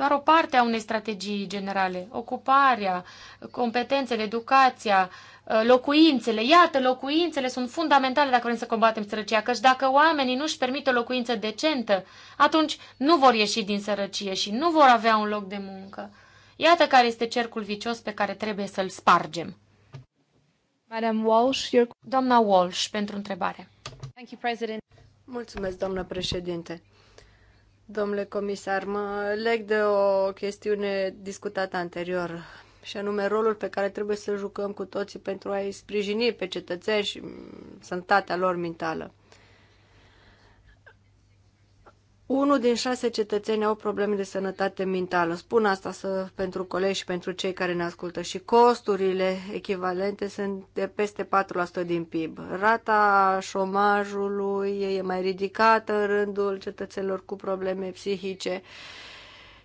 doar o parte a unei strategii generale. Ocuparea, competențele, educația, uh, locuințele. Iată, locuințele sunt fundamentale dacă vrem să combatem sărăcia, căci dacă oamenii nu-și permit o locuință decentă, atunci nu vor ieși din sărăcie și nu vor avea un loc de muncă. Iată care este cercul vicios pe care trebuie să-l spargem. Madam Walsh, your... Doamna Walsh, pentru întrebare. Thank you, President. Mulțumesc, doamnă președinte domnule comisar. Mă leg de o chestiune discutată anterior și anume rolul pe care trebuie să-l jucăm cu toții pentru a-i sprijini pe cetățeni și sănătatea lor mentală. Unul din șase cetățeni au probleme de sănătate mentală. Spun asta să, pentru colegi și pentru cei care ne ascultă. Și costurile echivalente sunt de peste 4% din PIB. Rata șomajului e mai ridicată în rândul cetățenilor cu probleme psihice.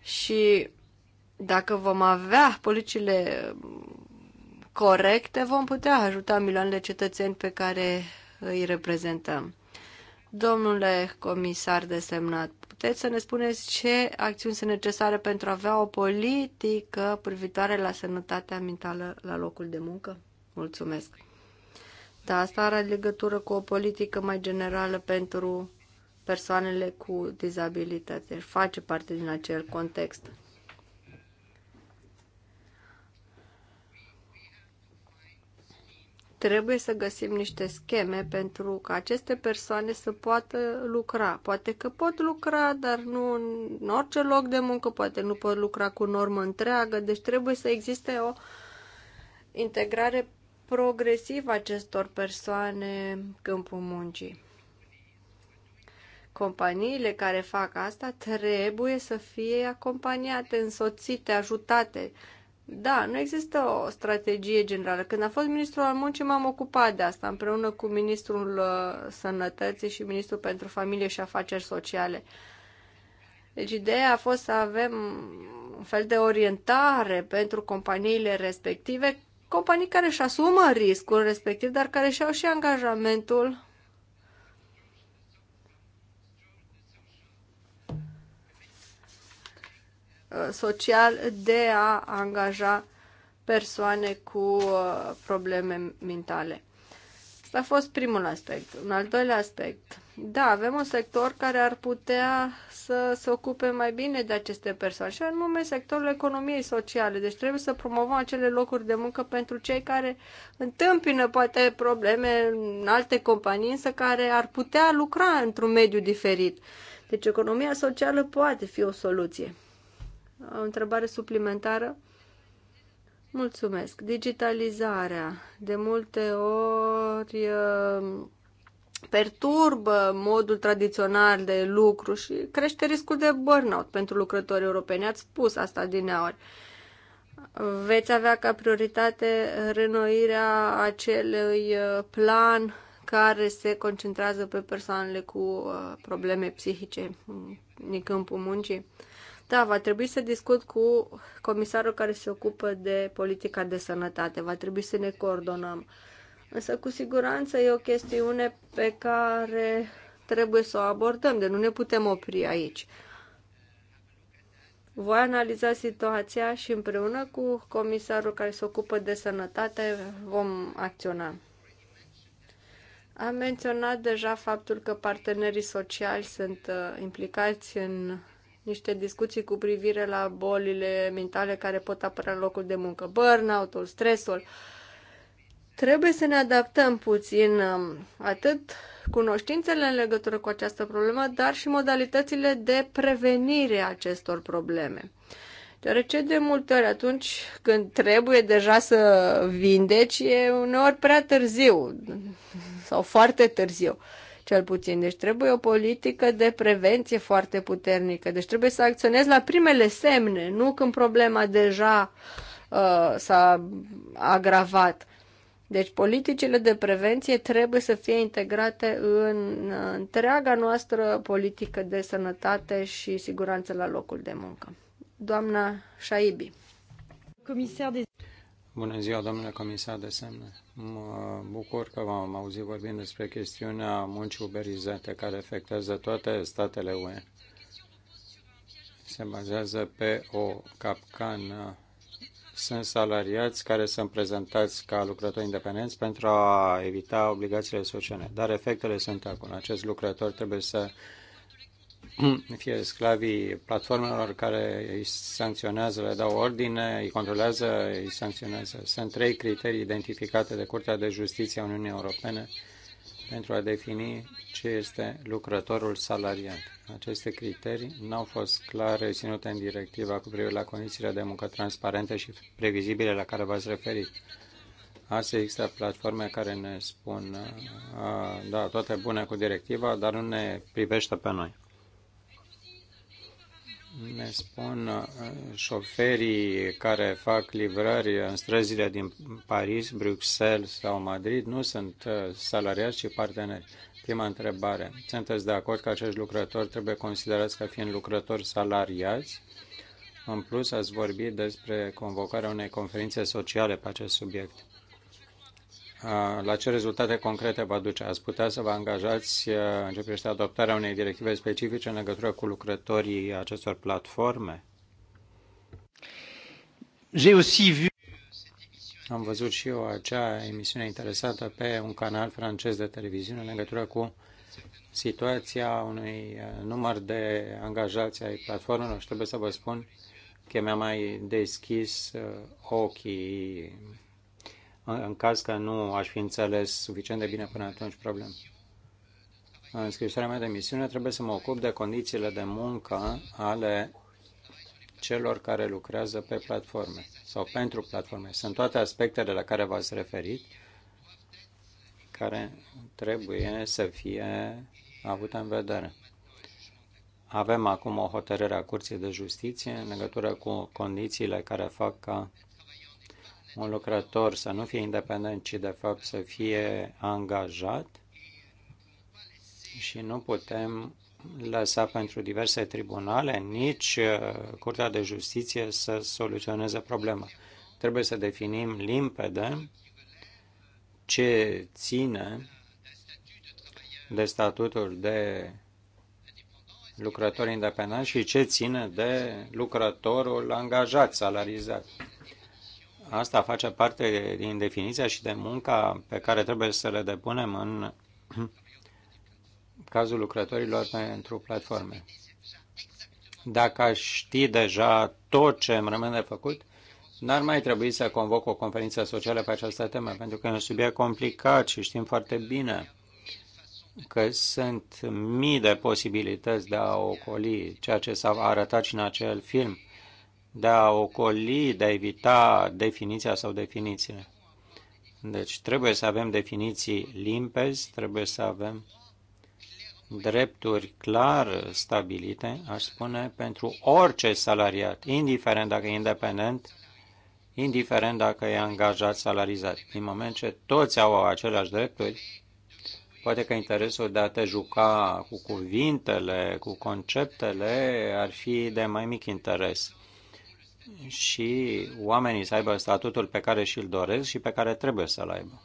Și dacă vom avea politicile corecte, vom putea ajuta milioane de cetățeni pe care îi reprezentăm. Domnule comisar desemnat, puteți să ne spuneți ce acțiuni sunt necesare pentru a avea o politică privitoare la sănătatea mentală la locul de muncă? Mulțumesc. Da, asta are legătură cu o politică mai generală pentru persoanele cu dizabilități. face parte din acel context. Trebuie să găsim niște scheme pentru ca aceste persoane să poată lucra. Poate că pot lucra, dar nu în orice loc de muncă, poate nu pot lucra cu normă întreagă, deci trebuie să existe o integrare progresivă acestor persoane în câmpul muncii. Companiile care fac asta trebuie să fie acompaniate, însoțite, ajutate da, nu există o strategie generală. Când a fost ministrul al muncii, m-am ocupat de asta, împreună cu ministrul uh, sănătății și ministrul pentru familie și afaceri sociale. Deci ideea a fost să avem un fel de orientare pentru companiile respective, companii care își asumă riscul respectiv, dar care și-au și angajamentul Uh, social de a angaja persoane cu uh, probleme mentale. A fost primul aspect. Un al doilea aspect. Da, avem un sector care ar putea să se ocupe mai bine de aceste persoane și anume sectorul economiei sociale. Deci trebuie să promovăm acele locuri de muncă pentru cei care întâmpină poate probleme în alte companii, însă care ar putea lucra într-un mediu diferit. Deci economia socială poate fi o soluție. O întrebare suplimentară? Mulțumesc. Digitalizarea de multe ori perturbă modul tradițional de lucru și crește riscul de burnout pentru lucrători europeni. Ați spus asta din ori. Veți avea ca prioritate renoirea acelui plan care se concentrează pe persoanele cu probleme psihice din câmpul muncii. Da, va trebui să discut cu comisarul care se ocupă de politica de sănătate. Va trebui să ne coordonăm. Însă, cu siguranță, e o chestiune pe care trebuie să o abordăm, de nu ne putem opri aici. Voi analiza situația și împreună cu comisarul care se ocupă de sănătate vom acționa. Am menționat deja faptul că partenerii sociali sunt uh, implicați în niște discuții cu privire la bolile mentale care pot apărea în locul de muncă, burnout-ul, stresul. Trebuie să ne adaptăm puțin um, atât cunoștințele în legătură cu această problemă, dar și modalitățile de prevenire a acestor probleme. Deoarece de multe ori atunci când trebuie deja să vindeci, e uneori prea târziu sau foarte târziu. Uh, cel puțin. Deci trebuie o politică de prevenție foarte puternică. Deci trebuie să acționezi la primele semne, nu când problema deja uh, s-a agravat. Deci politicile de prevenție trebuie să fie integrate în uh, întreaga noastră politică de sănătate și siguranță la locul de muncă. Doamna Shaibi. Comisar de Bună ziua, domnule comisar de semne. Mă bucur că v-am auzit vorbind despre chestiunea muncii uberizate care afectează toate statele UE. Se bazează pe o capcană. Sunt salariați care sunt prezentați ca lucrători independenți pentru a evita obligațiile sociale, dar efectele sunt acum. Acest lucrător trebuie să Mm. fie sclavii platformelor care îi sancționează, le dau ordine, îi controlează, îi sancționează. Sunt trei criterii identificate de Curtea de Justiție a Uniunii Europene pentru a defini ce este lucrătorul salariat. Aceste criterii nu au fost clar reținute în directiva cu privire la condițiile de muncă transparente și previzibile la care v-ați referit. Astăzi există platforme care ne spun, a, da, toate bune cu directiva, dar nu ne privește pe noi ne spun uh, șoferii care fac livrări în străzile din Paris, Bruxelles sau Madrid nu sunt uh, salariați, ci parteneri. Prima întrebare. Sunteți de acord că acești lucrători trebuie considerați ca fiind lucrători salariați? În plus, ați vorbit despre convocarea unei conferințe sociale pe acest subiect la ce rezultate concrete va duce? Ați putea să vă angajați în ce privește adoptarea unei directive specifice în legătură cu lucrătorii acestor platforme? Am văzut și eu acea emisiune interesată pe un canal francez de televiziune în legătură cu situația unui număr de angajați ai platformelor și trebuie să vă spun că mi-a mai deschis ochii în caz că nu aș fi înțeles suficient de bine până atunci problema. În scrisoarea mea de misiune trebuie să mă ocup de condițiile de muncă ale celor care lucrează pe platforme sau pentru platforme. Sunt toate aspectele la care v-ați referit care trebuie să fie avute în vedere. Avem acum o hotărâre a Curții de Justiție în legătură cu condițiile care fac ca un lucrător să nu fie independent, ci de fapt să fie angajat și nu putem lăsa pentru diverse tribunale, nici uh, Curtea de Justiție să soluționeze problema. Trebuie să definim limpede ce ține de statutul de lucrător independent și ce ține de lucrătorul angajat, salarizat. Asta face parte din definiția și de munca pe care trebuie să le depunem în cazul lucrătorilor pentru platforme. Dacă aș ști deja tot ce îmi rămâne de făcut, n-ar mai trebui să convoc o conferință socială pe această temă, pentru că e un subiect complicat și știm foarte bine că sunt mii de posibilități de a ocoli ceea ce s-a arătat și în acel film – de a ocoli, de a evita definiția sau definițiile. Deci trebuie să avem definiții limpezi, trebuie să avem drepturi clar stabilite, aș spune, pentru orice salariat, indiferent dacă e independent, indiferent dacă e angajat salarizat. În moment ce toți au aceleași drepturi, poate că interesul de a te juca cu cuvintele, cu conceptele, ar fi de mai mic interes și oamenii să aibă statutul pe care și-l doresc și pe care trebuie să-l aibă.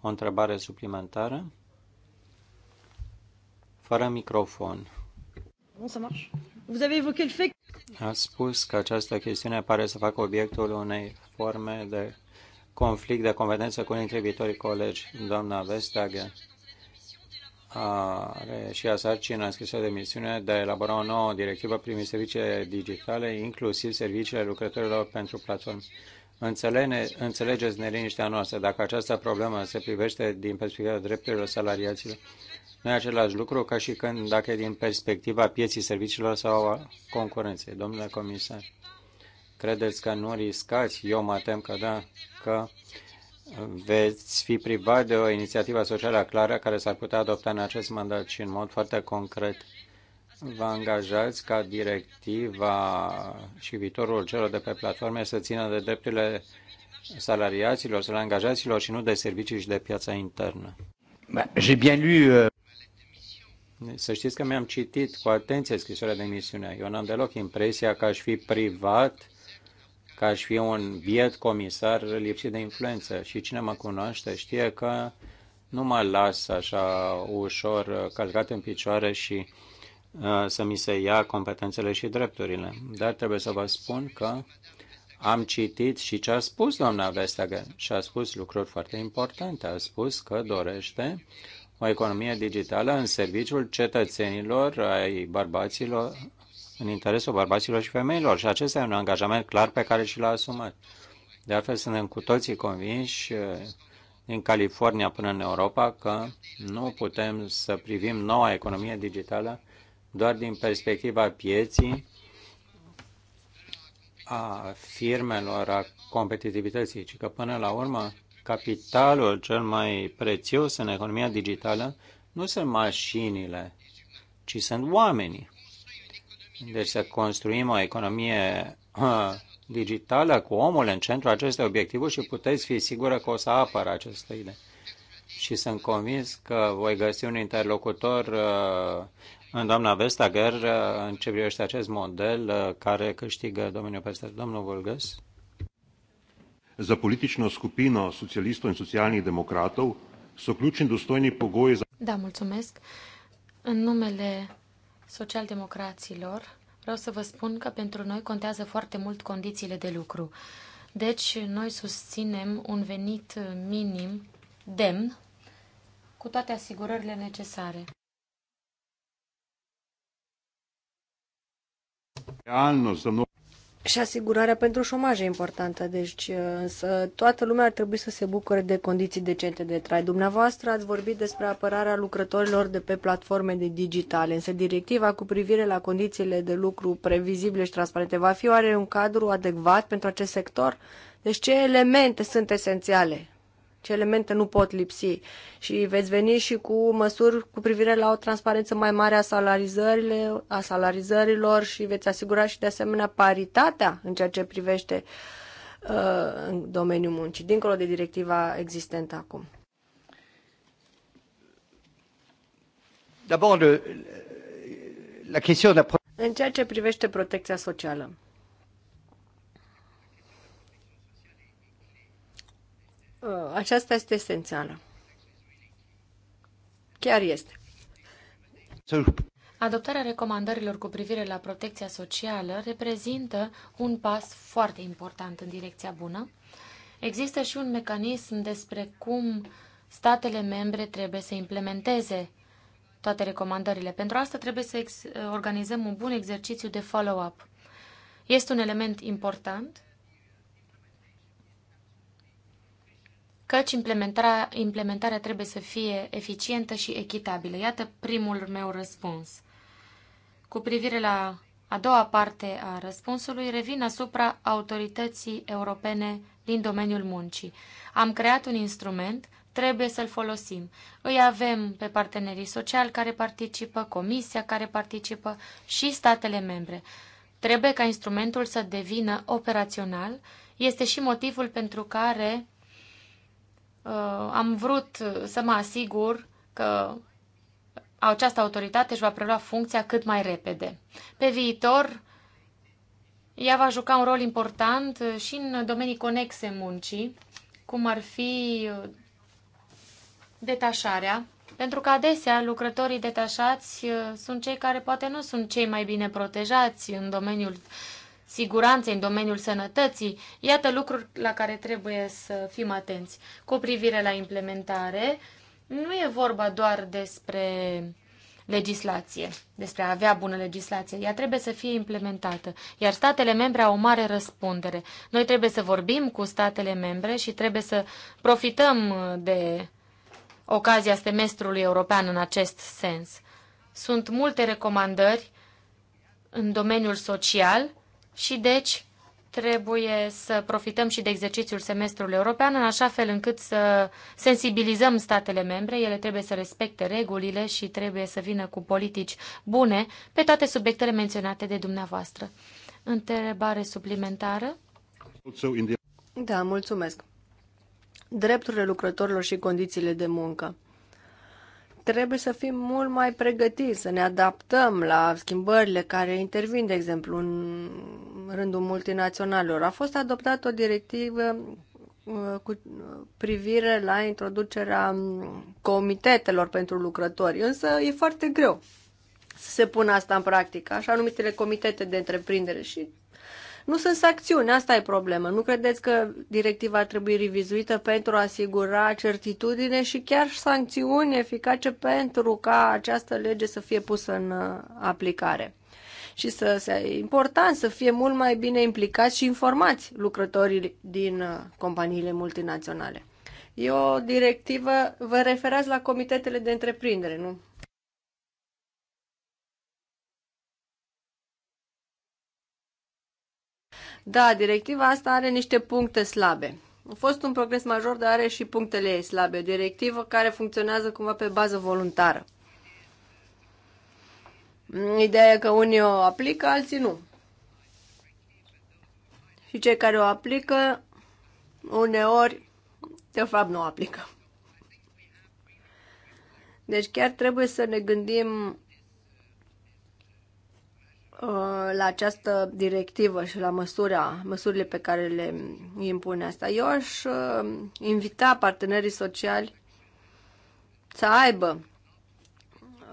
O întrebare suplimentară? Fără microfon. A spus că această chestiune pare să facă obiectul unei forme de conflict de competență cu unii colegi. Doamna Vestager, are și a a scrisă de misiune de a elabora o nouă directivă privind serviciile digitale, inclusiv serviciile lucrătorilor pentru platforme. Înțelege, înțelegeți neliniștea noastră. Dacă această problemă se privește din perspectiva drepturilor salariaților, nu e același lucru ca și când dacă e din perspectiva pieții serviciilor sau a concurenței. Domnule comisar, credeți că nu riscați? Eu mă tem că da, că veți fi privat de o inițiativă socială clară care s-ar putea adopta în acest mandat și în mod foarte concret vă angajați ca directiva și viitorul celor de pe platforme să țină de drepturile salariaților, să angajaților și nu de servicii și de piața internă. J'ai bien lu... Euh, să știți că mi-am citit cu atenție scrisoarea de misiune. Eu n-am deloc impresia că aș fi privat că aș fi un biet comisar lipsit de influență. Și cine mă cunoaște știe că nu mă las așa ușor călcat în picioare și uh, să mi se ia competențele și drepturile. Dar trebuie să vă spun că am citit și ce a spus doamna Vestager și a spus lucruri foarte importante. A spus că dorește o economie digitală în serviciul cetățenilor, ai bărbaților, în interesul bărbaților și femeilor. Și acesta e un angajament clar pe care și l-a asumat. De altfel, suntem cu toții convinși eh, din California până în Europa că nu putem să privim noua economie digitală doar din perspectiva pieții, a firmelor, a competitivității, ci că până la urmă capitalul cel mai prețios în economia digitală nu sunt mașinile, ci sunt oamenii. Deci să construim o economie digitală cu omul în centru aceste obiectivuri și puteți fi sigură că o să apără această idee, Și sunt convins că voi găsi un interlocutor în doamna Vestager în ce privește acest model care câștigă domeniul peste domnul Vulgăs. Za politično skupino socialistov in socialnih demokratov so ključni dostojni pogoji za... Da, mulțumesc. În numele socialdemocraților, vreau să vă spun că pentru noi contează foarte mult condițiile de lucru. Deci, noi susținem un venit minim demn cu toate asigurările necesare și asigurarea pentru șomaj e importantă, deci uh, însă toată lumea ar trebui să se bucure de condiții decente de trai. Dumneavoastră ați vorbit despre apărarea lucrătorilor de pe platforme de digitale, însă directiva cu privire la condițiile de lucru previzibile și transparente va fi oare un cadru adecvat pentru acest sector? Deci ce elemente sunt esențiale ce elemente nu pot lipsi și veți veni și cu măsuri cu privire la o transparență mai mare a, salarizările, a salarizărilor și veți asigura și de asemenea paritatea în ceea ce privește uh, în domeniul muncii, dincolo de directiva existentă acum. D'abord, la question de În ceea ce privește protecția socială, Uh, aceasta este esențială. Chiar este. Adoptarea recomandărilor cu privire la protecția socială reprezintă un pas foarte important în direcția bună. Există și un mecanism despre cum statele membre trebuie să implementeze toate recomandările. Pentru asta trebuie să organizăm un bun exercițiu de follow-up. Este un element important căci implementarea, implementarea trebuie să fie eficientă și echitabilă. Iată primul meu răspuns. Cu privire la a doua parte a răspunsului, revin asupra autorității europene din domeniul muncii. Am creat un instrument, trebuie să-l folosim. Îi avem pe partenerii sociali care participă, comisia care participă și statele membre. Trebuie ca instrumentul să devină operațional. Este și motivul pentru care Uh, am vrut să mă asigur că această autoritate își va prelua funcția cât mai repede. Pe viitor, ea va juca un rol important și în domenii conexe muncii, cum ar fi uh, detașarea, pentru că adesea lucrătorii detașați uh, sunt cei care poate nu sunt cei mai bine protejați în domeniul siguranței, în domeniul sănătății, iată lucruri la care trebuie să fim atenți. Cu privire la implementare, nu e vorba doar despre legislație, despre a avea bună legislație. Ea trebuie să fie implementată, iar statele membre au o mare răspundere. Noi trebuie să vorbim cu statele membre și trebuie să profităm de ocazia semestrului european în acest sens. Sunt multe recomandări în domeniul social și deci trebuie să profităm și de exercițiul semestrului european în așa fel încât să sensibilizăm statele membre. Ele trebuie să respecte regulile și trebuie să vină cu politici bune pe toate subiectele menționate de dumneavoastră. Întrebare suplimentară? Da, mulțumesc. Drepturile lucrătorilor și condițiile de muncă trebuie să fim mult mai pregătiți, să ne adaptăm la schimbările care intervin, de exemplu, în rândul multinaționalelor. A fost adoptată o directivă uh, cu privire la introducerea um, comitetelor pentru lucrători, însă e foarte greu să se pună asta în practică, așa numitele comitete de întreprindere și nu sunt sancțiuni, asta e problema. Nu credeți că directiva trebuie revizuită pentru a asigura certitudine și chiar sancțiuni eficace pentru ca această lege să fie pusă în uh, aplicare? și să, să e important să fie mult mai bine implicați și informați lucrătorii din uh, companiile multinaționale. E o directivă, vă referați la comitetele de întreprindere, nu? Da, directiva asta are niște puncte slabe. A fost un progres major, dar are și punctele ei slabe. Directivă care funcționează cumva pe bază voluntară. Ideea e că unii o aplică, alții nu. Și cei care o aplică, uneori, de fapt, nu o aplică. Deci chiar trebuie să ne gândim Uh, la această directivă și la măsura, măsurile pe care le impune asta. Eu aș uh, invita partenerii sociali să aibă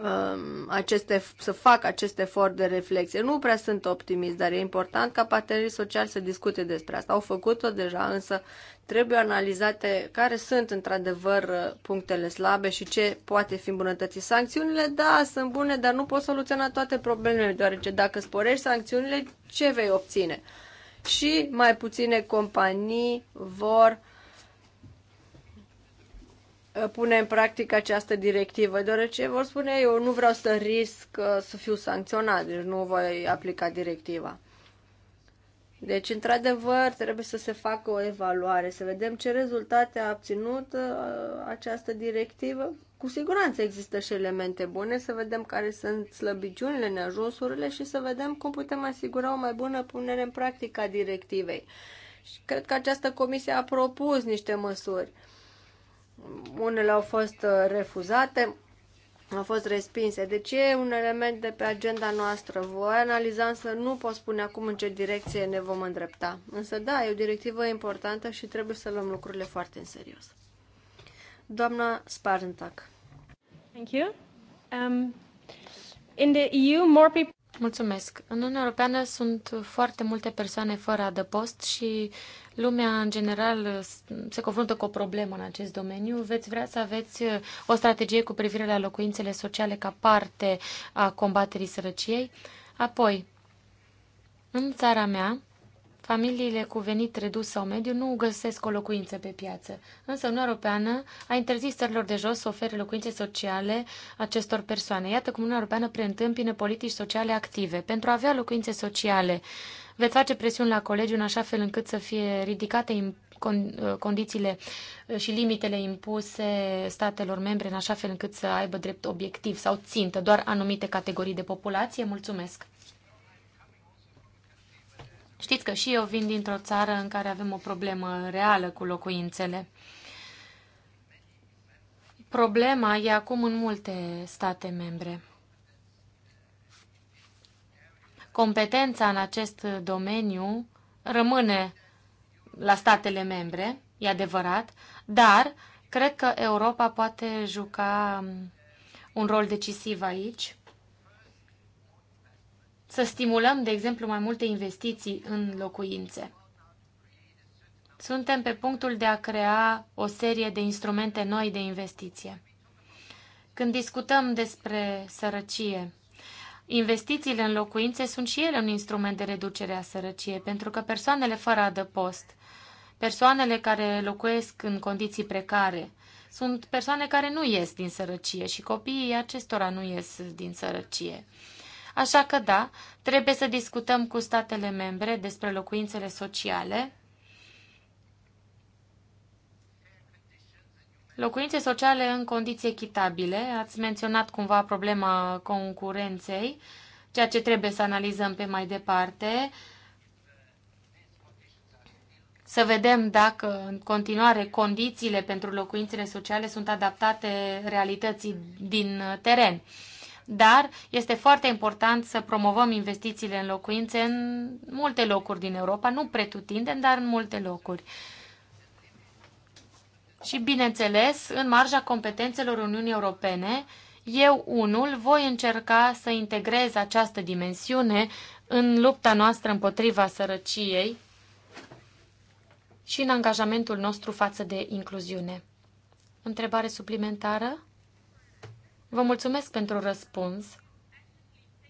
Um, aceste, să fac acest efort de reflexie. Nu prea sunt optimist, dar e important ca partenerii sociali să discute despre asta. Au făcut-o deja, însă trebuie analizate care sunt într-adevăr punctele slabe și ce poate fi îmbunătățit. Sancțiunile, da, sunt bune, dar nu pot soluționa toate problemele, deoarece dacă sporești sancțiunile, ce vei obține? Și mai puține companii vor uh, Uh, pune în practică această directivă, deoarece vor spune eu nu vreau să risc uh, să fiu sancționat, deci nu voi aplica directiva. Deci, într-adevăr, trebuie să se facă o evaluare, să vedem ce rezultate a obținut uh, această directivă. Cu siguranță există și elemente bune, să vedem care sunt slăbiciunile, neajunsurile și să vedem cum putem asigura o mai bună punere în practică a directivei. Și cred că această comisie a propus niște măsuri. Unele au fost uh, refuzate, au fost respinse. Deci e un element de pe agenda noastră. Voi analiza, însă nu pot spune acum în ce direcție ne vom îndrepta. Însă da, e o directivă importantă și trebuie să luăm lucrurile foarte în serios. Doamna Sparentac. Thank you. Um, in the EU, more people... Mulțumesc. În Uniunea Europeană sunt foarte multe persoane fără adăpost și lumea în general se confruntă cu o problemă în acest domeniu. Veți vrea să aveți uh, o strategie cu privire la locuințele sociale ca parte a combaterii sărăciei. Apoi, în țara mea, familiile cu venit redus sau mediu nu găsesc o locuință pe piață. Însă Uniunea Europeană a interzis țărilor de jos să ofere locuințe sociale acestor persoane. Iată cum Uniunea Europeană preîntâmpină politici sociale active. Pentru a avea locuințe sociale, uh, veți face presiuni la colegiu în așa fel încât să fie ridicate condițiile și limitele impuse statelor membre în așa fel încât să aibă drept obiectiv sau țintă doar anumite categorii de populație? Mulțumesc! Știți că și eu vin dintr-o țară în care avem o problemă reală cu locuințele. Problema e acum în multe state membre competența în acest domeniu rămâne la statele membre, e adevărat, dar cred că Europa poate juca um, un rol decisiv aici. Să stimulăm, de exemplu, mai multe investiții în locuințe. Suntem pe punctul de a crea o serie de instrumente noi de investiție. Când discutăm despre sărăcie, Investițiile în locuințe sunt și ele un instrument de reducere a sărăciei, pentru că persoanele fără adăpost, persoanele care locuiesc în condiții precare, sunt persoane care nu ies din sărăcie și copiii acestora nu ies din sărăcie. Așa că da, trebuie să discutăm cu statele membre despre locuințele sociale Locuințe sociale în condiții echitabile. Ați menționat cumva problema concurenței, ceea ce trebuie să analizăm pe mai departe. Să vedem dacă în continuare condițiile pentru locuințele sociale sunt adaptate realității din teren. Dar este foarte important să promovăm investițiile în locuințe în multe locuri din Europa, nu pretutindem, dar în multe locuri și, bineînțeles, în marja competențelor Uniunii Europene, eu unul voi încerca să integrez această dimensiune în lupta noastră împotriva sărăciei și în angajamentul nostru față de incluziune. Întrebare suplimentară? Vă mulțumesc pentru răspuns,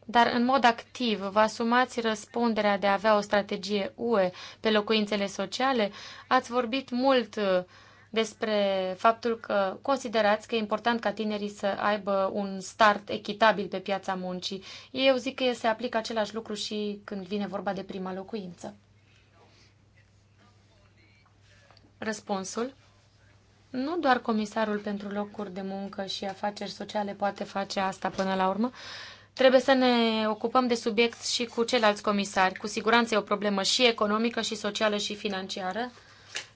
dar în mod activ vă asumați răspunderea de a avea o strategie UE pe locuințele sociale? Ați vorbit mult uh, despre faptul că considerați că e important ca tinerii să aibă un start echitabil pe piața muncii. Eu zic că se aplică același lucru și când vine vorba de prima locuință. Răspunsul? Nu doar comisarul pentru locuri de muncă și afaceri sociale poate face asta până la urmă. Trebuie să ne ocupăm de subiect și cu ceilalți comisari. Cu siguranță e o problemă și economică, și socială, și financiară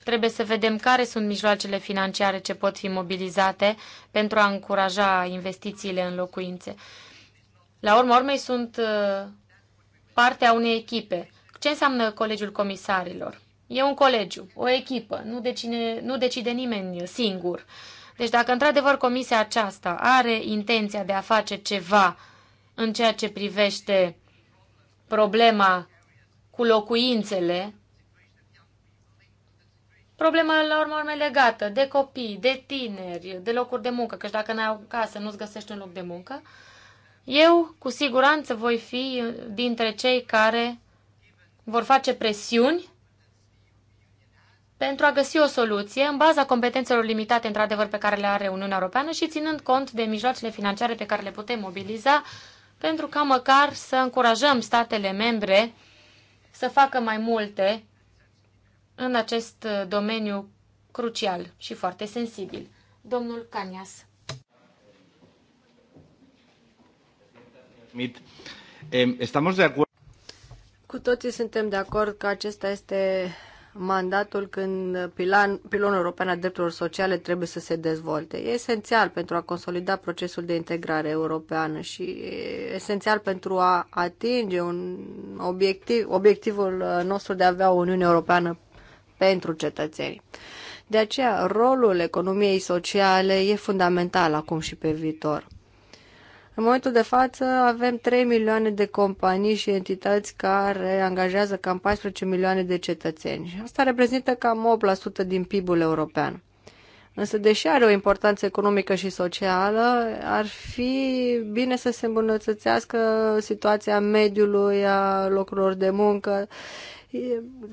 Trebuie să vedem care sunt mijloacele financiare ce pot fi mobilizate pentru a încuraja investițiile în locuințe. La urma urmei sunt uh, partea unei echipe. Ce înseamnă Colegiul Comisarilor? E un colegiu, o echipă, nu decide, nu decide nimeni singur. Deci dacă într-adevăr comisia aceasta are intenția de a face ceva în ceea ce privește problema cu locuințele problema la urmă urme legată de copii, de tineri, de locuri de muncă, căci dacă n-ai o casă, nu-ți găsești un loc de muncă, eu cu siguranță voi fi dintre cei care vor face presiuni pentru a găsi o soluție în baza competențelor limitate, într-adevăr, pe care le are Uniunea Europeană și ținând cont de mijloacele financiare pe care le putem mobiliza pentru ca măcar să încurajăm statele membre să facă mai multe în acest uh, domeniu crucial și foarte sensibil. Domnul Canias. de acord. Cu toții suntem de acord că acesta este mandatul când pilan, pilonul european al drepturilor sociale trebuie să se dezvolte. E esențial pentru a consolida procesul de integrare europeană și e esențial pentru a atinge un obiectiv, obiectivul uh, nostru de a avea o Uniune Europeană pentru cetățeni. De aceea, rolul economiei sociale e fundamental acum și pe viitor. În momentul de față avem 3 milioane de companii și entități care angajează cam 14 milioane de cetățeni. Asta reprezintă cam 8% din PIB-ul european. Însă, deși are o importanță economică și socială, ar fi bine să se îmbunătățească situația mediului, a locurilor de muncă,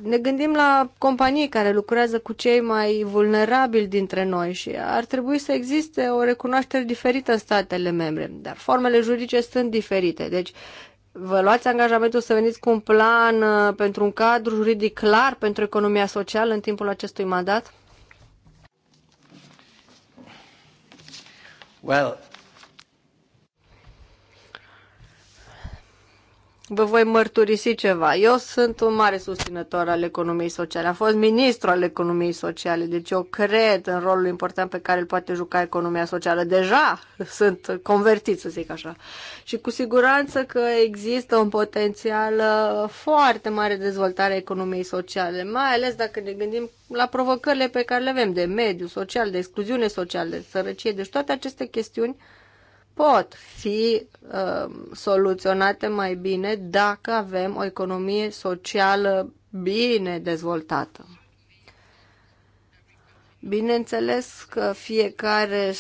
ne gândim la companii care lucrează cu cei mai vulnerabili dintre noi și ar trebui să existe o recunoaștere diferită în statele membre, dar formele juridice sunt diferite. Deci vă luați angajamentul să veniți cu un plan uh, pentru un cadru juridic clar pentru economia socială în timpul acestui mandat? Well, vă voi mărturisi ceva. Eu sunt un mare susținător al economiei sociale. Am fost ministru al economiei sociale, deci eu cred în rolul important pe care îl poate juca economia socială. Deja sunt convertit, să zic așa. Și cu siguranță că există un potențial uh, foarte mare de dezvoltare a economiei sociale, mai ales dacă ne gândim la provocările pe care le avem de mediu social, de excluziune socială, de sărăcie, deci toate aceste chestiuni pot fi uh, soluționate mai bine dacă avem o economie socială bine dezvoltată. Bineînțeles că fiecare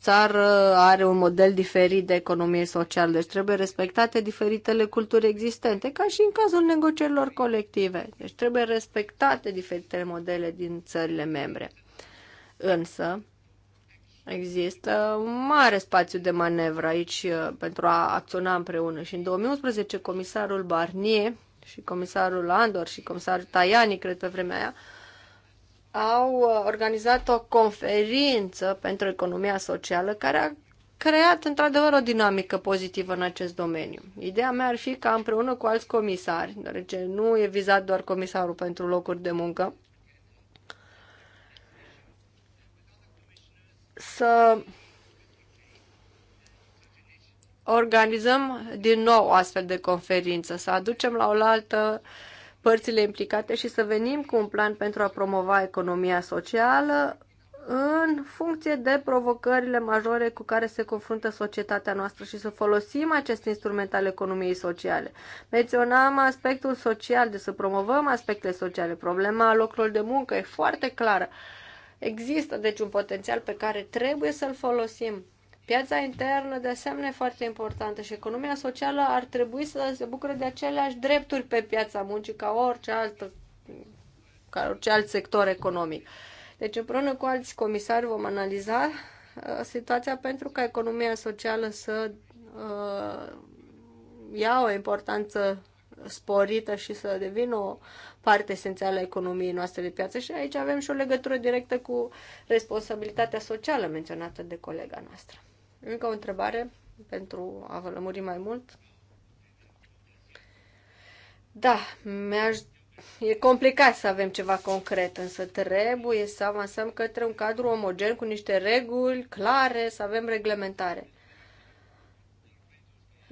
țară are un model diferit de economie socială, deci trebuie respectate diferitele culturi existente, ca și în cazul negocierilor colective. Deci trebuie respectate diferitele modele din țările membre. Însă, Există un mare spațiu de manevră aici uh, pentru a acționa împreună și în 2011 comisarul Barnier și comisarul Andor și comisarul Tajani, cred pe vremea aia, au uh, organizat o conferință pentru economia socială care a creat într-adevăr o dinamică pozitivă în acest domeniu. Ideea mea ar fi ca împreună cu alți comisari, deoarece nu e vizat doar comisarul pentru locuri de muncă, să organizăm din nou o astfel de conferință, să aducem la oaltă părțile implicate și să venim cu un plan pentru a promova economia socială în funcție de provocările majore cu care se confruntă societatea noastră și să folosim acest instrument al economiei sociale. Menționam aspectul social, de să promovăm aspectele sociale. Problema locurilor de muncă e foarte clară. Uh, Există deci un potențial pe care trebuie să-l folosim. Piața internă, de asemenea, e foarte importantă și economia socială ar trebui să se bucure de aceleași drepturi pe piața muncii ca orice, altă, ca orice alt sector economic. Deci, împreună cu alți comisari vom analiza uh, situația pentru ca economia socială să uh, ia o importanță sporită și să devină o parte esențială a economiei noastre de piață și aici avem și o legătură directă cu responsabilitatea socială menționată de colega noastră. Încă o întrebare pentru a vă lămuri mai mult. Da, mi-aș e complicat să avem ceva concret, însă trebuie să avansăm către un cadru omogen cu niște reguli clare, să avem reglementare.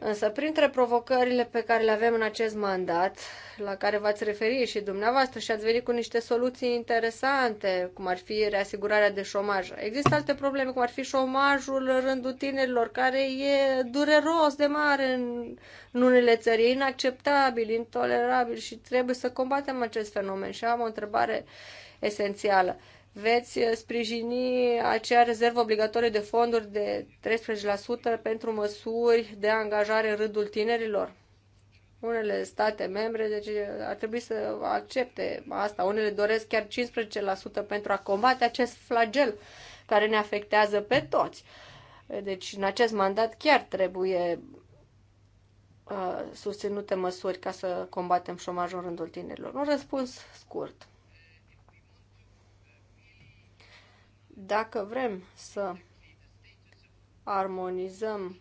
Însă, printre provocările pe care le avem în acest mandat, la care v-ați referit și dumneavoastră și ați venit cu niște soluții interesante, cum ar fi reasigurarea de șomaj, există alte probleme, cum ar fi șomajul în rândul tinerilor, care e dureros de mare în, în unele țări, e inacceptabil, intolerabil și trebuie să combatem acest fenomen. Și am o întrebare esențială. Uh, veți uh, sprijini acea rezervă obligatorie de fonduri de 13% pentru măsuri de angajare în rândul tinerilor? Unele state membre deci uh, ar trebui să accepte asta. Unele doresc chiar 15% pentru a combate acest flagel care ne afectează pe toți. Deci, în acest mandat chiar trebuie uh, susținute măsuri ca să combatem șomajul în rândul tinerilor. Un răspuns scurt. Dacă vrem să armonizăm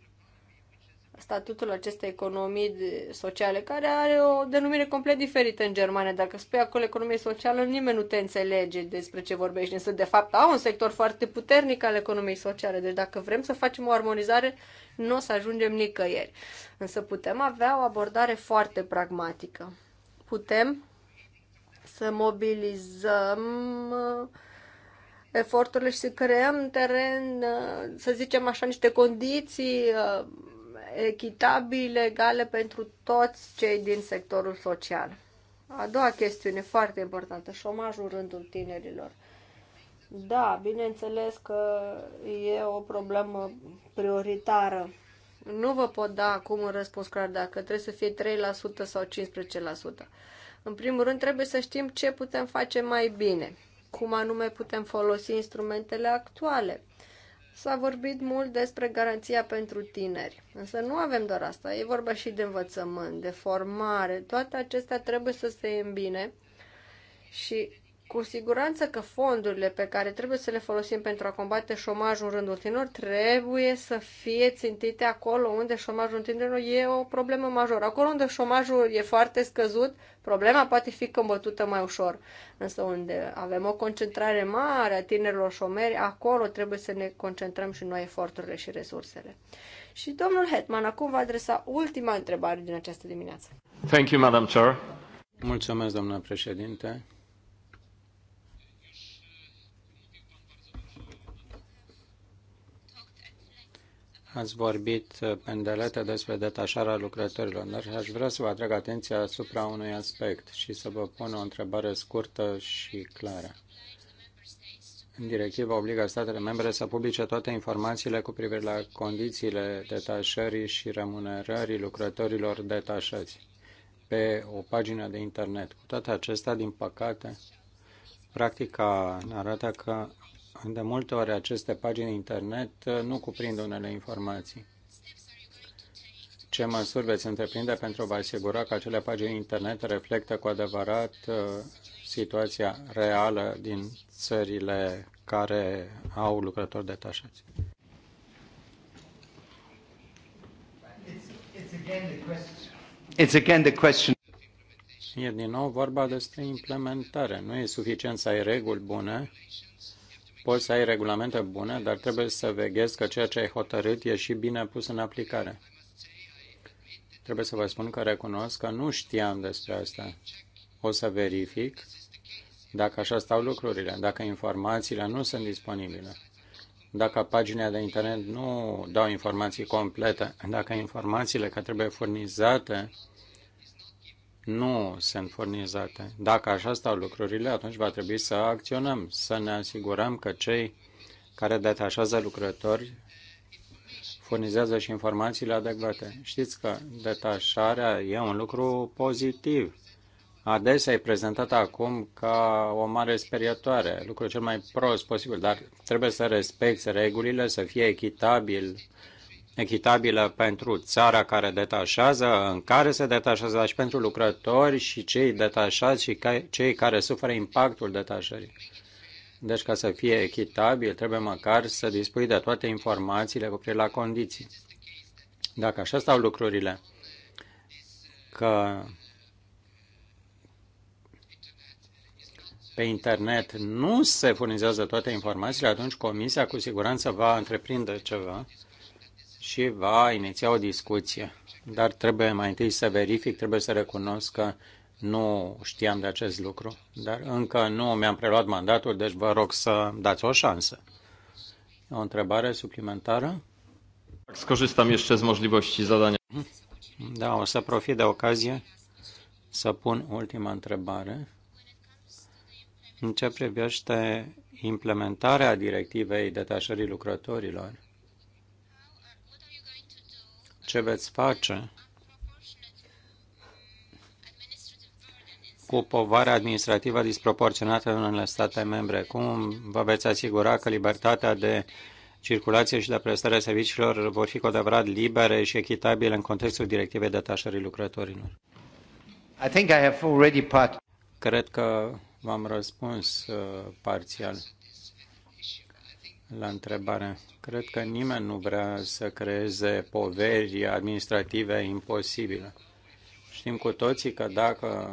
statutul acestei economii sociale, care are o denumire complet diferită în Germania. Dacă spui acolo economie socială, nimeni nu te înțelege despre ce vorbești, însă de fapt au un sector foarte puternic al economiei sociale. Deci dacă vrem să facem o armonizare, nu o să ajungem nicăieri. Însă putem avea o abordare foarte pragmatică. Putem să mobilizăm uh, eforturile și să creăm teren, uh, să zicem așa, niște condiții uh, echitabile, egale pentru toți cei din sectorul social. A doua chestiune foarte importantă, șomajul rândul tinerilor. Da, bineînțeles că e o problemă prioritară. Nu vă pot da acum un răspuns clar dacă trebuie să fie 3% sau 15%. În primul rând, trebuie să știm ce putem face mai bine cum anume putem folosi instrumentele actuale. S-a vorbit mult despre garanția pentru tineri, însă nu avem doar asta, e vorba și de învățământ, de formare, toate acestea trebuie să se îmbine și cu siguranță că fondurile pe care trebuie să le folosim pentru a combate șomajul în rândul tinerilor trebuie să fie țintite acolo unde șomajul tinerilor e o problemă majoră. Acolo unde șomajul e foarte scăzut, problema poate fi combătută mai ușor. Însă unde avem o concentrare mare a tinerilor șomeri, acolo trebuie să ne concentrăm și noi eforturile și resursele. Și domnul Hetman acum va adresa ultima întrebare din această dimineață. Thank you, Madam Chair. Mulțumesc, doamnă președinte. Ați vorbit uh, pendelete despre detașarea lucrătorilor, dar aș vrea să vă atrag atenția asupra unui aspect și să vă pun o întrebare scurtă și clară. În directivă obligă statele membre să publice toate informațiile cu privire la condițiile detașării și remunerării lucrătorilor detașați pe o pagină de internet. Cu toate acestea, din păcate, practica arată că de multe ori aceste pagini internet uh, nu cuprind unele informații. Ce măsuri veți întreprinde pentru a vă asigura că acele pagini internet reflectă cu adevărat uh, situația reală din țările care au lucrători detașați? It's again the question. E din nou vorba despre implementare. Nu e suficient să ai reguli bune, Poți să ai regulamente bune, dar trebuie să veghezi că ceea ce ai hotărât e și bine pus în aplicare. Trebuie să vă spun că recunosc că nu știam despre asta. O să verific dacă așa stau lucrurile, dacă informațiile nu sunt disponibile, dacă paginile de internet nu dau informații complete, dacă informațiile care trebuie furnizate nu sunt furnizate. Dacă așa stau lucrurile, atunci va trebui să acționăm, să ne asigurăm că cei care detașează lucrători furnizează și informațiile adecvate. Știți că detașarea e un lucru pozitiv. Adesea e prezentată acum ca o mare sperietoare, lucru cel mai prost posibil, dar trebuie să respecti regulile, să fie echitabil, echitabilă pentru țara care detașează, în care se detașează, dar și pentru lucrători și cei detașați și cei care suferă impactul detașării. Deci, ca să fie echitabil, trebuie măcar să dispui de toate informațiile cu privire la condiții. Dacă așa stau lucrurile, că pe internet nu se furnizează toate informațiile, atunci Comisia cu siguranță va întreprinde ceva și va iniția o discuție. Dar trebuie mai întâi să verific, trebuie să recunosc că nu știam de acest lucru, dar încă nu mi-am preluat mandatul, deci vă rog să dați o șansă. O întrebare suplimentară? Scorzistam jeszcze z możliwości zadania. Mhm. Da, o să profit de ocazie să pun ultima întrebare. În ce privește implementarea directivei detașării lucrătorilor, ce veți face cu povara administrativă disproporționată în unele state membre? Cum vă veți asigura că libertatea de circulație și de prestare serviciilor vor fi cu adevărat libere și echitabile în contextul directivei detașării lucrătorilor? I think I have already part... Cred că v-am răspuns uh, parțial la întrebare. Cred că nimeni nu vrea să creeze poveri administrative imposibile. Știm cu toții că dacă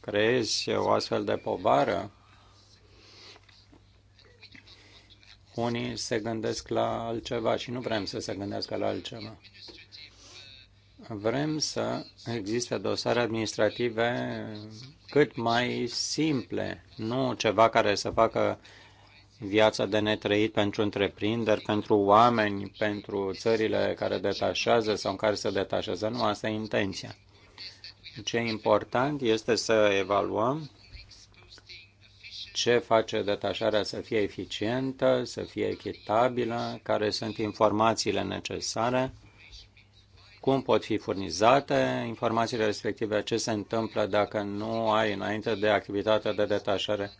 creezi o astfel de povară, unii se gândesc la altceva și nu vrem să se gândească la altceva. Vrem să existe dosare administrative cât mai simple, nu ceva care să facă viața de netrăit pentru întreprinderi, pentru oameni, pentru țările care detașează sau în care se detașează. Nu, asta e intenția. Ce e important este să evaluăm ce face detașarea să fie eficientă, să fie echitabilă, care sunt informațiile necesare, cum pot fi furnizate informațiile respective, ce se întâmplă dacă nu ai înainte de activitatea de detașare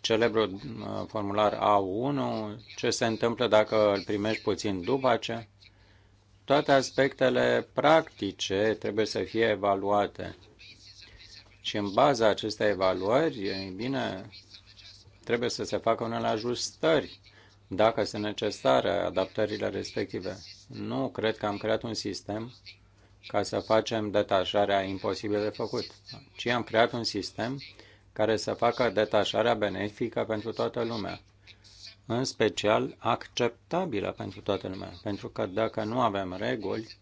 celebrul uh, formular A1, ce se întâmplă dacă îl primești puțin după ce. Toate aspectele practice trebuie să fie evaluate. Și în baza acestei evaluări, e bine, trebuie să se facă unele ajustări dacă sunt necesare adaptările respective. Nu cred că am creat un sistem ca să facem detașarea imposibil de făcut, ci am creat un sistem care să facă detașarea benefică pentru toată lumea, în special acceptabilă pentru toată lumea, pentru că dacă nu avem reguli,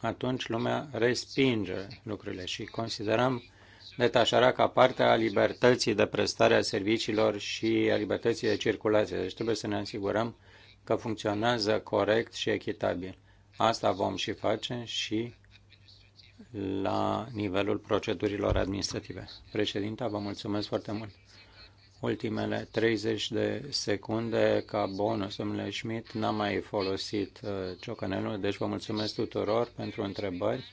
atunci lumea respinge lucrurile și considerăm detașarea ca parte a libertății de prestare a serviciilor și a libertății de circulație. Deci trebuie să ne asigurăm că funcționează corect și echitabil. Asta vom și face și la nivelul procedurilor administrative. Președinta, vă mulțumesc foarte mult. Ultimele 30 de secunde ca bonus, domnule Schmidt, n-am mai folosit uh, ciocanelul, deci vă mulțumesc tuturor pentru întrebări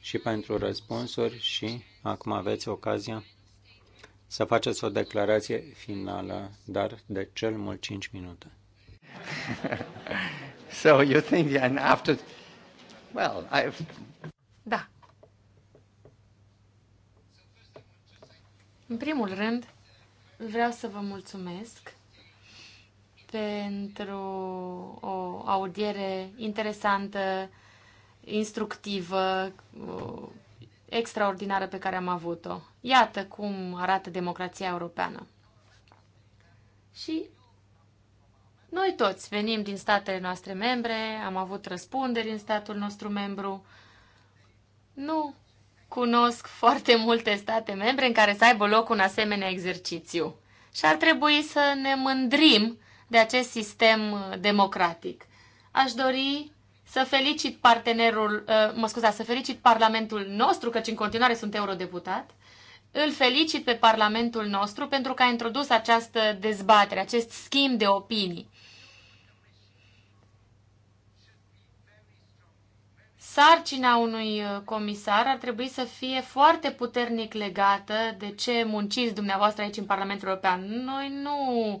și pentru răspunsuri și acum aveți ocazia să faceți o declarație finală, dar de cel mult 5 minute. so you think and after well, I've Da, În primul rând, vreau să vă mulțumesc pentru o audiere interesantă, instructivă, extraordinară pe care am avut-o. Iată cum arată democrația europeană. Și noi toți venim din statele noastre membre, am avut răspunderi în statul nostru membru. Nu cunosc foarte multe state membre în care să aibă loc un asemenea exercițiu. Și ar trebui să ne mândrim de acest sistem uh, democratic. Aș dori să felicit partenerul, uh, mă scuza, să felicit Parlamentul nostru, căci în continuare sunt eurodeputat, îl felicit pe Parlamentul nostru pentru că a introdus această dezbatere, acest schimb de opinii. sarcina unui uh, comisar ar trebui să fie foarte puternic legată de ce munciți dumneavoastră aici în Parlamentul European. Noi nu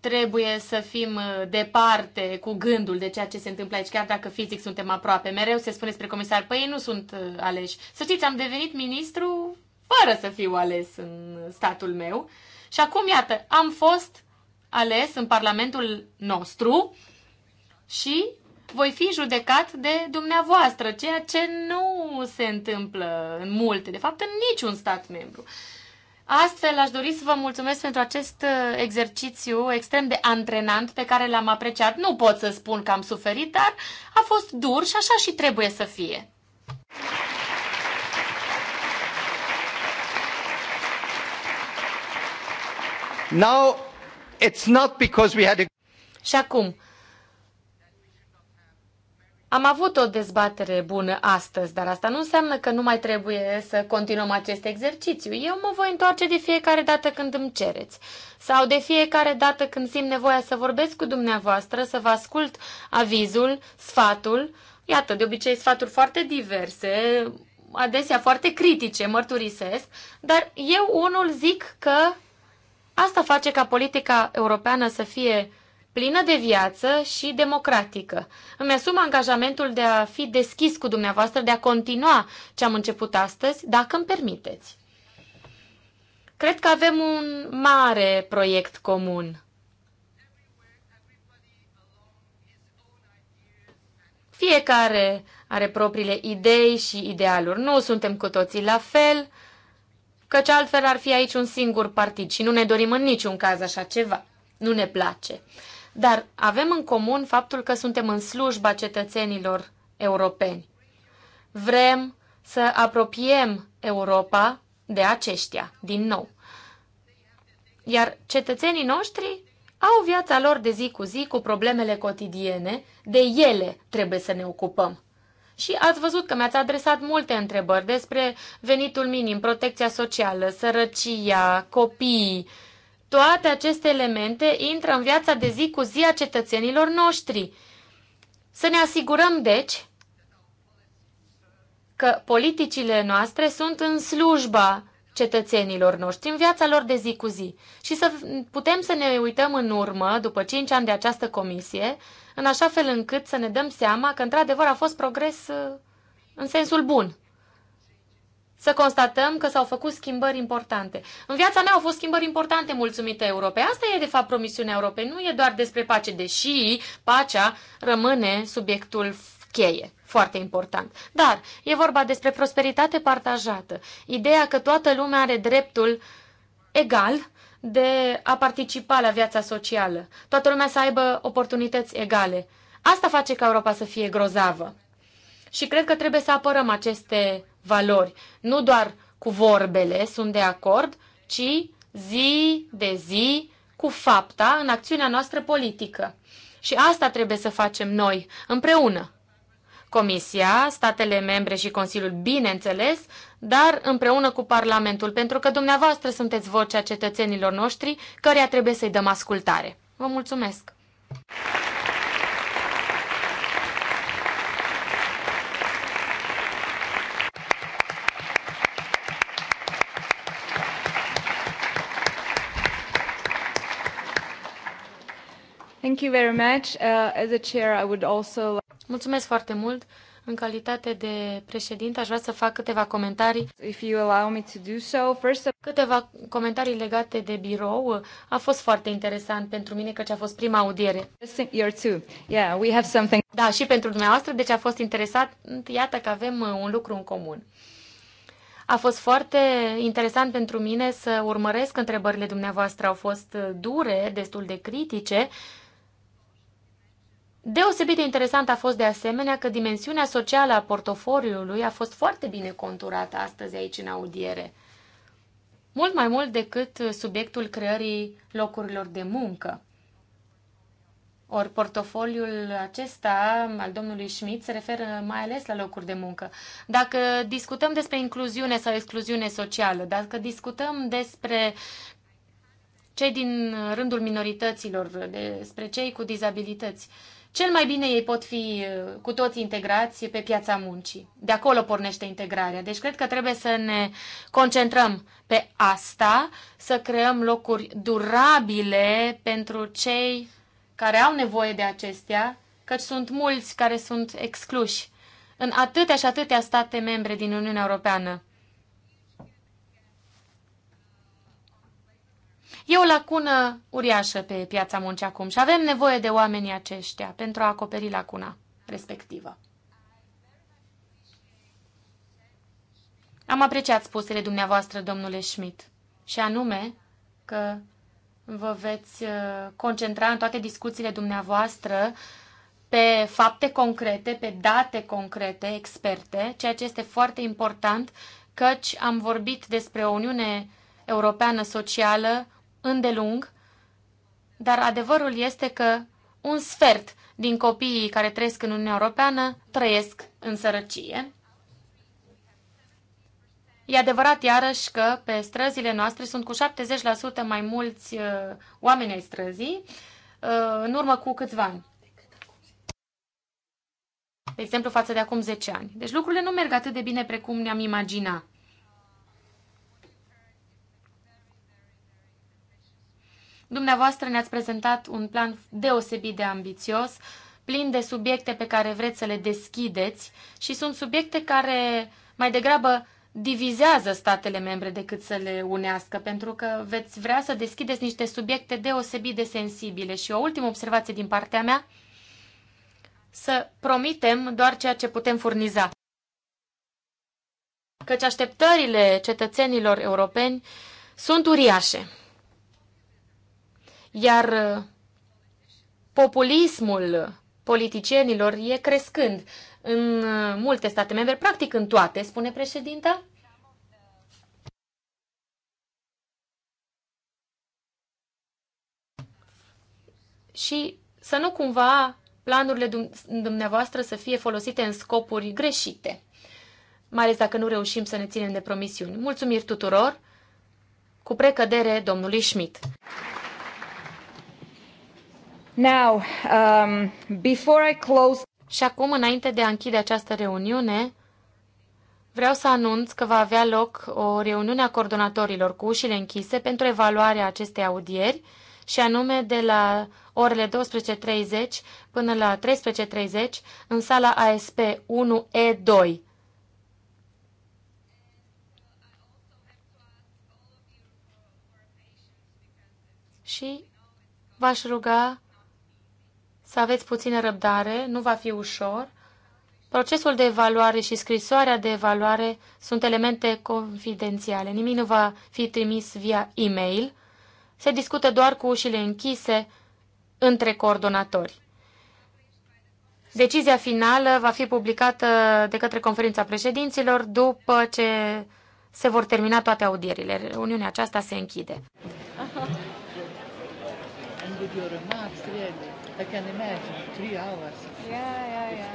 trebuie să fim uh, departe cu gândul de ceea ce se întâmplă aici, chiar dacă fizic suntem aproape. Mereu se spune despre comisar, păi ei nu sunt uh, aleși. Să știți, am devenit ministru fără să fiu ales în statul meu. Și acum, iată, am fost ales în Parlamentul nostru și voi fi judecat de dumneavoastră, ceea ce nu se întâmplă în multe, de fapt în niciun stat membru. Astfel, aș dori să vă mulțumesc pentru acest uh, exercițiu extrem de antrenant pe care l-am apreciat. Nu pot să spun că am suferit, dar a fost dur și așa și trebuie să fie. Now, it's not because we had a... Și acum, am avut o dezbatere bună astăzi, dar asta nu înseamnă că nu mai trebuie să continuăm acest exercițiu. Eu mă voi întoarce de fiecare dată când îmi cereți sau de fiecare dată când simt nevoia să vorbesc cu dumneavoastră, să vă ascult avizul, sfatul. Iată, de obicei sfaturi foarte diverse, adesea foarte critice, mărturisesc, dar eu unul zic că asta face ca politica europeană să fie plină de viață și democratică. Îmi asum angajamentul de a fi deschis cu dumneavoastră, de a continua ce am început astăzi, dacă îmi permiteți. Cred că avem un mare proiect comun. Fiecare are propriile idei și idealuri. Nu suntem cu toții la fel, căci altfel ar fi aici un singur partid și nu ne dorim în niciun caz așa ceva. Nu ne place. Dar avem în comun faptul că suntem în slujba cetățenilor europeni. Vrem să apropiem Europa de aceștia, din nou. Iar cetățenii noștri au viața lor de zi cu zi cu problemele cotidiene, de ele trebuie să ne ocupăm. Și ați văzut că mi-ați adresat multe întrebări despre venitul minim, protecția socială, sărăcia, copiii toate aceste elemente intră în viața de zi cu zi a cetățenilor noștri. Să ne asigurăm, deci, că politicile noastre sunt în slujba cetățenilor noștri, în viața lor de zi cu zi. Și să putem să ne uităm în urmă, după 5 ani de această comisie, în așa fel încât să ne dăm seama că, într-adevăr, a fost progres uh, în sensul bun să constatăm că s-au făcut schimbări importante. În viața mea au fost schimbări importante mulțumite Europei. Asta e, de fapt, promisiunea Europei. Nu e doar despre pace, deși pacea rămâne subiectul cheie, foarte important. Dar e vorba despre prosperitate partajată. Ideea că toată lumea are dreptul egal de a participa la viața socială. Toată lumea să aibă oportunități egale. Asta face ca Europa să fie grozavă și cred că trebuie să apărăm aceste valori. Nu doar cu vorbele sunt de acord, ci zi de zi cu fapta în acțiunea noastră politică. Și asta trebuie să facem noi, împreună. Comisia, statele membre și Consiliul, bineînțeles, dar împreună cu Parlamentul, pentru că dumneavoastră sunteți vocea cetățenilor noștri, căreia trebuie să-i dăm ascultare. Vă mulțumesc! Thank you very much. Uh, as a chair, I would also... Mulțumesc foarte mult. În calitate de președinte, aș vrea să fac câteva comentarii. If you allow me to do so, first... of... Câteva comentarii legate de birou. A fost foarte interesant pentru mine, căci a fost prima audiere. Yeah, we have something... Da, și pentru dumneavoastră, deci a fost interesat. Iată că avem uh, un lucru în comun. A fost foarte interesant pentru mine să urmăresc întrebările dumneavoastră. Au fost uh, dure, destul de critice, Deosebit de interesant a fost de asemenea că dimensiunea socială a portofoliului a fost foarte bine conturată astăzi aici în audiere. Mult mai mult decât subiectul creării locurilor de muncă. Ori portofoliul acesta al domnului Schmidt se referă mai ales la locuri de muncă. Dacă discutăm despre incluziune sau excluziune socială, dacă discutăm despre cei din rândul minorităților, despre cei cu dizabilități, uh, cel mai bine ei pot fi uh, cu toți integrați pe piața muncii. De acolo pornește integrarea. Deci cred că trebuie să ne concentrăm pe asta, să creăm locuri durabile pentru cei care au nevoie de acestea, căci sunt mulți care sunt excluși în atâtea și atâtea state membre din Uniunea Europeană. E o lacună uriașă pe piața muncii acum și avem nevoie de oamenii aceștia pentru a acoperi lacuna respectivă. Am apreciat spusele dumneavoastră, domnule Schmidt, și anume că vă veți uh, concentra în toate discuțiile dumneavoastră pe fapte concrete, pe date concrete, experte, ceea ce este foarte important, căci am vorbit despre o Uniune Europeană Socială îndelung, dar adevărul este că un sfert din copiii care trăiesc în Uniunea Europeană trăiesc în sărăcie. E adevărat iarăși că pe străzile noastre sunt cu 70% mai mulți uh, oameni ai străzii uh, în urmă cu câțiva ani. De exemplu, față de acum 10 ani. Deci lucrurile nu merg atât de bine precum ne-am imagina. Dumneavoastră ne-ați prezentat un plan deosebit de ambițios, plin de subiecte pe care vreți să le deschideți și sunt subiecte care mai degrabă divizează statele membre decât să le unească, pentru că veți vrea să deschideți niște subiecte deosebit de sensibile. Și o ultimă observație din partea mea, să promitem doar ceea ce putem furniza. Căci așteptările cetățenilor europeni sunt uriașe. Iar uh, populismul politicienilor e crescând în uh, multe state membre, practic în toate, spune președinta. Și să nu cumva planurile dumneavoastră să fie folosite în scopuri greșite, mai ales dacă nu reușim să ne ținem de promisiuni. Mulțumiri tuturor! Cu precădere, domnului Schmidt! Now, um, before I close... Și acum, înainte de a închide această reuniune, vreau să anunț că va avea loc o reuniune a coordonatorilor cu ușile închise pentru evaluarea acestei audieri și anume de la orele 12.30 până la 13.30 în sala ASP 1E2. Și v-aș ruga să aveți puțină răbdare, nu va fi ușor. Procesul de evaluare și scrisoarea de evaluare sunt elemente confidențiale. Nimic nu va fi trimis via e-mail. Se discută doar cu ușile închise între coordonatori. Decizia finală va fi publicată de către conferința președinților după ce se vor termina toate audierile. Reuniunea aceasta se închide. Aha. I can imagine, three hours. Yeah, yeah, yeah.